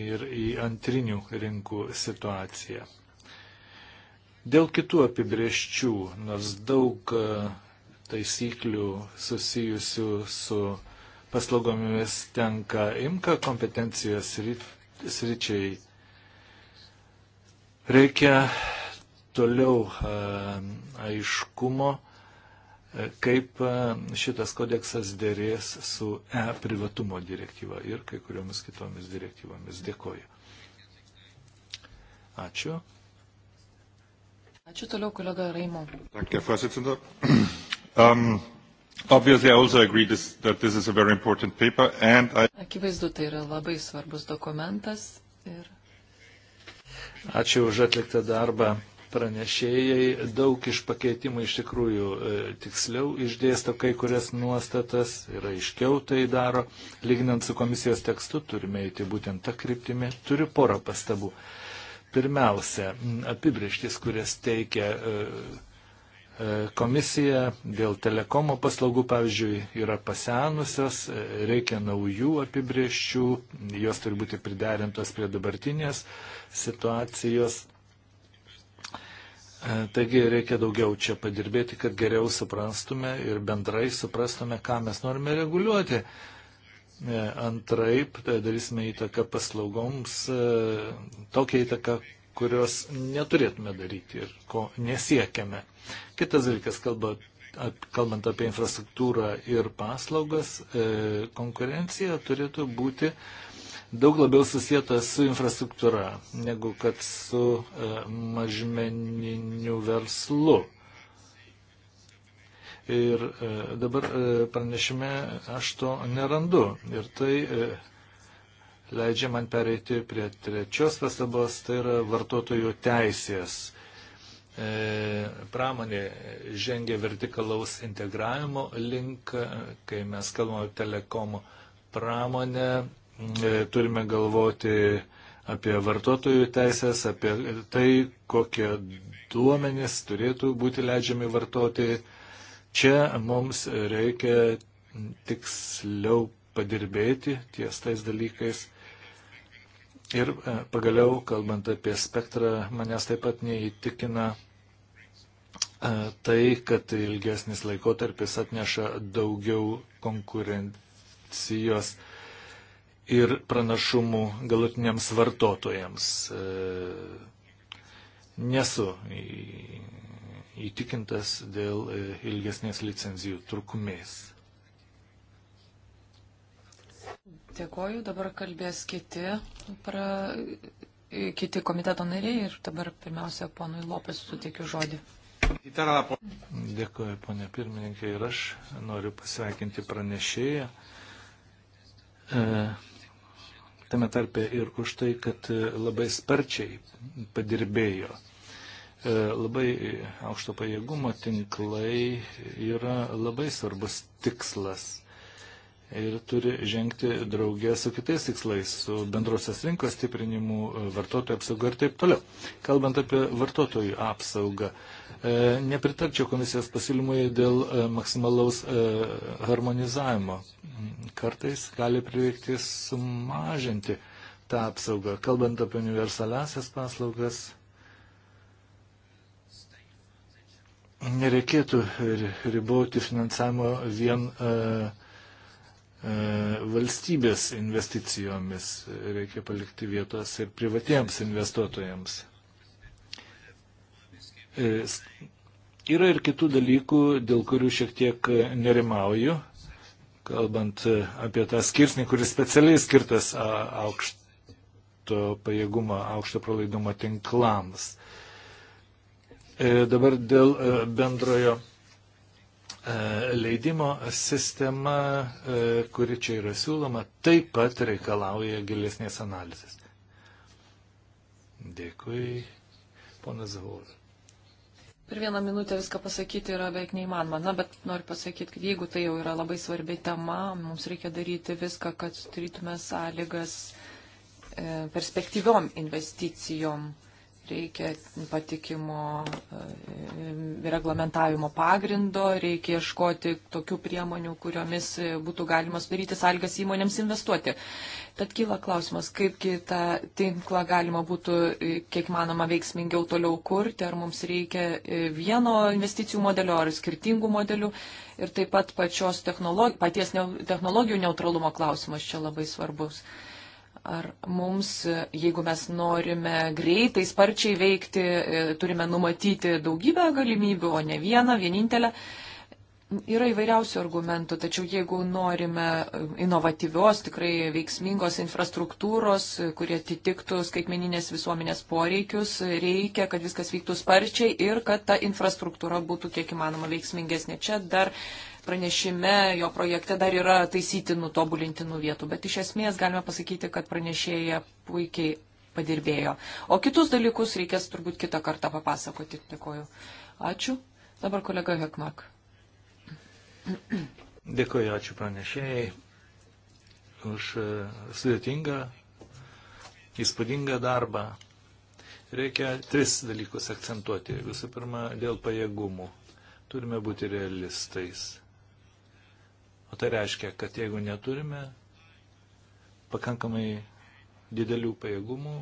ir į antrinių rinkų situaciją. Dėl kitų apibrieščių, nors daug e, taisyklių susijusių su paslaugomis tenka imka kompetencijos sričiai, reikia toliau e, aiškumo, e, kaip šitas kodeksas dėrės su e-privatumo direktyva ir kai kuriomis kitomis direktyvomis. Dėkoju. Ačiū. Ačiū toliau, kolega Raimo. Danke, Vorsitzender. [CLEARS THROAT] Um, Obviously, I also agree this, that this is a very important paper and I... Akivaizdu, tai yra labai svarbus dokumentas ir... Ačiū už atliktą darbą pranešėjai. Daug iš pakeitimų iš tikrųjų e, tiksliau išdėsto kai kurias nuostatas ir aiškiau tai daro. Lyginant su komisijos tekstu turime eiti būtent tą kryptimį. Turiu porą pastabų. Uh, Pirmiausia, apibrieštis, kurias teikia e, e, komisija dėl telekomo paslaugų, pavyzdžiui, yra pasenusios, e, reikia naujų apibrieščių, jos turi būti priderintos prie dabartinės situacijos. Taigi reikia daugiau čia padirbėti, kad geriau suprastume ir bendrai suprastume, ką mes norime reguliuoti. E, antraip, tai darysime įtaką paslaugoms, e, tokia įtaka, kurios neturėtume daryti ir ko nesiekiame. Kitas dalykas, kalba, kalbant apie infrastruktūrą ir paslaugas, konkurencija turėtų būti daug labiau susijęta su infrastruktūra negu kad su mažmeniniu verslu. Ir e, dabar e, pranešime aš to nerandu. Ir tai e, leidžia man pereiti prie trečios pastabos, tai yra vartotojų teisės. Pramonė žengia vertikalaus integravimo link, kai mes kalbame telekomo pramonę, turime galvoti apie vartotojų teisės, apie tai, kokie duomenys turėtų būti leidžiami vartoti Čia mums reikia tiksliau padirbėti ties tais dalykais. Ir e, pagaliau, kalbant apie spektrą, manęs taip pat neįtikina e, tai, kad ilgesnis laikotarpis atneša daugiau konkurencijos ir pranašumų galutiniams vartotojams. E, nesu įtikintas dėl e, ilgesnės licenzijų trukmės. Dėkoju, dabar kalbės kiti, pra, e, kiti komiteto nariai ir dabar pirmiausia ponui Lopes suteikiu žodį. Dėkoju, ponė pirmininkė, ir aš noriu pasveikinti pranešėją. E, tame tarpe ir už tai, kad e, labai sparčiai padirbėjo E, labai aukšto pajėgumo tinklai yra labai svarbus tikslas ir turi žengti draugė su kitais tikslais, su bendrosios rinkos stiprinimu, e, vartotojų apsauga ir taip toliau. Kalbant apie vartotojų apsaugą, e, nepritarčiau komisijos pasiūlymui dėl maksimalaus harmonizavimo. Kartais gali prireikti sumažinti tą apsaugą. Kalbant apie universaliasias paslaugas, nereikėtų riboti finansavimo vien e, e, valstybės investicijomis, reikia palikti vietos ir privatiems investuotojams. E, yra ir kitų dalykų, dėl kurių šiek tiek nerimauju, kalbant e, apie tą skirsnį, kuris specialiai skirtas aukšto pajėgumo, aukšto pralaidumo tinklams. E, dabar dėl e, bendrojo e, leidimo sistema, kuri čia yra siūloma, taip pat reikalauja gilesnės analizės. Dėkui, ponas Zaur. Per vieną minutę viską pasakyti yra beveik neįmanoma. Na, bet noriu pasakyti, kad jeigu tai jau yra labai svarbi tema, mums reikia daryti viską, kad sudarytume sąlygas perspektyviom investicijom reikia patikimo e, reglamentavimo pagrindo, reikia ieškoti tokių priemonių, kuriomis būtų galima sudaryti sąlygas įmonėms investuoti. Tad kyla klausimas, kaipgi tą tinklą galima būtų, e, kiek manoma, veiksmingiau toliau kurti, ar mums reikia e, vieno investicijų modelio ar skirtingų modelių. Ir taip pat pačios technologi paties technologijų neutralumo klausimas čia labai svarbus. Ar mums, jeigu mes norime greitai, sparčiai veikti, e, turime numatyti daugybę galimybių, o ne vieną, vienintelę. Yra įvairiausių argumentų, tačiau jeigu norime e, inovatyvios, tikrai veiksmingos infrastruktūros, kurie atitiktų skaitmeninės visuomenės poreikius, reikia, kad viskas vyktų sparčiai ir kad ta infrastruktūra būtų kiek įmanoma veiksmingesnė. Čia dar pranešime, jo projekte dar yra taisytinų, tobulintinų vietų, bet iš esmės galime pasakyti, kad pranešėja puikiai padirbėjo. O kitus dalykus reikės turbūt kitą kartą papasakoti. Dėkoju. Ačiū. Dabar kolega Hekmak. Dėkoju, ačiū pranešėjai už e, sudėtingą, įspūdingą darbą. Reikia tris dalykus akcentuoti. Visų pirma, dėl pajėgumų. Turime būti realistais. O tai reiškia, kad jeigu neturime pakankamai didelių pajėgumų,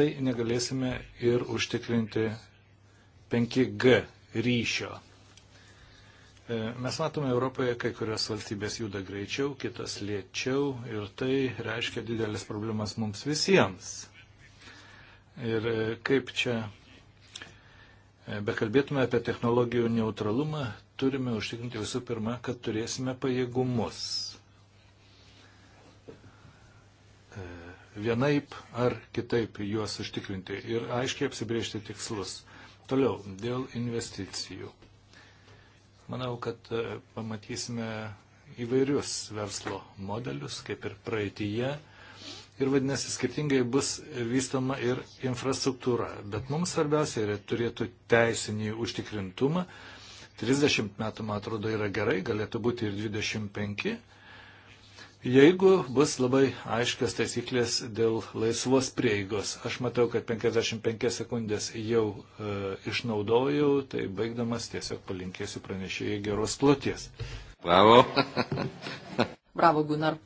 tai negalėsime ir užtikrinti 5G ryšio. E, mes matome Europoje, kai kurios valstybės juda greičiau, kitas lėčiau ir tai reiškia didelis problemas mums visiems. Ir e, kaip čia e, bekalbėtume apie technologijų neutralumą, turime užtikrinti visų pirma, kad turėsime pajėgumus. E, vienaip ar kitaip juos užtikrinti ir aiškiai apsibriežti tikslus. Toliau, dėl investicijų. Manau, kad e, pamatysime įvairius verslo modelius, kaip ir praeitįje. Ir vadinasi, skirtingai bus vystoma ir infrastruktūra. Bet mums svarbiausia yra turėtų teisinį užtikrintumą, 30 metų, man atrodo, yra gerai, galėtų būti ir 25, jeigu bus labai aiškios taisyklės dėl laisvos prieigos. Aš matau, kad 55 sekundės jau e, išnaudojau, tai baigdamas tiesiog palinkėsiu pranešėjai geros ploties. Bravo. Bravo, Gunar.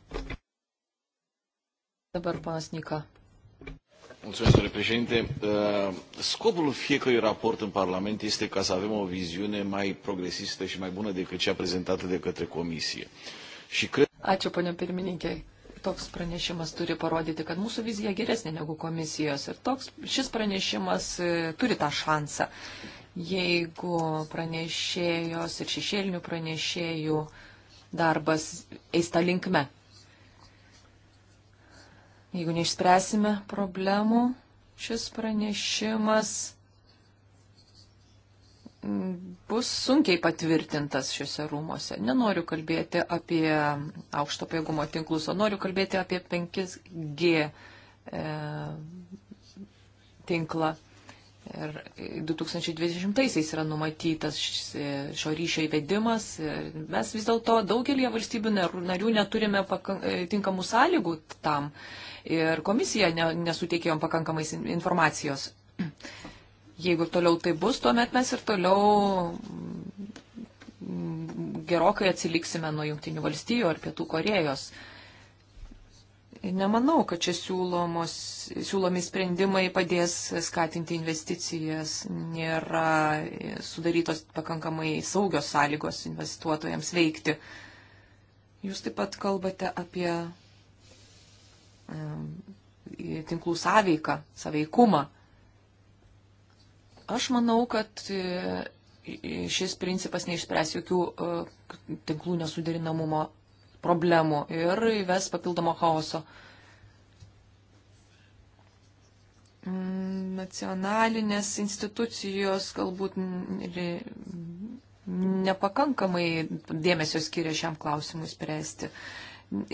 Dabar panas Nika. Mulțumesc, domnule președinte. Uh, scopul fiecărui raport în Parlament este ca să avem o viziune mai progresistă și mai bună decât cea prezentată de către Comisie. Și cred... Ačiū, ponia pirmininkė. Toks pranešimas turi parodyti, kad mūsų vizija geresnė negu komisijos. Ir toks, šis pranešimas e, turi tą šansą. Jeigu pranešėjos ir šešėlinių pranešėjų darbas eista linkme, Jeigu neišspręsime problemų, šis pranešimas bus sunkiai patvirtintas šiuose rūmose. Nenoriu kalbėti apie aukšto pajėgumo tinklus, o noriu kalbėti apie 5G e, tinklą. Ir 2020-aisiais yra numatytas e, šio ryšio įvedimas. E, mes vis dėlto daugelie valstybių narių neturime pakank, e, tinkamų sąlygų tam ir komisija ne, nesuteikė jom pakankamai informacijos. Jeigu ir toliau tai bus, tuomet mes ir toliau mm, gerokai atsiliksime nuo Junktinių valstijų ar Pietų Korejos. Nemanau, kad čia siūlomos, siūlomi sprendimai padės skatinti investicijas, nėra sudarytos pakankamai saugios sąlygos investuotojams veikti. Jūs taip pat kalbate apie E, tinklų sąveiką, saveikumą. Aš manau, kad e, šis principas neišspręs jokių e, tinklų nesuderinamumo problemų ir įves papildomo chaoso. Mm, nacionalinės institucijos galbūt nepakankamai dėmesio skiria šiam klausimui spręsti.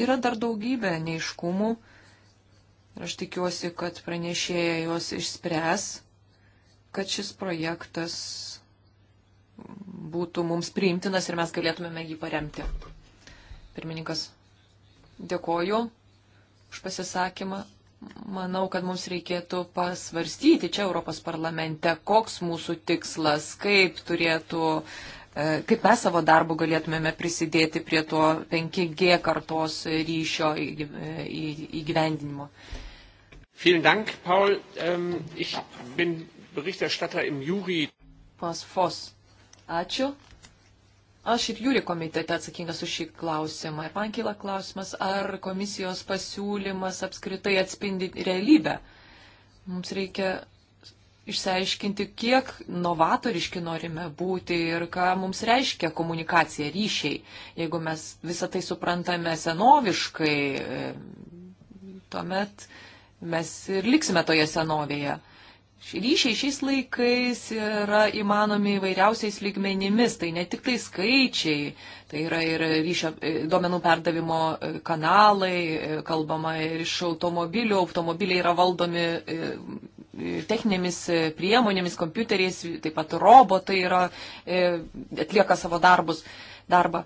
Yra dar daugybė neiškumų Ir aš tikiuosi, kad pranešėja juos išspręs, kad šis projektas būtų mums priimtinas ir mes galėtumėme jį paremti. Pirmininkas, dėkoju už pasisakymą. Manau, kad mums reikėtų pasvarstyti čia Europos parlamente, koks mūsų tikslas, kaip turėtų, e, kaip mes savo darbu galėtumėme prisidėti prie to 5G kartos ryšio e, įgyvendinimo. Vielen Dank, Paul. Ähm, ich bin Berichterstatter im Juri. Pas Fos. Ačiū. Aš ir Jūri komitete atsakingas už šį klausimą. Ir man kyla klausimas, ar komisijos pasiūlymas apskritai atspindi realybę. Mums reikia išsiaiškinti, kiek novatoriški norime būti ir ką mums reiškia komunikacija, ryšiai. Jeigu mes visą tai suprantame senoviškai, tuomet mes ir liksime toje senovėje. Ryšiai šiais laikais yra įmanomi įvairiausiais lygmenimis, tai ne tik tai skaičiai, tai yra ir ryšio e, duomenų perdavimo e, kanalai, e, kalbama ir iš automobilių, automobiliai yra valdomi techninėmis priemonėmis, kompiuteriais, taip pat robotai yra, atlieka savo darbus, darbą.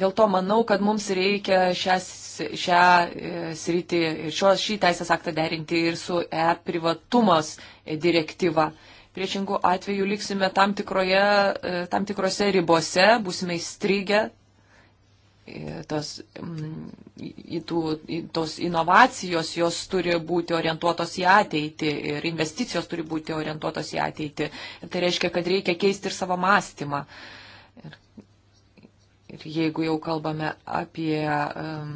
Dėl to manau, kad mums reikia šią, šią e, sritį, šios, šį teisės aktą derinti ir su e-privatumos direktyva. Priešingų atveju liksime tam, tikroje, e, tam tikrose ribose, būsime įstrigę e, tos, į tų, į tos inovacijos, jos turi būti orientuotos į ateitį ir investicijos turi būti orientuotos į ateitį. Ir tai reiškia, kad reikia keisti ir savo mąstymą. Ir Ir jeigu jau kalbame apie um,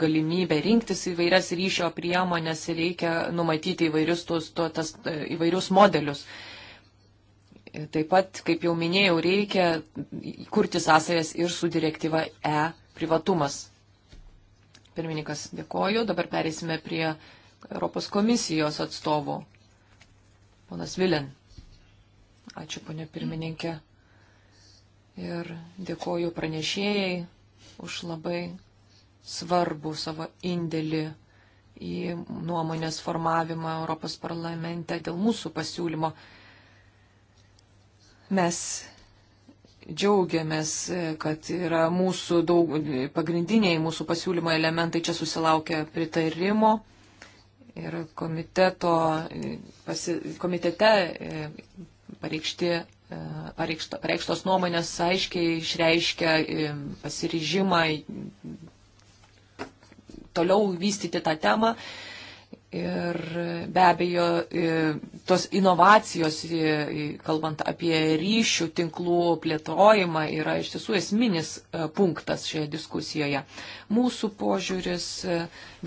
galimybę rinktis įvairias ryšio priemonės, reikia numatyti įvairius, tos, to, tas, e, įvairius modelius. E, taip pat, kaip jau minėjau, reikia kurti sąsajas ir su direktyva E privatumas. Pirmininkas, dėkoju. Dabar perėsime prie Europos komisijos atstovų. Ponas Vilin. Ačiū, ponė pirmininkė ir dėkoju pranešėjai už labai svarbu savo indėlį į nuomonės formavimą Europos parlamente dėl mūsų pasiūlymo. Mes džiaugiamės, kad yra mūsų daug, pagrindiniai mūsų pasiūlymo elementai čia susilaukia pritarimo. Ir komiteto, pasi, komitete e, pareikšti reikštos nuomonės aiškiai išreiškia e, pasiryžimą toliau vystyti tą temą. Ir be abejo, e, tos inovacijos, e, kalbant apie ryšių tinklų plėtojimą, yra iš tiesų esminis punktas šioje diskusijoje. Mūsų požiūris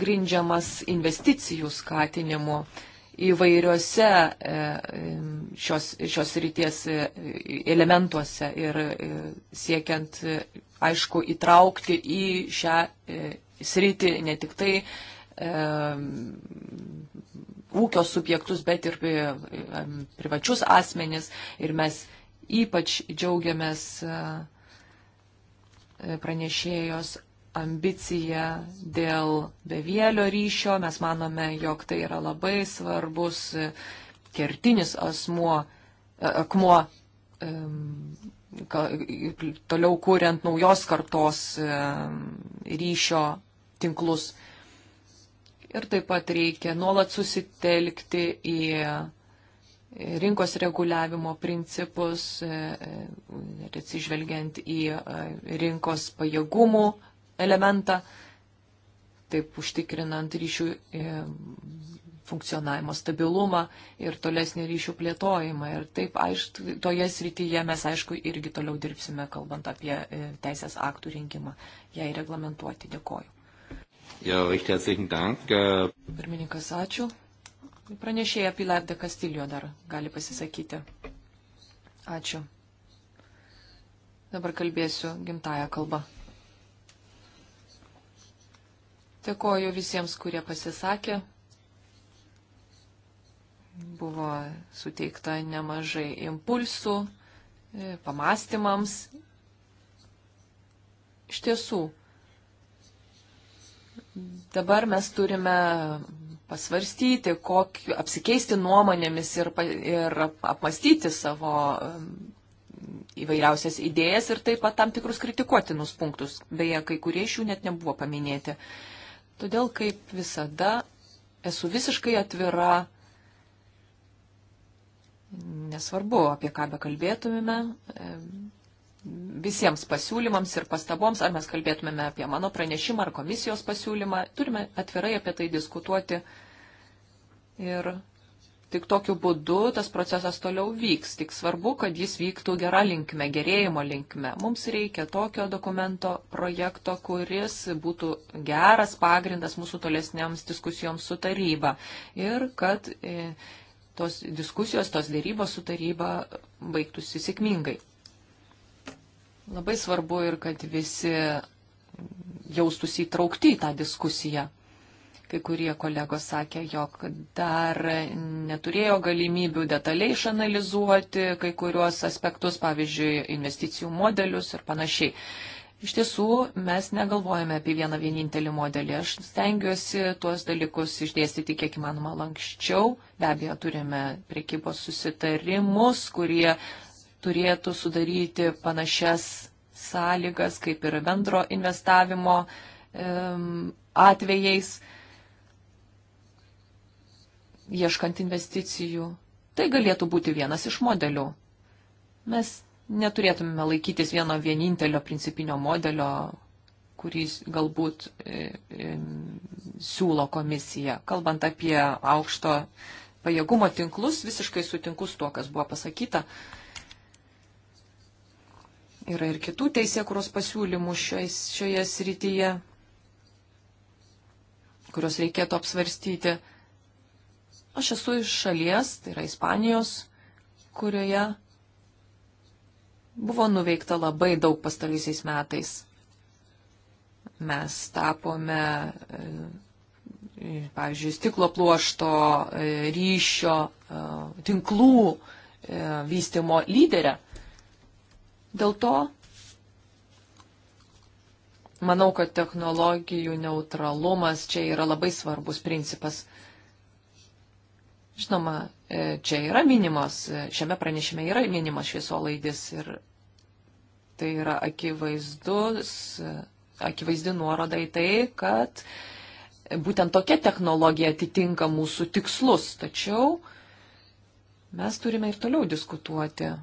grindžiamas investicijų skatinimu įvairiuose e, šios, šios ryties e, elementuose ir e, siekiant, aišku, įtraukti į šią sritį ne tik tai ūkio subjektus, bet ir privačius asmenis. Ir mes ypač džiaugiamės pranešėjos ambiciją dėl bevėlio ryšio. Mes manome, jog tai yra labai svarbus e, kertinis asmuo, e, akmuo toliau kuriant naujos kartos ryšio tinklus. Ir taip pat reikia nuolat susitelkti į rinkos reguliavimo principus, e, atsižvelgiant į rinkos pajėgumų elementą, taip užtikrinant ryšių e, funkcionavimo stabilumą ir tolesnį ryšių plėtojimą. Ir taip, aišku, toje srityje mes, aišku, irgi toliau dirbsime, kalbant apie e, teisės aktų rinkimą, jai reglamentuoti. Dėkoju. Ja, recht herzlichen Dank. Äh, Pirmininkas, ačiū. Pranešėja Pilar de Castillo dar gali pasisakyti. Ačiū. Dabar kalbėsiu gimtają kalbą. Dėkoju visiems, kurie pasisakė. Buvo suteikta nemažai impulsų, e, pamastymams. Iš tiesų, dabar mes turime pasvarstyti, kokiu, apsikeisti nuomonėmis ir, ir apmastyti savo įvairiausias idėjas ir taip pat tam tikrus kritikuotinus punktus. Beje, kai kurie iš jų net nebuvo paminėti. Uh, Todėl, kaip visada, esu visiškai atvira, nesvarbu, apie ką be kalbėtumėme, e, visiems pasiūlymams ir pastaboms, ar mes kalbėtumėme apie mano pranešimą ar komisijos pasiūlymą, turime atvirai apie tai diskutuoti. Ir Tik tokiu būdu tas procesas toliau vyks. Tik svarbu, kad jis vyktų gera linkme, gerėjimo linkme. Mums reikia tokio dokumento projekto, kuris būtų geras pagrindas mūsų tolesniams diskusijoms su taryba. Ir kad e, tos diskusijos, tos dėrybos su taryba baigtųsi sėkmingai. Labai svarbu ir kad visi jaustųsi įtraukti į tą diskusiją. Kai kurie kolegos sakė, jog dar neturėjo galimybių detaliai išanalizuoti kai kuriuos aspektus, pavyzdžiui, investicijų modelius ir panašiai. Iš tiesų, mes negalvojame apie vieną vienintelį modelį. Aš stengiuosi tuos dalykus išdėstyti kiek įmanoma lankščiau. Be abejo, turime priekybos susitarimus, kurie turėtų sudaryti panašias sąlygas kaip ir bendro investavimo atvejais ieškant investicijų. Tai galėtų būti vienas iš modelių. Mes neturėtumėme laikytis vieno vienintelio principinio modelio, kurį galbūt e, e, siūlo komisija. Kalbant apie aukšto pajėgumo tinklus, visiškai sutinku su tuo, kas buvo pasakyta. Yra ir kitų teisėkuros pasiūlymų šioje, šioje srityje, kurios reikėtų apsvarstyti. Aš esu iš šalies, tai yra Ispanijos, kurioje buvo nuveikta labai daug pastarysiais metais. Mes tapome, e, pavyzdžiui, stiklo pluošto e, ryšio e, tinklų vystimo lyderę. Dėl to manau, kad technologijų neutralumas čia yra labai svarbus principas. Žinoma, e, čia yra minimos, e, šiame pranešime yra minimas šviesolaidis ir tai yra akivaizdus, e, akivaizdi nuoroda į tai, kad būtent tokia technologija atitinka mūsų tikslus. Tačiau mes turime ir toliau diskutuoti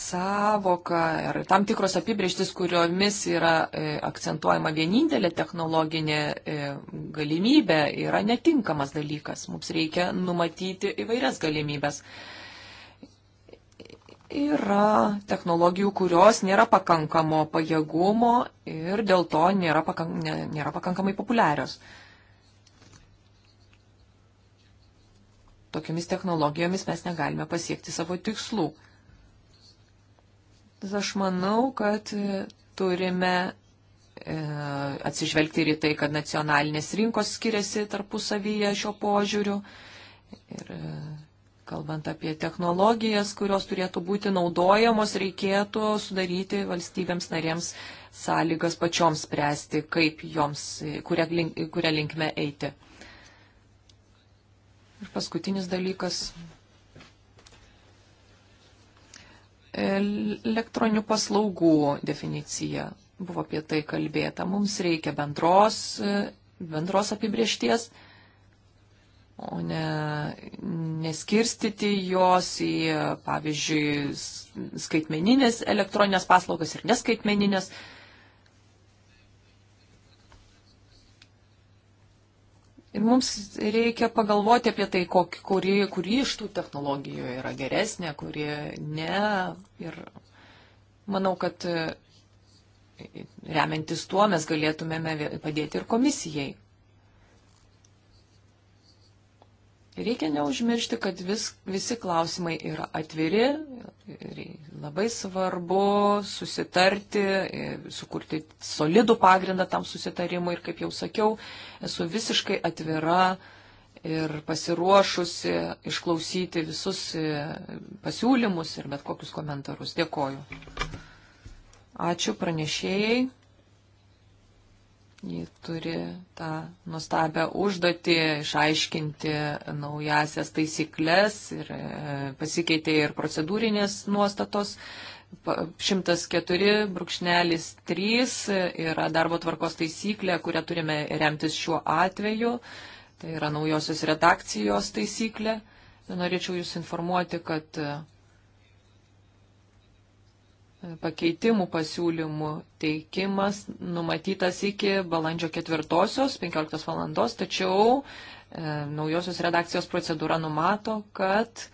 savoka ir tam tikros apibrieštis, kuriomis yra e, akcentuojama vienintelė technologinė e, galimybė, yra netinkamas dalykas. Mums reikia numatyti įvairias galimybės. Yra technologijų, kurios nėra pakankamo pajėgumo ir dėl to nėra, pakank nėra pakankamai populiarios. Tokiomis technologijomis mes negalime pasiekti savo tikslų. Tad aš manau, kad e, turime e, atsižvelgti ir į tai, kad nacionalinės rinkos skiriasi tarpusavyje šio požiūriu. Ir e, kalbant apie technologijas, kurios turėtų būti naudojamos, reikėtų sudaryti valstybėms narėms sąlygas pačioms spręsti, kaip joms, kurią, link, kurią linkme eiti. Ir paskutinis dalykas elektroninių paslaugų definicija. Buvo apie tai kalbėta. Mums reikia bendros, bendros apibriešties, o ne neskirstyti jos į, pavyzdžiui, skaitmeninės elektroninės paslaugas ir neskaitmeninės. Uh, Ir mums reikia pagalvoti apie tai, kokį, kuri, kuri iš tų technologijų yra geresnė, kuri ne. Ir manau, kad e, remiantis tuo mes galėtumėme padėti ir komisijai Reikia neužmiršti, kad vis, visi klausimai yra atviri ir labai svarbu susitarti, sukurti solidų pagrindą tam susitarimui ir, kaip jau sakiau, esu visiškai atvira ir pasiruošusi išklausyti visus pasiūlymus ir bet kokius komentarus. Dėkoju. Ačiū pranešėjai. Ji turi tą nustabę užduotį išaiškinti naujasias taisyklės ir e, pasikeitė ir procedūrinės nuostatos. 104.3 yra darbo tvarkos taisyklė, kurią turime remtis šiuo atveju. Tai yra naujosios redakcijos taisyklė. Norėčiau Jūs informuoti, kad e, pakeitimų pasiūlymų teikimas numatytas iki balandžio 4-osios, 15 valandos, tačiau e, naujosios redakcijos procedūra numato, kad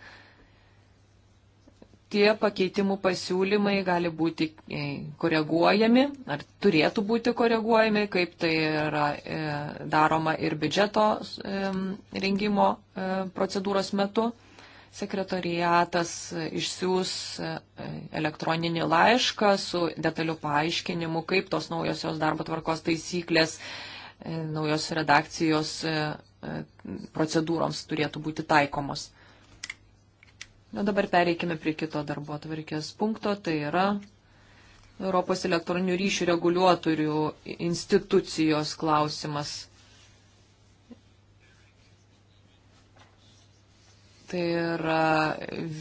tie pakeitimų pasiūlymai gali būti e, koreguojami ar turėtų būti koreguojami, kaip tai yra e, daroma ir biudžeto e, rengimo e, procedūros metu sekretoriatas išsiūs e, elektroninį laišką su detaliu paaiškinimu, kaip tos naujosios darbo tvarkos taisyklės, e, naujos redakcijos e, procedūroms turėtų būti taikomos. Na dabar pereikime prie kito darbo tvarkės punkto, tai yra Europos elektroninių ryšių reguliuotojų institucijos klausimas. Tai yra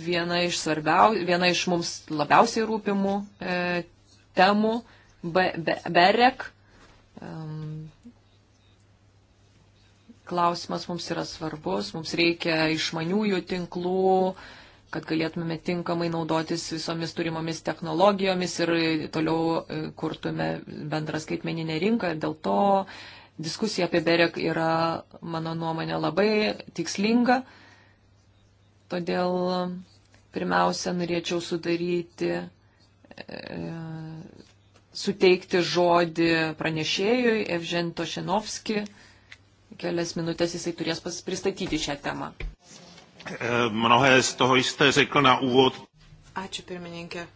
viena iš, svarbiau, viena iš mums labiausiai rūpimų e, temų, be, be, berek. Um, klausimas mums yra svarbus, mums reikia išmaniųjų tinklų, kad galėtume tinkamai naudotis visomis turimomis technologijomis ir toliau e, kurtume bendrą skaitmeninę rinką. Dėl to diskusija apie berek yra, mano nuomonė, labai tikslinga. Uh, Todėl pirmiausia, norėčiau sudaryti, e, suteikti žodį pranešėjui Evžento Šenovski. Kelias minutės jisai turės pristatyti šią temą. E, mnohé z toho jste řekl na úvod. Ačiū pirmininkė.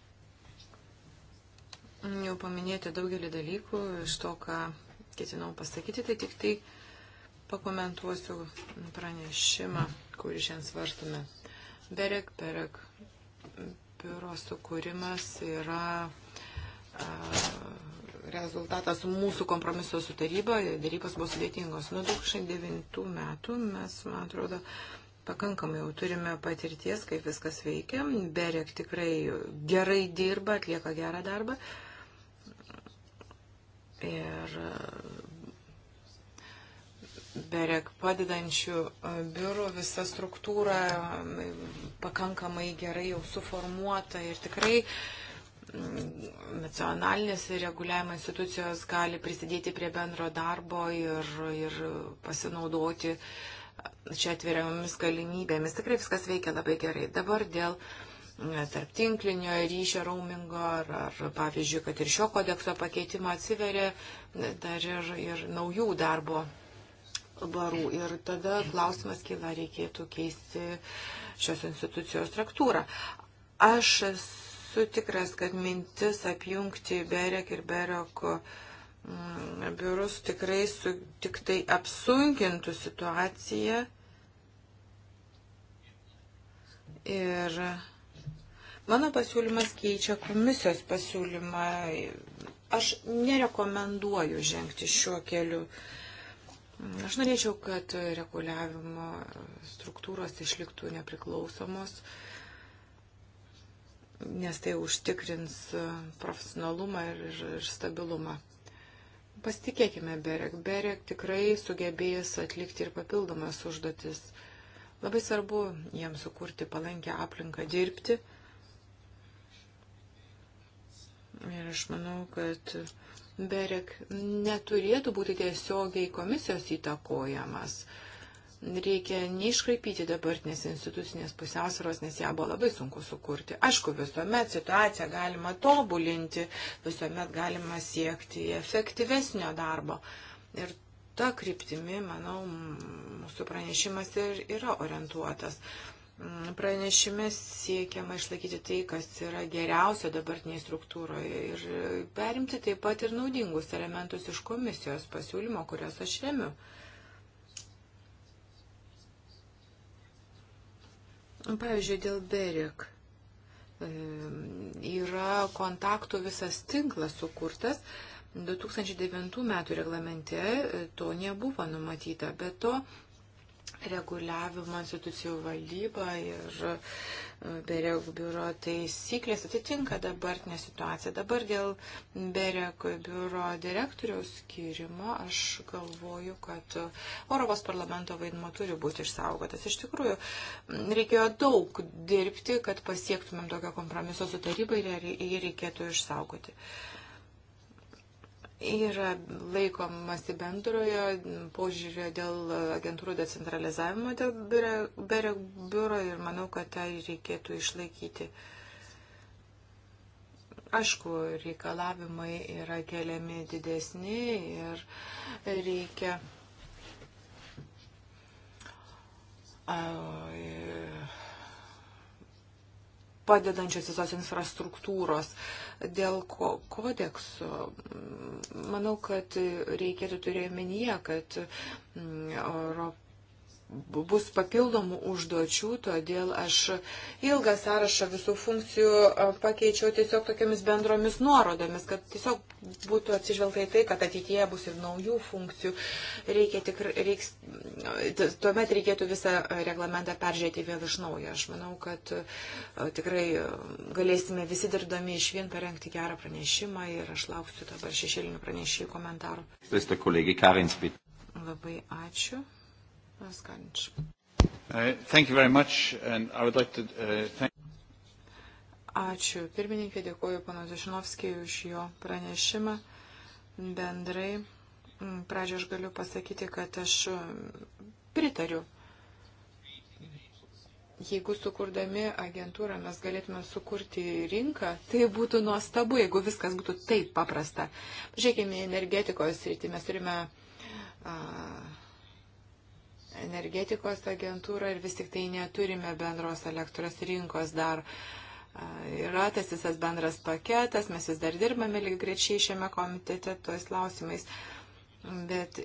Jau paminėti daugelį dalykų iš to, ką ketinau pasakyti, tai tik tai pakomentuosiu pranešimą. Mm kurį šiandien svarstume. Berek, Berek biuro sukūrimas yra a, rezultatas mūsų kompromiso su taryba, darybos buvo sudėtingos. Nuo 2009 metų mes, man atrodo, pakankamai jau turime patirties, kaip viskas veikia. Berek tikrai gerai dirba, atlieka gerą darbą. Ir Berek padedančių e, biurų visa struktūra e, pakankamai gerai jau suformuota ir tikrai mm, nacionalinės reguliavimo institucijos gali prisidėti prie bendro darbo ir, ir pasinaudoti čia atveriamomis galimybėmis. Tikrai viskas veikia labai gerai. Dabar dėl e, tarp tinklinio ryšio raumingo ar, ar pavyzdžiui, kad ir šio kodekso pakeitimo atsiveria dar ir, ir naujų darbo barų. Ir tada klausimas kyla, reikėtų keisti šios institucijos struktūrą. Aš esu tikras, kad mintis apjungti Berek ir Bereko mm, biurus tikrai su, tik tai apsunkintų situaciją. Ir mano pasiūlymas keičia komisijos pasiūlymą. Aš nerekomenduoju žengti šiuo keliu. Uh, Aš norėčiau, kad reguliavimo struktūros išliktų nepriklausomos, nes tai užtikrins profesionalumą ir, ir, ir stabilumą. Pasitikėkime Berek. Berek tikrai sugebėjęs atlikti ir papildomas užduotis. Labai svarbu jiems sukurti palankę aplinką dirbti. Ir aš manau, kad Berek neturėtų būti tiesiogiai komisijos įtakojamas. Reikia neiškraipyti dabartinės institucinės pusiausvėros, nes ją buvo labai sunku sukurti. Aišku, visuomet situaciją galima tobulinti, visuomet galima siekti efektyvesnio darbo. Ir ta kryptimi, manau, mūsų pranešimas ir yra orientuotas. Pranešime siekiama išlaikyti tai, kas yra geriausio dabartiniai struktūroje ir perimti taip pat ir naudingus elementus iš komisijos pasiūlymo, kurias aš remiu. Pavyzdžiui, dėl Berek yra kontaktų visas tinklas sukurtas. 2009 metų reglamente to nebuvo numatyta, bet to reguliavimo institucijų valdyba ir e, Bereg biuro taisyklės atitinka dabartinę situaciją. Dabar dėl Bereg biuro direktoriaus skirimo aš galvoju, kad Europos parlamento vaidmo turi būti išsaugotas. Iš tikrųjų, reikėjo daug dirbti, kad pasiektumėm tokio kompromiso su taryba ir jį reikėtų išsaugoti. Uh, yra laikomasi bendrojo požiūrio dėl agentūrų decentralizavimo dėl BEREK biuro ir manau, kad tai reikėtų išlaikyti. Aišku, reikalavimai yra keliami didesni ir reikia. Uh, padedančios visos infrastruktūros. Dėl ko, kodekso, manau, kad reikėtų turėti menyje, kad Europos bus papildomų užduočių, todėl aš ilgą sąrašą visų funkcijų pakeičiau tiesiog tokiamis bendromis nuorodomis, kad tiesiog būtų atsižvelgta į tai, kad ateityje bus ir naujų funkcijų. Reikia tik, reiks, tuomet reikėtų visą reglamentą peržiūrėti vėl iš naujo. Aš manau, kad tikrai galėsime visi dirbdami iš vien parengti gerą pranešimą ir aš lauksiu dabar šešėlinių pranešėjų komentarų. Labai ačiū. Pas Kanč. Uh, like to, uh, thank... Ačiū. Pirmininkė, dėkuoju pano Zišinovskijui už jo pranešimą. Bendrai, mm, pradžio aš galiu pasakyti, kad aš mm, pritariu jeigu sukurdami agentūrą mes galėtume sukurti rinką, tai būtų nuostabu, jeigu viskas būtų taip paprasta. Pažiūrėkime, energetikos rytį mes turime a, energetikos agentūrą ir vis tik tai neturime bendros elektros rinkos dar. Yra tas visas bendras paketas, mes vis dar dirbame lygiai grečiai šiame komitete tojais klausimais, bet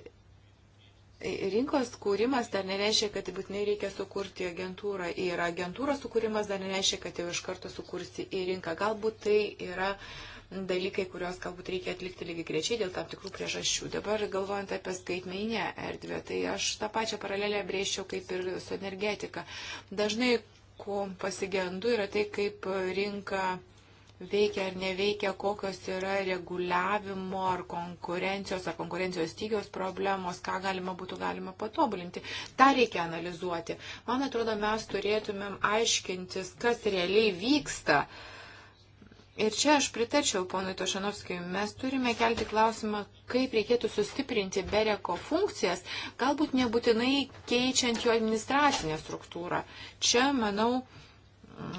rinkos kūrimas dar nereiškia, kad būtinai reikia sukurti agentūrą. Ir agentūros sukūrimas dar nereiškia, kad jau iš karto sukursi į rinką. Galbūt tai yra uh, dalykai, kuriuos galbūt reikia atlikti lygiai grečiai dėl tam tikrų priežasčių. Dabar galvojant apie skaitmeinę erdvę, tai aš tą pačią paralelę brėžčiau kaip ir su energetika. Dažnai, ko pasigendu, yra tai, kaip rinka veikia ar neveikia, kokios yra reguliavimo ar konkurencijos ar konkurencijos stygios problemos, ką galima būtų galima patobulinti. Ta reikia analizuoti. Man atrodo, mes turėtumėm aiškintis, kas realiai vyksta. Uh, Ir čia aš pritarčiau ponui Tošanovskijui, mes turime kelti klausimą, kaip reikėtų sustiprinti Bereko funkcijas, galbūt nebūtinai keičiant jo administracinę struktūrą. Čia, manau,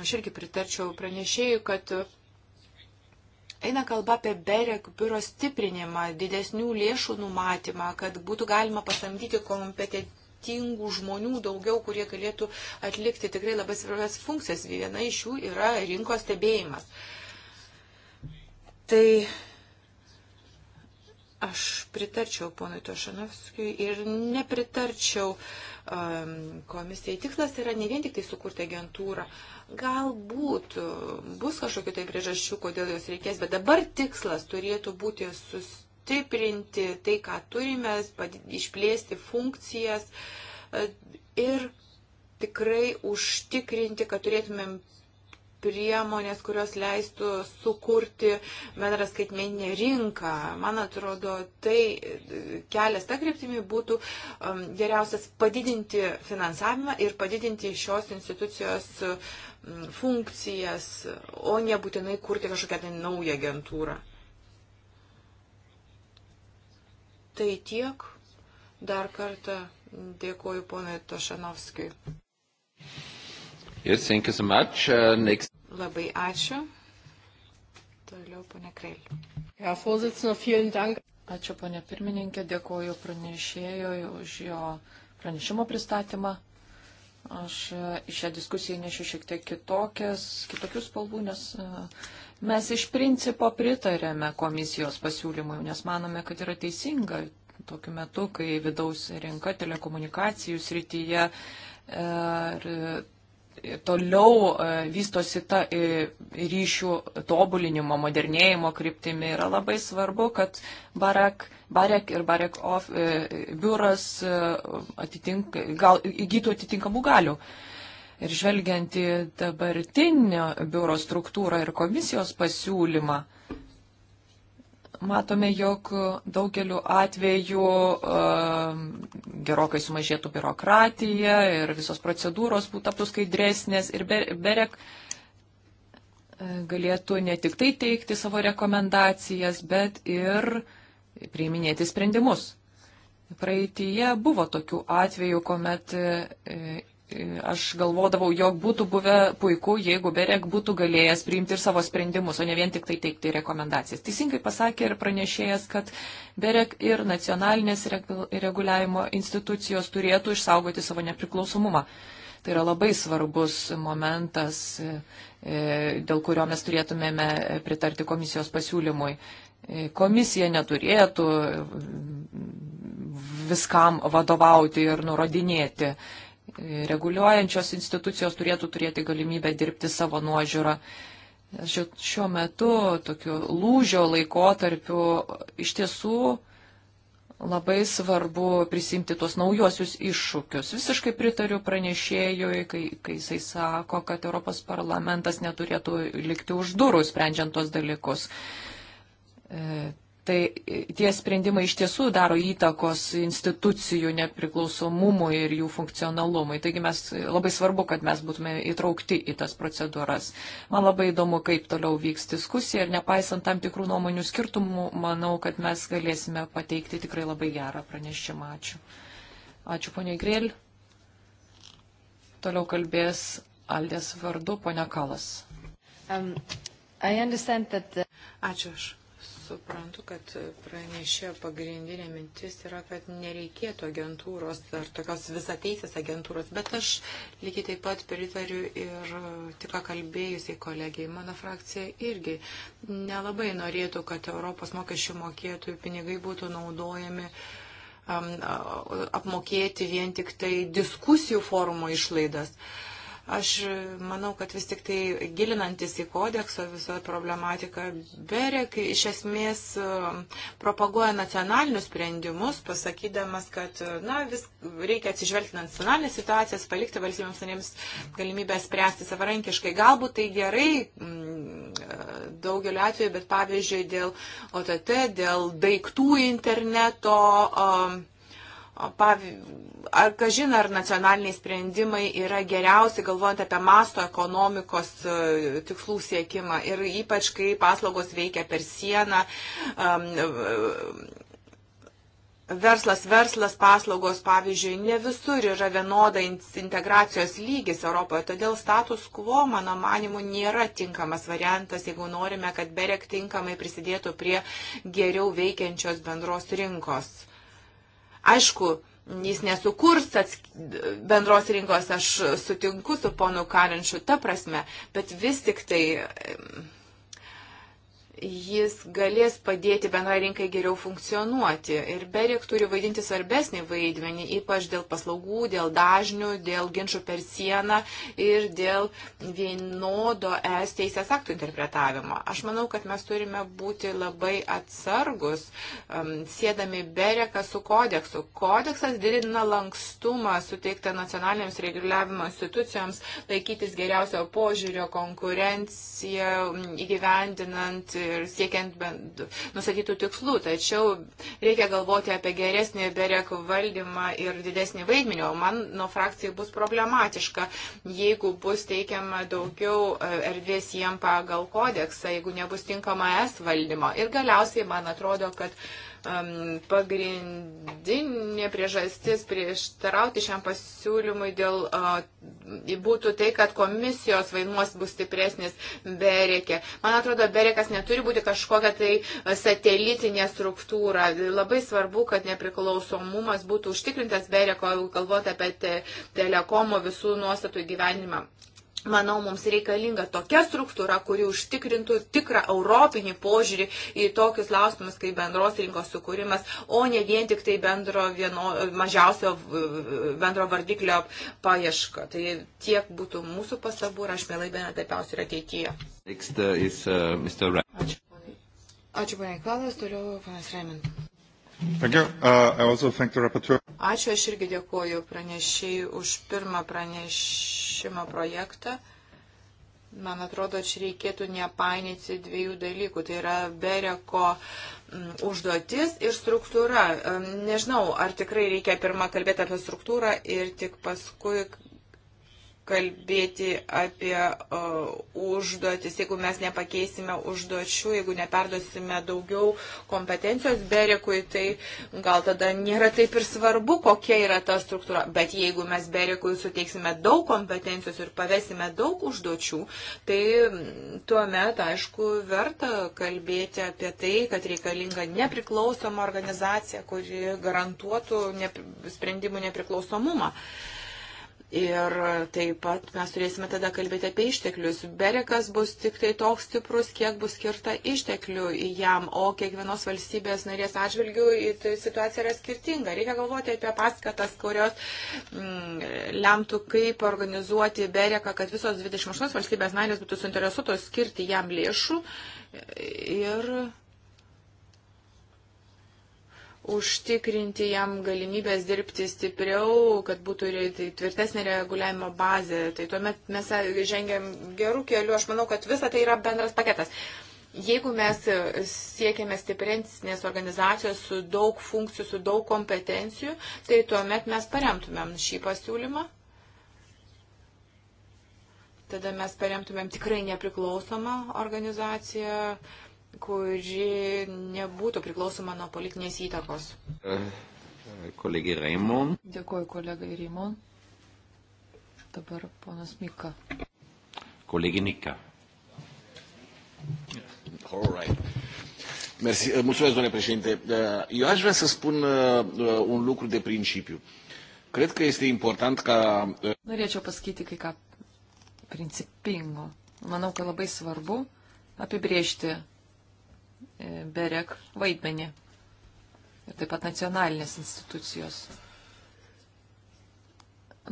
aš irgi pritarčiau pranešėjui, kad eina kalba apie Berek biuro stiprinimą, didesnių lėšų numatymą, kad būtų galima pasamdyti kompetencijų skirtingų žmonių daugiau, kurie galėtų atlikti tikrai labai svarbias funkcijas. Viena iš jų yra rinkos stebėjimas. Uh, Tai aš pritarčiau ponui Tošanovskijui ir nepritarčiau um, komisijai. Tikslas yra ne vien tik tai sukurti agentūrą. Galbūt um, bus kažkokiu tai priežasčių, kodėl jos reikės, bet dabar tikslas turėtų būti sustiprinti tai, ką turime, išplėsti funkcijas uh, ir tikrai užtikrinti, kad turėtumėm priemonės, kurios leistų sukurti bendrą skaitmeninę rinką. Man atrodo, tai e, kelias tą kryptimį būtų um, geriausias padidinti finansavimą ir padidinti šios institucijos um, funkcijas, o nebūtinai kurti kažkokią tai naują agentūrą. Tai tiek. Dar kartą dėkoju ponui Tošanovskijui. Yes, thank you so much. Uh, next. Labai ačiū. Toliau, ponė Kreil. Ja, Ačiū, ponė pirmininkė, dėkoju pranešėjoj už jo pranešimo pristatymą. Aš e, į šią diskusiją nešiu šiek tiek kitokias, kitokius spalvų, nes e, mes iš principo pritarėme komisijos pasiūlymui, nes manome, kad yra teisinga tokiu metu, kai vidaus rinka telekomunikacijų srityje e, ir toliau e, vystosi ta e, ryšių tobulinimo, modernėjimo kryptimi, yra labai svarbu, kad Barak, Barek ir Barek of, e, biuras atitink, gal, įgytų atitinkamų galių. Ir žvelgiant į dabartinio biuro struktūrą ir komisijos pasiūlymą, matome, jog daugeliu atveju ehm, gerokai sumažėtų biurokratija ir visos procedūros būtų taptų skaidresnės ir berek e, galėtų ne tik tai teikti savo rekomendacijas, bet ir priiminėti sprendimus. Praeitie buvo tokių atvejų, kuomet e, aš galvodavau, jog būtų buvę puiku, jeigu Berek būtų galėjęs priimti ir savo sprendimus, o ne vien tik tai teikti rekomendacijas. Teisingai pasakė ir pranešėjas, kad Berek ir nacionalinės reguliavimo institucijos turėtų išsaugoti savo nepriklausomumą. Tai yra labai svarbus momentas, e, dėl kurio mes turėtumėme pritarti komisijos pasiūlymui e, komisija neturėtų viskam vadovauti ir nurodinėti reguliuojančios institucijos turėtų turėti galimybę dirbti savo nuožiūrą. Aš šiuo metu tokiu lūžio laikotarpiu iš tiesų labai svarbu prisimti tuos naujosius iššūkius. Visiškai pritariu pranešėjui, kai, kai jisai sako, kad Europos parlamentas neturėtų likti už durų, sprendžiant tuos dalykus. E, tai tie sprendimai iš tiesų daro įtakos institucijų nepriklausomumui ir jų funkcionalumui. Taigi mes labai svarbu, kad mes būtume įtraukti į tas procedūras. Man labai įdomu, kaip toliau vyks diskusija ir nepaisant tam tikrų nuomonių skirtumų, manau, kad mes galėsime pateikti tikrai labai gerą pranešimą. Ačiū. Ačiū, ponia Grėl. Toliau kalbės Aldės vardu, ponia Kalas. Um, that... Ačiū aš suprantu, kad pranešė pagrindinė mintis yra, kad nereikėtų agentūros ar tokios visateisės agentūros, bet aš lygiai taip pat pritariu ir tik kalbėjusiai kolegijai. Mano frakcija irgi nelabai norėtų, kad Europos mokesčių mokėtojų pinigai būtų naudojami apmokėti vien tik tai diskusijų forumo išlaidas. Uh, Aš e, manau, kad vis tik tai gilinantis į kodekso visą problematiką, Berek iš esmės e, propaguoja nacionalinius sprendimus, pasakydamas, kad e, na, vis, reikia atsižvelgti nacionalinės situacijas, palikti valstybėms narėms galimybę spręsti savarankiškai. Galbūt tai gerai mm, daugeliu atveju, bet pavyzdžiui dėl OTT, dėl daiktų interneto. Um, Ar kažin, ar nacionaliniai sprendimai yra geriausi, galvojant apie masto ekonomikos e, tikslų siekimą ir ypač, kai paslaugos veikia per sieną, e, verslas, verslas paslaugos, pavyzdžiui, ne visur yra vienoda integracijos lygis Europoje, todėl status quo, mano manimu, nėra tinkamas variantas, jeigu norime, kad berek tinkamai prisidėtų prie geriau veikiančios bendros rinkos. Aišku, jis nesukurs bendros rinkos, aš sutinku su ponu Karinšu ta prasme, bet vis tik tai jis galės padėti bendrai rinkai geriau funkcionuoti. Ir Berek turi vaidinti svarbesnį vaidmenį, ypač dėl paslaugų, dėl dažnių, dėl ginčių per sieną ir dėl vienodo es teisės aktų interpretavimo. Aš manau, kad mes turime būti labai atsargus, um, sėdami Bereką su kodeksu. Kodeksas didina lankstumą suteikta nacionalinėms reguliavimo institucijoms laikytis geriausio požiūrio konkurenciją mm, įgyvendinant ir siekiant nusatytų tikslų. Tačiau reikia galvoti apie geresnį berek valdymą ir didesnį vaidmenį. O man nuo frakcijų bus problematiška, jeigu bus teikiama daugiau e, erdvės jiem pagal kodeksą, jeigu nebus tinkama es valdymo. Ir galiausiai man atrodo, kad um, pagrindinė priežastis prieštarauti šiam pasiūlymui dėl, uh, būtų tai, kad komisijos vaidmuos bus stipresnis Berekė. Man atrodo, Berekas neturi būti kažkokia tai satelitinė struktūra. Labai svarbu, kad nepriklausomumas būtų užtikrintas Bereko, kalbant apie te, telekomo visų nuostatų gyvenimą. Manau, mums reikalinga tokia struktūra, kuri užtikrintų tikrą europinį požiūrį į tokius lausimus kaip bendros rinkos sukūrimas, o ne vien tik tai bendro vieno, mažiausio bendro vardiklio paieška. Tai tiek būtų mūsų pastabų ir aš mielai bendradarbiausiu ir ateityje. Uh, Ačiū, ponai. Ačiū, ponai Kalas, toliau panas Raimond. Uh, Ačiū, aš irgi dėkuoju pranešėjai už pirmą pranešimo projektą. Man atrodo, čia reikėtų nepainyti dviejų dalykų. Tai yra Bereko mm, užduotis ir struktūra. Nežinau, ar tikrai reikia pirmą kalbėti apie struktūrą ir tik paskui kalbėti apie uh, užduotis, jeigu mes nepakeisime užduočių, jeigu neperduosime daugiau kompetencijos Berikui, tai gal tada nėra taip ir svarbu, kokia yra ta struktūra. Bet jeigu mes Berikui suteiksime daug kompetencijos ir pavėsime daug užduočių, tai tuomet, aišku, verta kalbėti apie tai, kad reikalinga nepriklausoma organizacija, kuri garantuotų nep sprendimų nepriklausomumą. Uh, Ir taip pat mes turėsime tada kalbėti apie išteklius. Berekas bus tik tai toks stiprus, kiek bus skirta išteklių jam, o kiekvienos valstybės narės atžvilgių tai situacija yra skirtinga. Reikia galvoti apie paskatas, kurios mm, lemtų, kaip organizuoti bereką, kad visos 28 valstybės narės būtų suinteresuotos skirti jam lėšų. Ir užtikrinti jam galimybės dirbti stipriau, kad būtų tai tvirtesnė reguliavimo bazė. Tai tuomet mes žengėm gerų kelių. Aš manau, kad visa tai yra bendras paketas. Jeigu mes e, siekiame stiprintinės organizacijos su daug funkcijų, su daug kompetencijų, tai tuomet mes paremtumėm šį pasiūlymą. Tada mes paremtumėm tikrai nepriklausomą organizaciją, uh, kuri nebūtų priklausoma nuo politinės įtakos. Kolegė Raimon. Dėkuoju kolegai Raimon. Dabar ponas Mika. Kolegė Nika. All right. Mersi. Eh, mulțumesc, domnule președinte. Eh, eu aș vrea să spun eh, un lucru de principiu. Cred că este important ca... Norėčiau pasakyti kai ką principingo. Manau, kad labai svarbu apibriežti E, BEREK vaidmenį ir taip pat nacionalinės institucijos.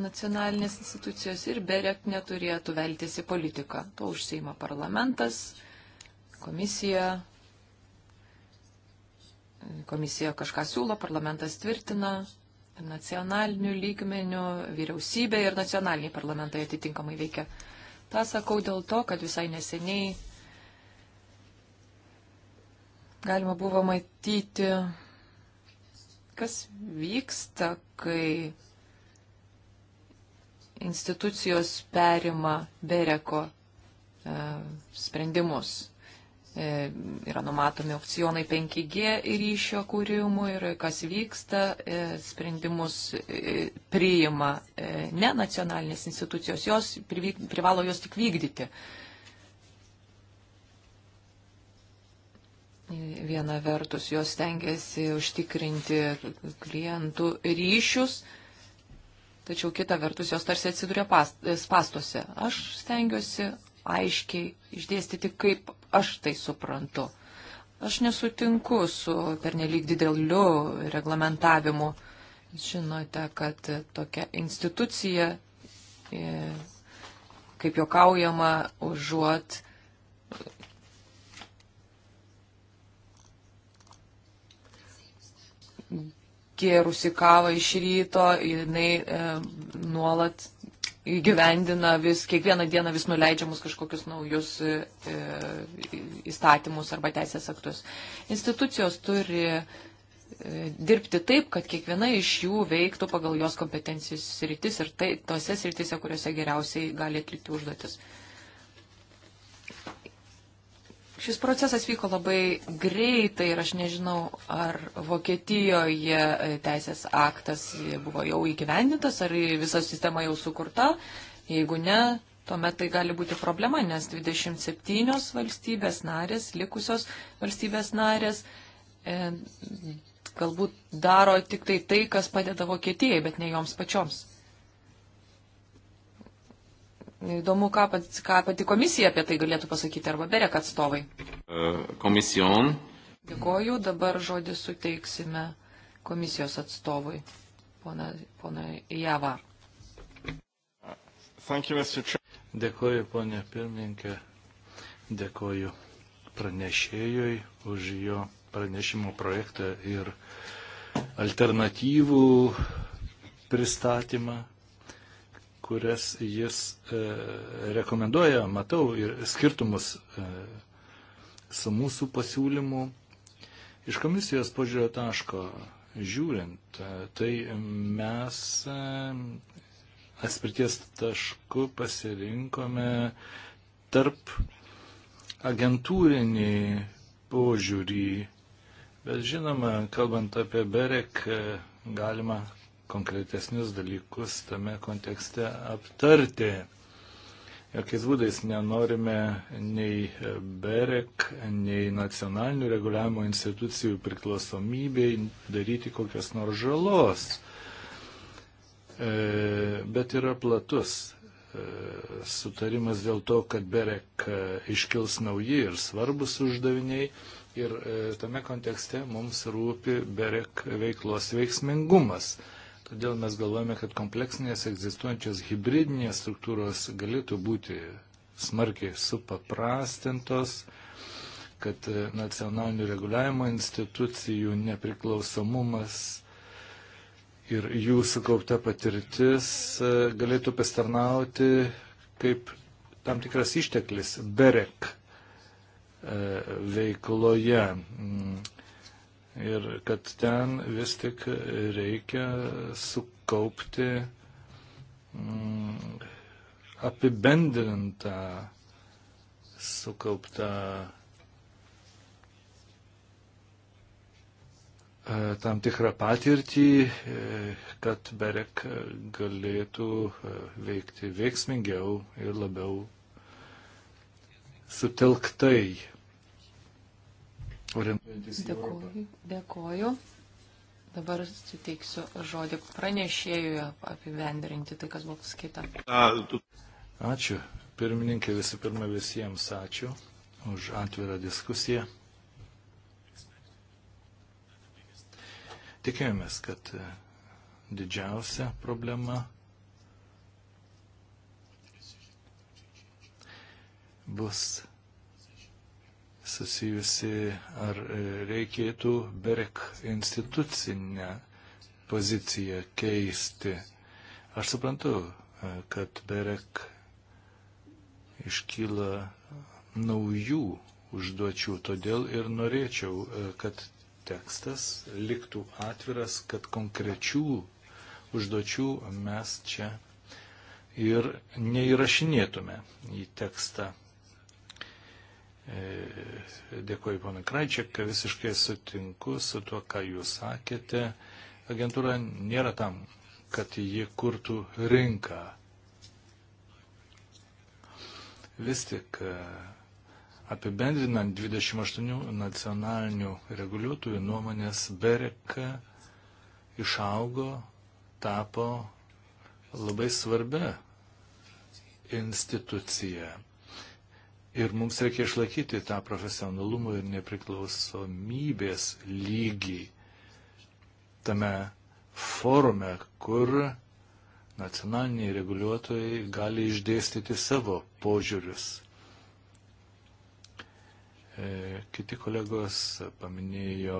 Nacionalinės institucijos ir BEREK neturėtų veltis į politiką. Tuo užseima parlamentas, komisija. Komisija kažką siūlo, parlamentas tvirtina, nacionalinių lygmenių vyriausybė ir nacionaliniai parlamentai atitinkamai veikia. Ta sakau dėl to, kad visai neseniai galima buvo matyti, kas vyksta, kai institucijos perima Bereko e, sprendimus e, yra numatomi aukcionai 5G ryšio kūrimui ir kas vyksta, e, sprendimus priima ne nacionalinės institucijos, jos privalo jos tik vykdyti. Viena vertus, jos tengiasi užtikrinti klientų ryšius, tačiau kita vertus, jos tarsi atsiduria pastuose. Aš stengiuosi aiškiai išdėstyti, kaip aš tai suprantu. Aš nesutinku su pernelyg dideliu reglamentavimu. Žinote, kad tokia institucija, e, kaip jokaujama, užuot išgėrusi kavą iš ryto, jinai e, nuolat įgyvendina vis, kiekvieną dieną vis nuleidžiamus kažkokius naujus e, e, įstatymus arba teisės aktus. Institucijos turi e, dirbti taip, kad kiekviena iš jų veiktų pagal jos kompetencijos sritis ir tai tose sritise, kuriuose geriausiai gali atlikti užduotis. E, Šis procesas vyko labai greitai ir aš nežinau, ar Vokietijoje e, teisės aktas buvo jau įgyvendintas, ar visa sistema jau sukurta. Jeigu ne, tuomet tai gali būti problema, nes 27 valstybės narės, likusios valstybės narės, e, galbūt daro tik tai tai, kas padeda Vokietijai, bet ne joms pačioms. Įdomu, ką, pat, ką pati komisija apie tai galėtų pasakyti, arba berek atstovai. E, Komisijon. Dėkoju, dabar žodį suteiksime komisijos atstovui, pona, pona Java. Dėkoju, ponė pirmininkė, dėkoju pranešėjui už jo pranešimo projektą ir alternatyvų pristatymą kurias jis e, rekomenduoja, matau ir skirtumus e, su mūsų pasiūlymu. Iš komisijos požiūrio taško žiūrint, e, tai mes atspirties tašku pasirinkome tarp agentūrinį požiūrį, bet žinoma, kalbant apie Berek, galima konkretesnius dalykus tame kontekste aptarti. Jokiais būdais nenorime nei BEREK, nei nacionalinių reguliavimo institucijų priklausomybei daryti kokios nors žalos. E, bet yra platus e, sutarimas dėl to, kad BEREK e, iškils nauji ir svarbus uždaviniai. Ir tame kontekste mums rūpi BEREK veiklos veiksmingumas. Todėl mes galvojame, kad kompleksinės egzistuojančios hybridinės struktūros galėtų būti smarkiai supaprastintos, kad e, nacionalinių reguliavimo institucijų nepriklausomumas ir jų sukaupta patirtis e, galėtų pastarnauti kaip tam tikras išteklis BEREK e, veikloje. Mm, ir kad ten vis tik reikia sukaupti mm, apibendrintą sukauptą e, tam tikrą patirtį, e, kad Berek galėtų e, veikti veiksmingiau ir labiau sutelktai orientuojantis į Europą. Dėkoju. Dabar suteiksiu žodį pranešėjui apibendrinti tai, kas buvo pasakyta. Ačiū. Pirmininkė, visų pirma visiems ačiū už atvirą diskusiją. Tikėjomės, kad e, didžiausia problema bus susijusi, ar e, reikėtų BEREK institucinę poziciją keisti. Aš suprantu, e, kad BEREK iškyla naujų užduočių, todėl ir norėčiau, e, kad tekstas liktų atviras, kad konkrečių užduočių mes čia ir neįrašinėtume į tekstą. E, Dėkuoju, ponai Kraičiak, visiškai sutinku su tuo, ką jūs sakėte. Agentūra nėra tam, kad ji kurtų rinką. Vis tik e, apibendrinant 28 nacionalinių reguliuotojų nuomonės BEREK išaugo, tapo labai svarbia institucija. Ir mums reikia išlaikyti tą profesionalumo ir nepriklausomybės lygį tame forume, kur nacionaliniai reguliuotojai gali išdėstyti savo požiūrius. E, kiti kolegos paminėjo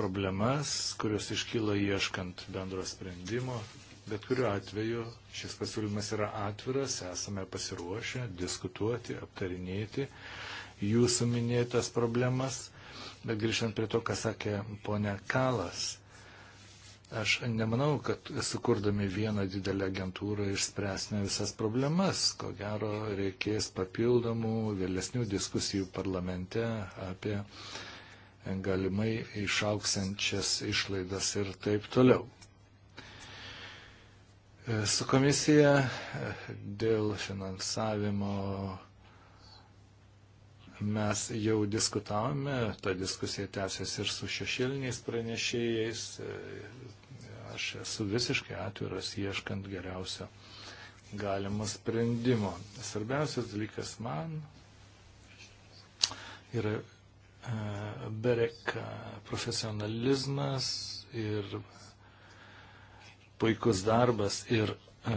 problemas, kurios iškyla ieškant bendro sprendimo Bet kuriuo atveju šis pasiūlymas yra atviras, esame pasiruošę diskutuoti, aptarinėti jūsų minėtas problemas. Bet grįžtant prie to, ką sakė ponia Kalas, aš nemanau, kad sukurdami vieną didelę agentūrą išspręsime visas problemas. Ko gero, reikės papildomų vėlesnių diskusijų parlamente apie galimai išauksančias išlaidas ir taip toliau su komisija dėl finansavimo. Mes jau diskutavome, ta diskusija tęsiasi ir su šešėliniais pranešėjais. Aš esu visiškai atviras ieškant geriausio galimo sprendimo. Svarbiausias dalykas man yra e, berek profesionalizmas ir puikus darbas ir e,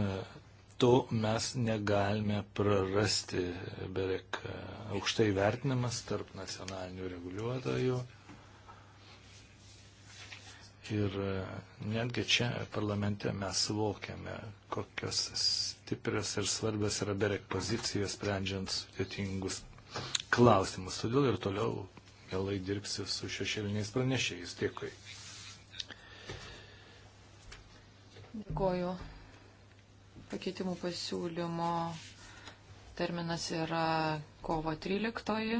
to mes negalime prarasti, beveik e, aukštai vertinamas tarp nacionalinių reguliuotojų. Ir e, netgi čia parlamente mes suvokiame, kokios stiprios ir svarbios yra berek pozicijos, sprendžiant sudėtingus klausimus. Todėl ir toliau mielai dirbsiu su šešėliniais pranešėjais. Dėkui. Dėkoju. Pakeitimų pasiūlymo terminas yra kovo 13.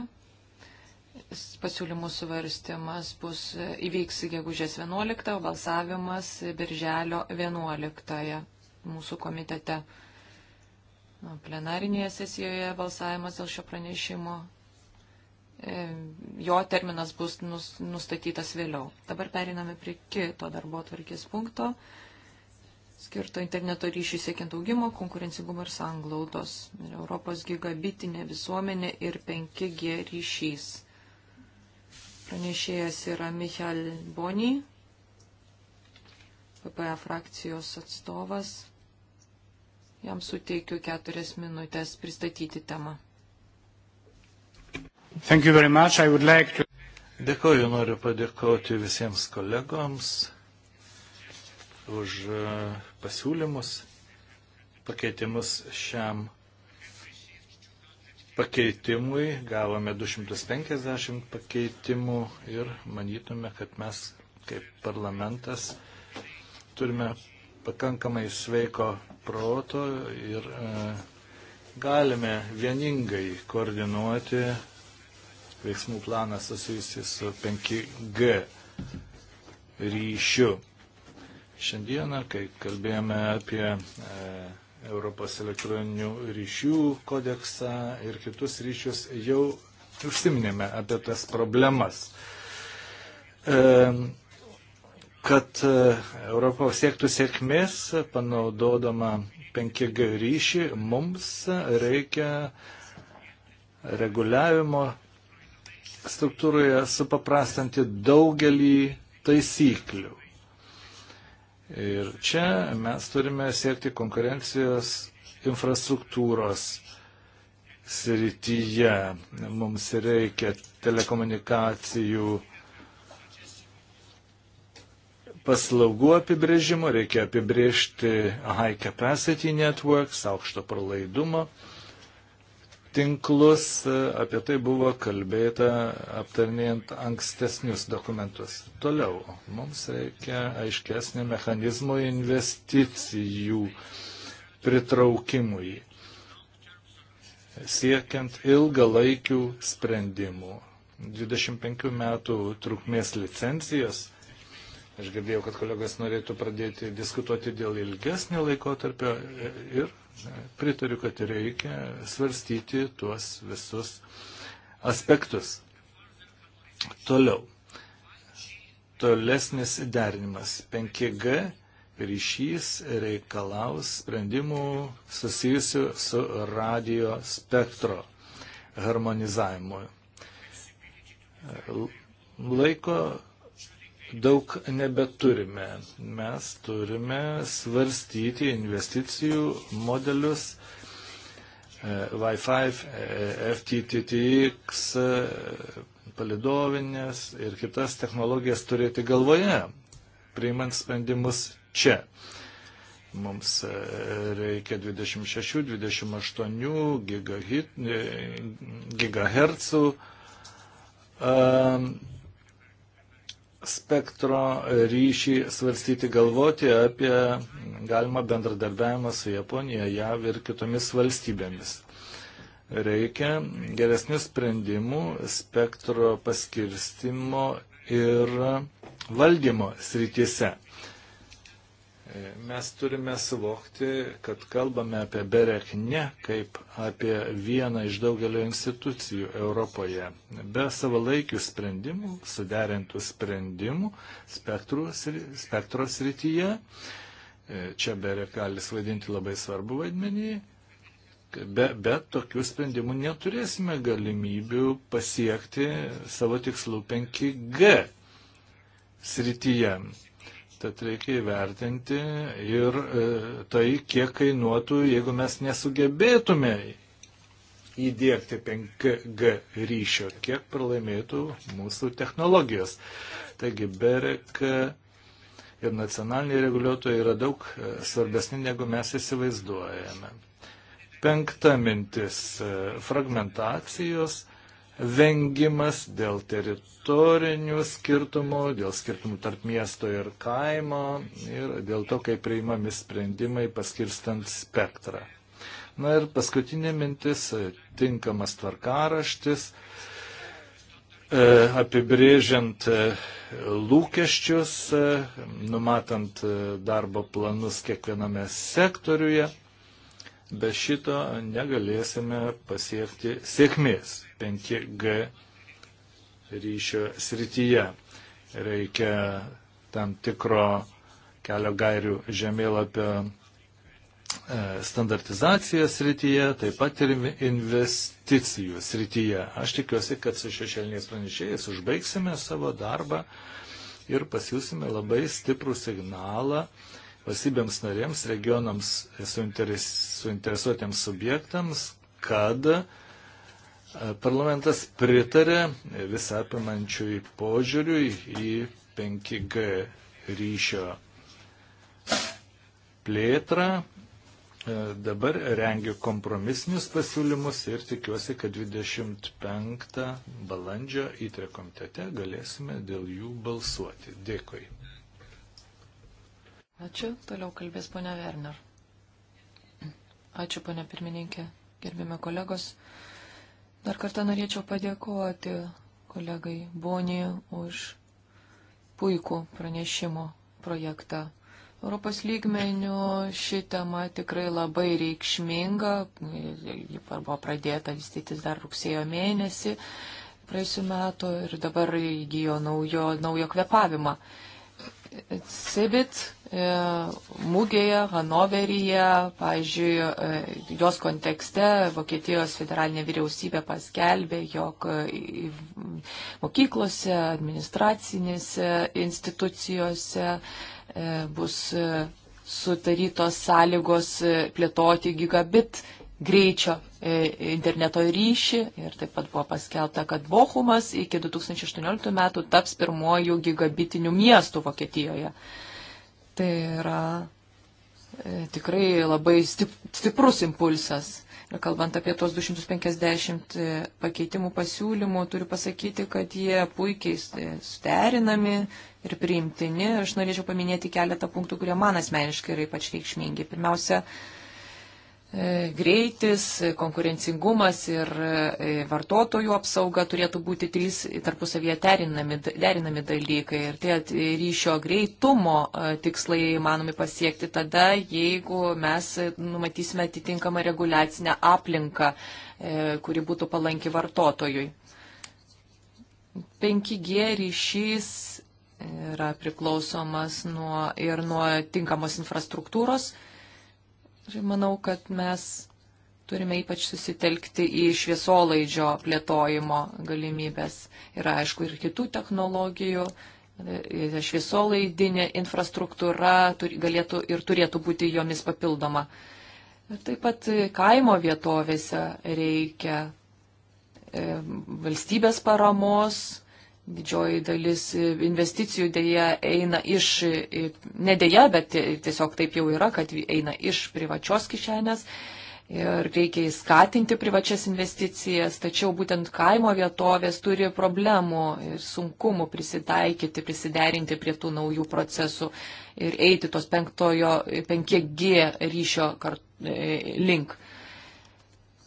Pasiūlymų suvarstimas bus įvyks gegužės 11, o balsavimas birželio 11 mūsų komitete. Plenarinėje sesijoje balsavimas dėl šio pranešimo. E, jo terminas bus nustatytas vėliau. Dabar periname prie kito darbo tvarkės punkto skirto interneto ryšį siekiant augimo, konkurencingumo ir sanglaudos. Ir Europos gigabitinė visuomenė ir 5G ryšys. Pranešėjas yra Michael Boni, PPA frakcijos atstovas. Jam suteikiu keturias minutės pristatyti temą. Like to... Dėkoju, noriu padėkoti visiems kolegoms už uh, pasiūlymus, pakeitimus šiam pakeitimui. Gavome 250 pakeitimų ir manytume, kad mes kaip parlamentas turime pakankamai sveiko proto ir e, galime vieningai koordinuoti veiksmų planą susijusi su 5G ryšiu. Šiandieną, kai kalbėjome apie e, Europos elektroninių ryšių kodeksą ir kitus ryšius, jau užsiminėme apie tas problemas. E, kad e, Europa siektų sėkmės, panaudodama 5G ryšį, mums reikia reguliavimo struktūroje supaprastinti daugelį taisyklių. Ir čia mes turime siekti konkurencijos infrastruktūros srityje. Mums reikia telekomunikacijų paslaugų apibrėžimo, reikia apibrėžti high capacity networks, aukšto pralaidumo tinklus, apie tai buvo kalbėta aptarnėjant ankstesnius dokumentus. Toliau, mums reikia aiškesnį mechanizmų investicijų pritraukimui, siekiant ilgalaikių sprendimų. 25 metų trukmės licencijas Aš girdėjau, kad kolegas norėtų pradėti diskutuoti dėl ilgesnio laikotarpio ir pritariu, kad reikia svarstyti tuos visus aspektus. Toliau. Tolesnis derinimas 5G ryšys reikalaus sprendimų susijusių su radio spektro harmonizavimu. Laiko daug nebeturime. Mes turime svarstyti investicijų modelius e, Wi-Fi, e, FTTX, e, palidovinės ir kitas technologijas turėti galvoje, priimant sprendimus čia. Mums reikia 26-28 GHz spektro ryšį svarstyti, galvoti apie galimą bendradarbiavimą su Japonija, JAV ir kitomis valstybėmis. Reikia geresnių sprendimų spektro paskirstimo ir valdymo srityse. Mes turime suvokti, kad kalbame apie BEREK ne kaip apie vieną iš daugelio institucijų Europoje. Be savalaikių sprendimų, suderintų sprendimų spektros rytyje, e, čia BEREK gali svaidinti labai svarbu vaidmenį, bet be tokių sprendimų neturėsime galimybių pasiekti savo tikslų 5G srityje. Tad reikia įvertinti ir e, tai, kiek kainuotų, jeigu mes nesugebėtume įdėkti 5G ryšio, kiek pralaimėtų mūsų technologijos. Taigi BEREK ir nacionaliniai reguliuotojai yra daug e, svarbesni, negu mes įsivaizduojame. Penkta mintis e, - fragmentacijos vengimas, dėl teritorinių skirtumų, dėl skirtumų tarp miesto ir kaimo ir dėl to, kaip priimami sprendimai paskirstant spektrą. Na ir paskutinė mintis - tinkamas tvarkaraštis, e, apibrėžiant e, lūkesčius, e, numatant darbo planus kiekviename sektoriuje. Be šito negalėsime pasiekti sėkmės. 5G ryšio srityje. Reikia tam tikro kelio gairių žemėlapio e, standartizacija srityje, taip pat ir investicijų srityje. Aš tikiuosi, kad su šešėliniais pranešėjais užbaigsime savo darbą ir pasiūsime labai stiprų signalą valstybėms narėms, regionams suinteres, suinteresuotiems subjektams, kad uh, Parlamentas pritarė visą apimančiui požiūriui į 5G ryšio plėtrą. E, dabar rengiu kompromisinius pasiūlymus ir tikiuosi, kad 25 balandžio įtre komitete galėsime dėl jų balsuoti. Dėkui. Ačiū. Toliau kalbės ponia Werner. Ačiū, ponia pirmininkė, gerbime kolegos. Dar kartą norėčiau padėkoti kolegai Boni už puikų pranešimo projektą. Europos lygmenių ši tema tikrai labai reikšminga, ji buvo pradėta vystytis dar rugsėjo mėnesį praėjusiu metu ir dabar įgyjo naujo, naujo kvepavimą. Uh, Cibit e, mūgėje, Hanoveryje, pavyzdžiui, e, jos kontekste Vokietijos federalinė vyriausybė paskelbė, jog mokyklose, administracinėse institucijose e, bus sudarytos sąlygos plėtoti gigabit greičio E, interneto ryšį ir taip pat buvo paskelbta, kad Bochumas iki 2018 metų taps pirmuoju gigabitiniu miestu Vokietijoje. Tai yra e, tikrai labai stiprus impulsas. Ir kalbant apie tos 250 e, pakeitimų pasiūlymų, turiu pasakyti, kad jie puikiai sterinami ir priimtini. Aš norėčiau paminėti keletą punktų, kurie man asmeniškai yra ypač reikšmingi. Pirmiausia, E, greitis, e, konkurencingumas ir e, vartotojų apsauga turėtų būti trys tarpusavėje derinami, derinami dalykai. Ir tie ryšio greitumo tikslai įmanomi pasiekti tada, jeigu mes numatysime atitinkamą reguliacinę aplinką, kuri būtų palanki vartotojui. 5G ryšys yra priklausomas nuo, ir nuo tinkamos infrastruktūros manau, kad mes turime ypač susitelkti į šviesolaidžio plėtojimo galimybės. Yra aišku ir kitų technologijų. Šviesolaidinė infrastruktūra galėtų ir turėtų būti jomis papildoma. Taip pat kaimo vietovėse reikia e, valstybės paramos, didžioji dalis investicijų dėja eina iš, ne dėja, bet tiesiog taip jau yra, kad eina iš privačios kišenės ir reikia įskatinti privačias investicijas, tačiau būtent kaimo vietovės turi problemų ir sunkumų prisitaikyti, prisiderinti prie tų naujų procesų ir eiti tos penktojo, 5G ryšio kart, e, link.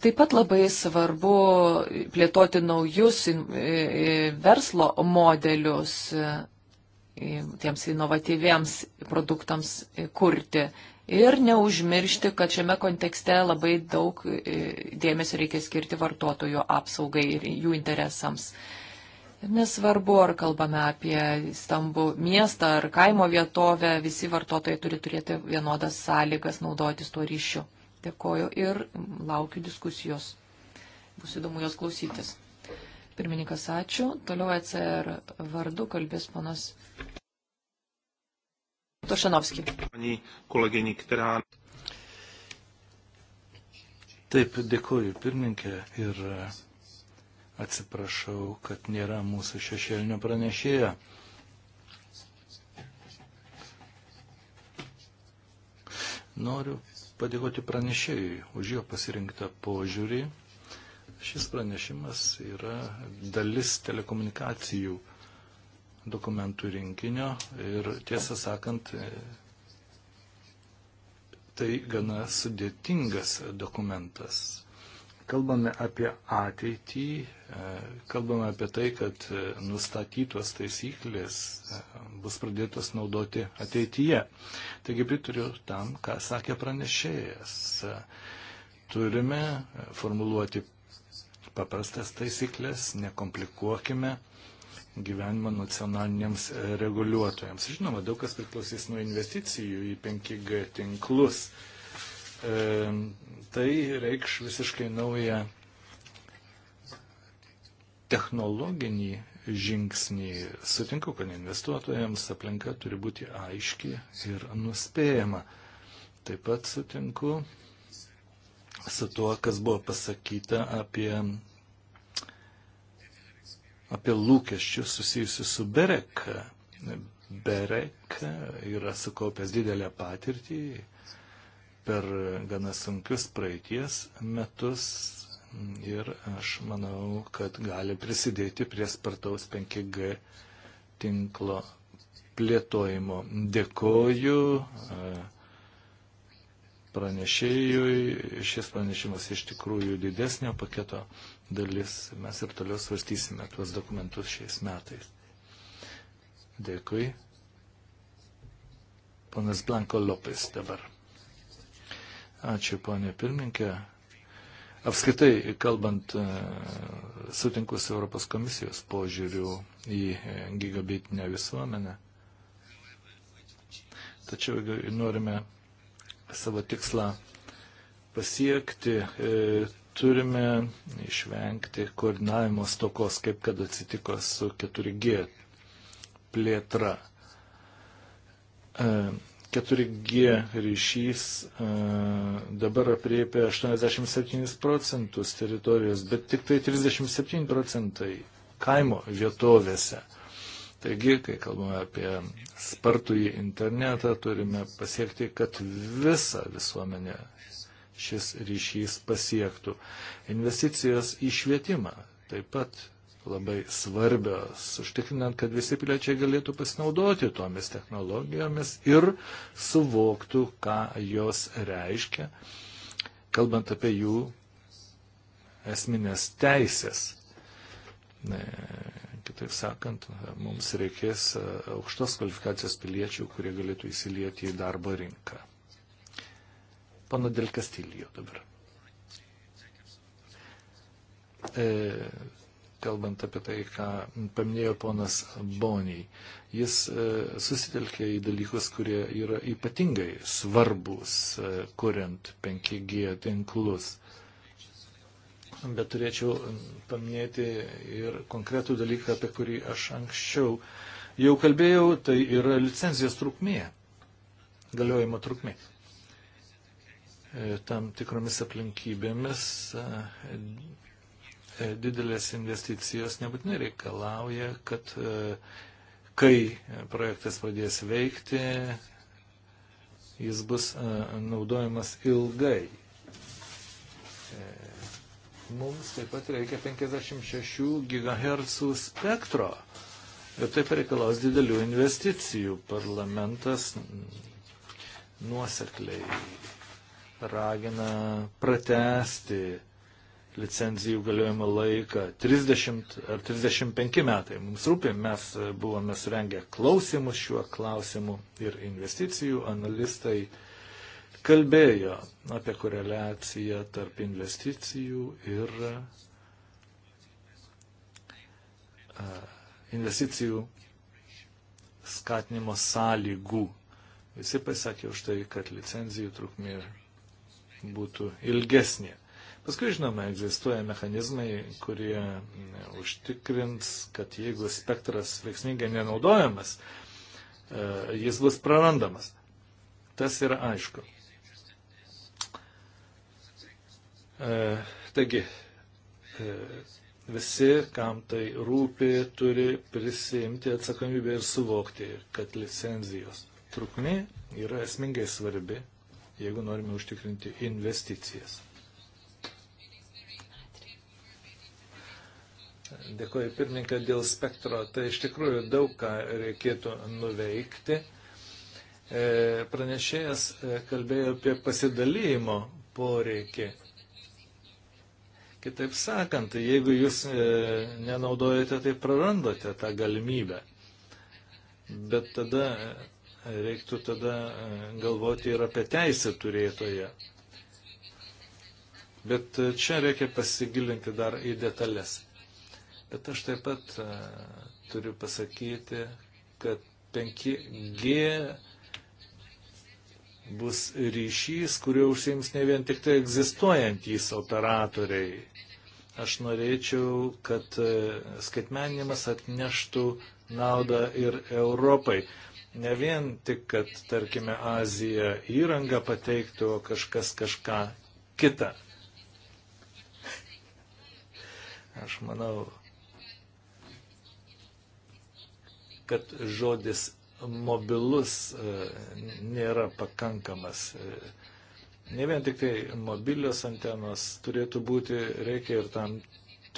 Taip pat labai svarbu plėtoti naujus e, e, verslo modelius e, tiems inovatyviems produktams kurti. Ir neužmiršti, kad šiame kontekste labai daug dėmesio reikia skirti vartotojų apsaugai ir jų interesams. Ir nesvarbu, ar kalbame apie stambų miestą ar kaimo vietovę, visi vartotojai turi turėti vienodas sąlygas naudotis tuo ryšiu. Dėkoju ir laukiu diskusijos. Bus įdomu jos klausytis. Pirmininkas, ačiū. Toliau ECR vardu kalbės panas Tošanovski. Taip, dėkoju pirmininkė ir atsiprašau, kad nėra mūsų šešėlinio pranešėjo. Noriu padėkoti pranešėjui už jo pasirinktą požiūrį. Šis pranešimas yra dalis telekomunikacijų dokumentų rinkinio ir tiesą sakant, e, tai gana sudėtingas dokumentas. Kalbame apie ateitį, e, kalbame apie tai, kad e, nustatytos taisyklės e, bus pradėtos naudoti ateityje. Taigi pritariu tam, ką sakė pranešėjas. Turime formuluoti paprastas taisyklės, nekomplikuokime gyvenimą nacionaliniams reguliuotojams. Žinoma, daug kas priklausys nuo investicijų į 5G tinklus. E, tai reikš visiškai naują technologinį žingsnį. Sutinku, kad investuotojams aplinka turi būti aiški ir nuspėjama. Taip pat sutinku su tuo, kas buvo pasakyta apie, apie lūkesčius susijusius su Berek. Berek yra sukaupęs didelę patirtį per gana sunkius praeities metus ir aš manau, kad gali prisidėti prie spartaus 5G tinklo plėtojimo. Dėkoju e, pranešėjui. Šis pranešimas iš tikrųjų didesnio paketo dalis. Mes ir toliau svarstysime tuos dokumentus šiais metais. Dėkui. Ponas Blanko Lopes dabar. Ačiū, ponė pirminkė. Apskritai, kalbant, e, sutinku su Europos komisijos požiūriu į e, gigabitinę visuomenę. Tačiau, jeigu norime savo tikslą pasiekti, e, turime išvengti koordinavimo stokos, kaip kad atsitiko su 4G plėtra. E, 4G ryšys e, dabar apriepia 87 procentus teritorijos, bet tik tai 37 procentai kaimo vietovėse. Taigi, kai kalbame apie spartų į internetą, turime pasiekti, kad visą visuomenę šis ryšys pasiektų. Investicijos į švietimą taip pat labai svarbios, užtikrinant, kad visi piliečiai galėtų pasinaudoti tomis technologijomis ir suvoktų, ką jos reiškia, kalbant apie jų esminės teisės. Kitaip sakant, mums reikės e, aukštos kvalifikacijos piliečių, kurie galėtų įsilieti į darbo rinką. Pana Del Castillo dabar. E, kalbant apie tai, ką paminėjo ponas Boniai. Jis e, susitelkė į dalykus, kurie yra ypatingai svarbus, e, kuriant 5G tinklus. Bet turėčiau paminėti ir konkretų dalyką, apie kurį aš anksčiau jau kalbėjau, tai yra licenzijos trukmė, galiojimo trukmė e, tam tikromis aplinkybėmis E, didelės investicijos nebūtinai reikalauja, kad e, kai projektas pradės veikti, jis bus e, naudojamas ilgai. Mums taip pat reikia 56 GHz spektro ir taip reikalaus didelių investicijų. Parlamentas nuosekliai ragina pratesti licenzijų galiojimo laiką 30 ar 35 metai. Mums rūpi, mes e, buvome surengę klausimus šiuo klausimu ir investicijų analistai kalbėjo apie koreliaciją tarp investicijų ir e, investicijų skatinimo sąlygų. Visi pasakė už tai, kad licenzijų trukmė būtų ilgesnė. Paskui, žinoma, egzistuoja mechanizmai, kurie užtikrins, kad jeigu spektras veiksmingai nenaudojamas, e, jis bus prarandamas. Tas yra aišku. E, taigi, e, visi, kam tai rūpi, turi prisiimti atsakomybę ir suvokti, kad licenzijos trukmė yra esmingai svarbi, jeigu norime užtikrinti investicijas. Dėkuoju pirmininkai dėl spektro. Tai iš tikrųjų daug ką reikėtų nuveikti. E, pranešėjas e, kalbėjo apie pasidalymo poreikį. Kitaip sakant, jeigu jūs e, nenaudojate, tai prarandate tą galimybę. Bet tada reiktų tada galvoti ir apie teisę turėtoje. Bet čia reikia pasigilinti dar į detalės. Bet aš taip pat e, turiu pasakyti, kad 5G bus ryšys, kurio užsiims ne vien tik tai egzistuojantys operatoriai. Aš norėčiau, kad e, skaitmeninimas atneštų naudą ir Europai. Ne vien tik, kad, tarkime, Azija įrangą pateiktų, o kažkas kažką kitą. Aš manau, kad žodis mobilus e, nėra pakankamas. E, ne vien tik tai mobilios antenos turėtų būti, reikia ir tam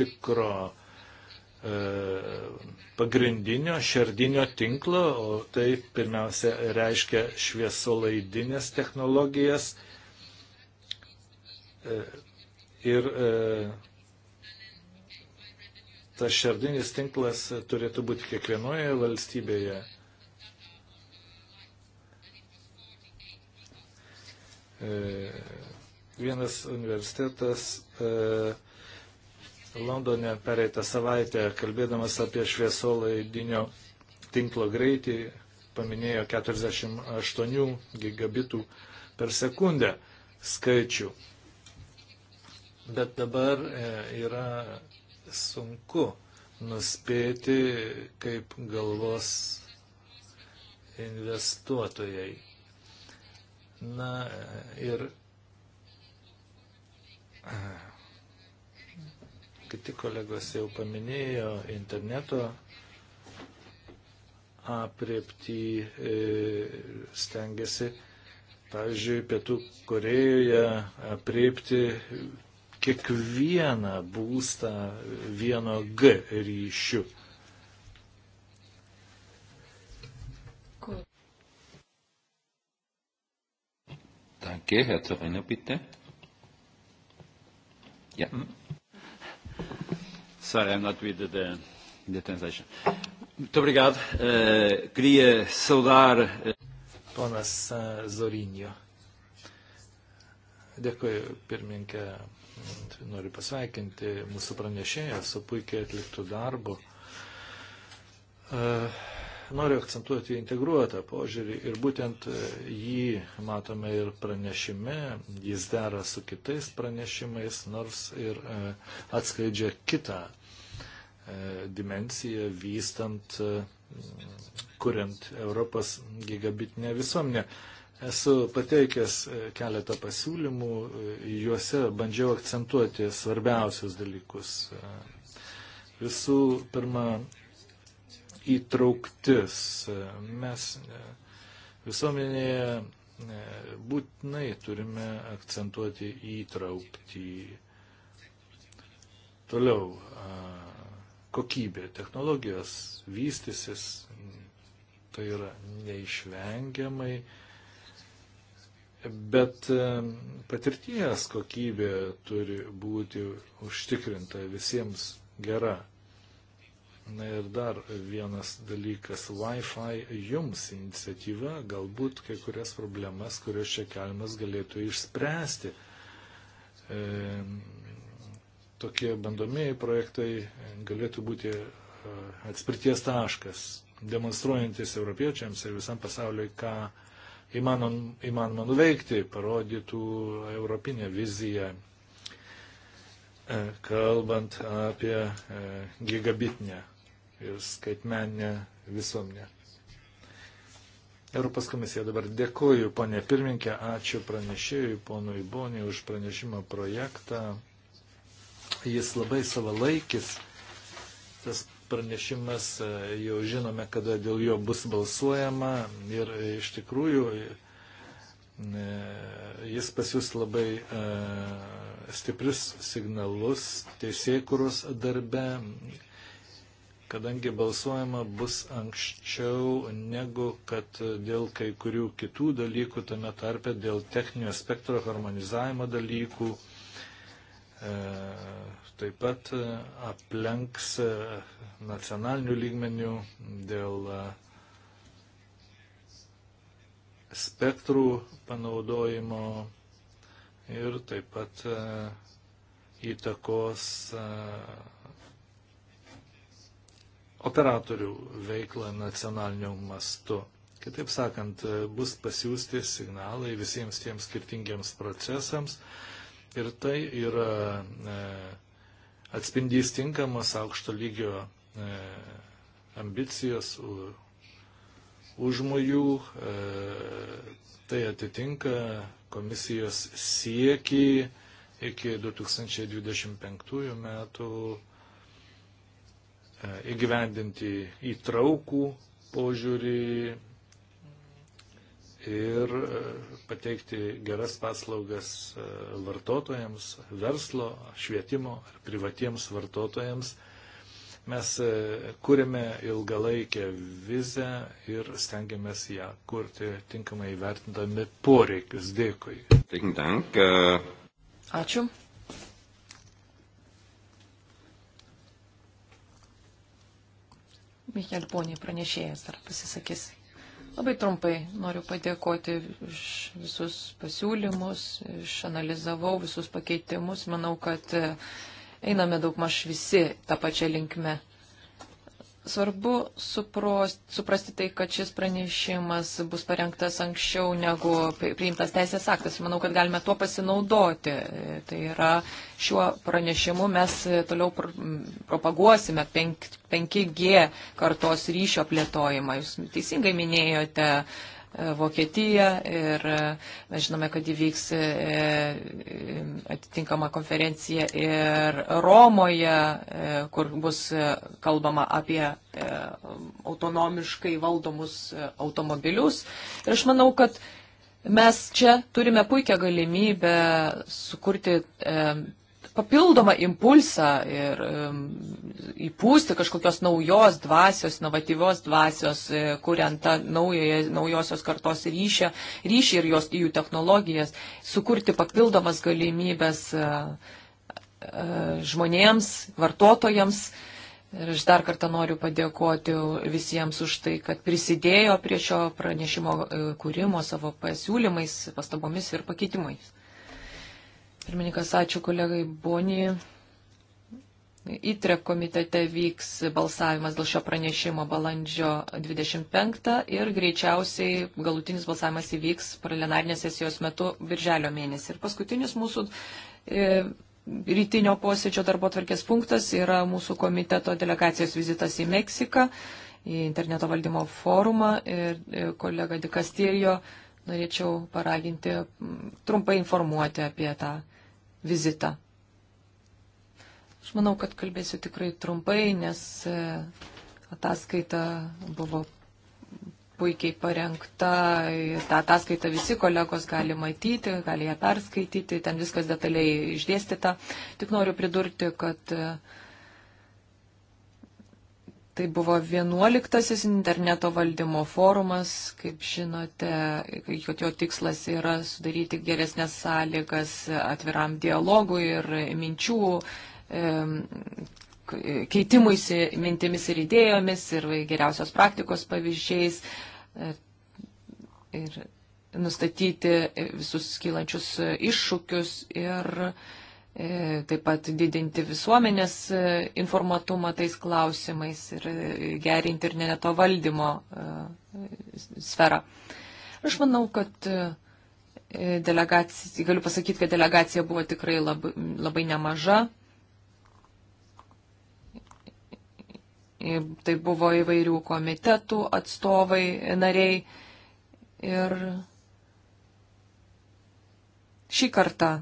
tikro e, pagrindinio šerdinio tinklo, o tai pirmiausia reiškia šviesolaidinės technologijas ir tas šerdinis tinklas turėtų būti kiekvienoje valstybėje. E, vienas universitetas e, Londone pereitą savaitę, kalbėdamas apie šviesolaidinio tinklo greitį, paminėjo 48 gigabitų per sekundę skaičių. Bet dabar e, yra sunku nuspėti, kaip galvos investuotojai. Na ir kiti kolegos jau paminėjo interneto apriepti e, stengiasi, pavyzdžiui, Pietų Korejoje apriepti kiekvieną būstą vieno G ryšiu. Danke, Herr Zorina, bitte. Ja. Mm. Sorry, I'm not with the, the translation. Muito obrigado. Uh, queria saudar. Eh, Ponas eh, Zorinio. Dėkui, pirmininkė. Noriu pasveikinti mūsų pranešėją su puikiai atliktų darbu. E, noriu akcentuoti integruotą požiūrį ir būtent e, jį matome ir pranešime, jis dera su kitais pranešimais, nors ir e, atskleidžia kitą dimensiją, vystant, kuriant Europos gigabitinę visuomenę. Esu pateikęs e, keletą pasiūlymų, e, juose bandžiau akcentuoti svarbiausius dalykus. E, visų pirma, įtrauktis. Mes visuomenėje būtinai turime akcentuoti įtraukti. Toliau, kokybė, technologijos vystysis, tai yra neišvengiamai bet e, patirties kokybė turi būti užtikrinta visiems gera. Na ir dar vienas dalykas - Wi-Fi jums iniciatyva, galbūt kai kurias problemas, kurios čia keliamas galėtų išspręsti. E, tokie bandomieji projektai galėtų būti e, atspirties taškas, demonstruojantis europiečiams ir visam pasauliui, ką įmanom, įmanoma nuveikti, parodytų europinę viziją, e, kalbant apie e, gigabitinę ir skaitmeninę visuomenę. Europos komisija dabar dėkoju, ponė pirminkė, ačiū pranešėjui, ponui Boniui už pranešimo projektą. Jis labai savalaikis, tas pranešimas, e, jau žinome, kada dėl jo bus balsuojama ir iš tikrųjų e, jis pasiūs labai e, stiprius signalus teisėkuros darbe, kadangi balsuojama bus anksčiau negu kad dėl kai kurių kitų dalykų, tame tarpe dėl techninio spektro harmonizavimo dalykų E, taip pat e, aplenks e, nacionalinių lygmenių dėl spektrų panaudojimo ir taip pat įtakos operatorių veiklą nacionaliniu mastu. Kitaip sakant, bus pasiūsti signalai visiems tiems skirtingiems procesams, Ir tai yra e, atspindys tinkamas aukšto lygio e, ambicijos užmojų, e, tai atitinka komisijos siekį iki 2025 metų įgyvendinti įtraukų požiūrį ir e, pateikti geras paslaugas e, vartotojams, verslo, švietimo ar privatiems vartotojams. Mes e, kūrėme ilgalaikę vizę ir stengiamės ją kurti tinkamai vertindami poreikius. Dėkui. Ačiū. Michel Ponė pranešėjas ar pasisakys. Labai trumpai noriu padėkoti už visus pasiūlymus, išanalizavau visus pakeitimus. Manau, kad e, einame daugmaž visi tą pačią linkmę. Svarbu supros, suprasti tai, kad šis pranešimas bus parengtas anksčiau negu priimtas teisės aktas. Manau, kad galime tuo pasinaudoti. Tai yra, šiuo pranešimu mes toliau pr propaguosime 5, 5G kartos ryšio plėtojimą. Jūs teisingai minėjote Vokietiją ir e, mes žinome, kad įvyks e, e, atitinkama konferencija ir Romoje, kur bus kalbama apie autonomiškai valdomus automobilius. Ir aš manau, kad mes čia turime puikią galimybę sukurti papildomą impulsą ir įpūsti kažkokios naujos dvasios, inovatyvios dvasios, e, kuriant tą naujoje, naujosios kartos ryšį, ryšį ir jos, jų technologijas, sukurti papildomas galimybės e, e, žmonėms, vartotojams. Ir aš dar kartą noriu padėkoti visiems už tai, kad prisidėjo prie šio pranešimo kūrimo savo pasiūlymais, pastabomis ir pakeitimais. Pirmininkas, ačiū kolegai Bonijai. Įtre komitete vyks balsavimas dėl šio pranešimo balandžio 25 ir greičiausiai galutinis balsavimas įvyks paralelinarnės sesijos metu birželio mėnesį. Ir paskutinis mūsų e, rytinio posėdžio darbo tvarkės punktas yra mūsų komiteto delegacijos vizitas į Meksiką, į interneto valdymo forumą ir e, kolega Dikastirijo norėčiau paraginti trumpai informuoti apie tą vizitą. Aš manau, kad kalbėsiu tikrai trumpai, nes e, ataskaita buvo puikiai parengta, tą ataskaitą visi kolegos gali matyti, gali ją perskaityti, ten viskas detaliai išdėstyta. Tik noriu pridurti, kad uh, Tai buvo 11 interneto valdymo forumas, kaip žinote, kad jo tikslas yra sudaryti geresnės sąlygas atviram dialogui ir minčių keitimuisi mintimis ir idėjomis ir geriausios praktikos pavyzdžiais e, ir nustatyti visus kylančius iššūkius ir E, taip pat didinti visuomenės e, informatumą tais klausimais ir e, gerinti interneto valdymo sferą. Aš manau, kad delegacija, galiu pasakyti, kad delegacija buvo tikrai labai, labai nemaža. Tai buvo įvairių komitetų atstovai, nariai. Ir šį kartą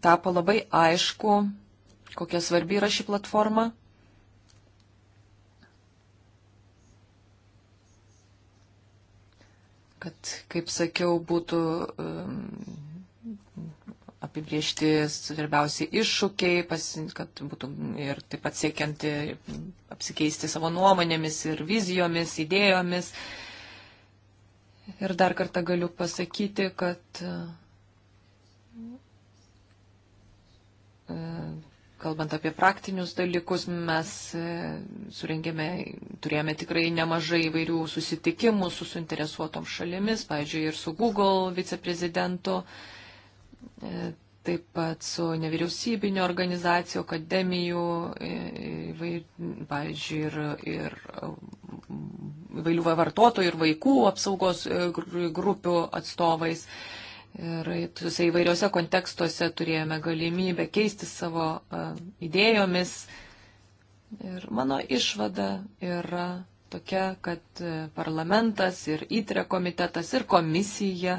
tapo labai aišku, kokia svarbi yra ši platforma. Kad, kaip sakiau, būtų um, apibriežti svarbiausi iššūkiai, pas, kad būtų ir taip pat siekiant apsikeisti savo nuomonėmis ir vizijomis, idėjomis. Ir dar kartą galiu pasakyti, kad uh, E, kalbant apie praktinius dalykus, mes e, surengėme, turėjome tikrai nemažai įvairių susitikimų su suinteresuotom šalimis, pavyzdžiui, ir su Google viceprezidentu, e, taip pat su nevyriausybinio organizacijų, akademijų, pavyzdžiui, ir, ir įvairių vartotojų ir vaikų apsaugos grupių atstovais. Ir tuose įvairiuose kontekstuose turėjome galimybę keisti savo uh, idėjomis. Ir mano išvada yra tokia, kad e, parlamentas ir įtre komitetas ir komisija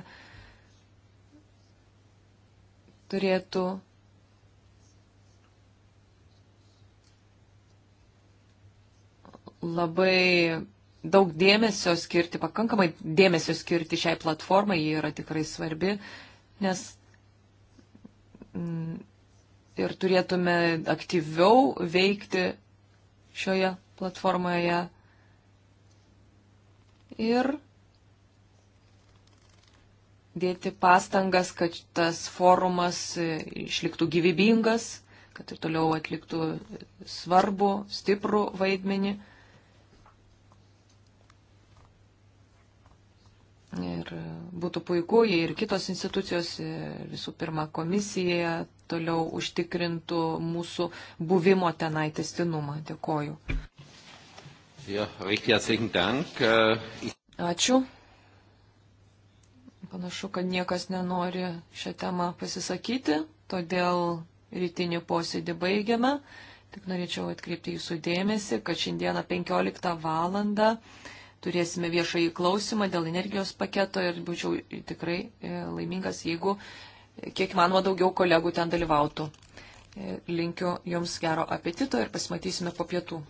turėtų labai daug dėmesio skirti, pakankamai dėmesio skirti šiai platformai, ji yra tikrai svarbi, nes mm, ir turėtume aktyviau veikti šioje platformoje. Ir dėti pastangas, kad tas forumas išliktų gyvybingas, kad ir toliau atliktų svarbu, stiprų vaidmenį. Ir būtų puiku, jei ir kitos institucijos, visų pirma, komisija toliau užtikrintų mūsų buvimo tenai testinumą. Dėkoju. Ja, äh, Ačiū. Panašu, kad niekas nenori šią temą pasisakyti, todėl rytinį posėdį baigiame. Tik norėčiau atkreipti jūsų dėmesį, kad šiandieną 15 valandą turėsime viešąjį klausimą dėl energijos paketo ir būčiau tikrai e, laimingas, jeigu kiek manoma daugiau kolegų ten dalyvautų. E, linkiu Jums gero apetito ir pasimatysime po pietų.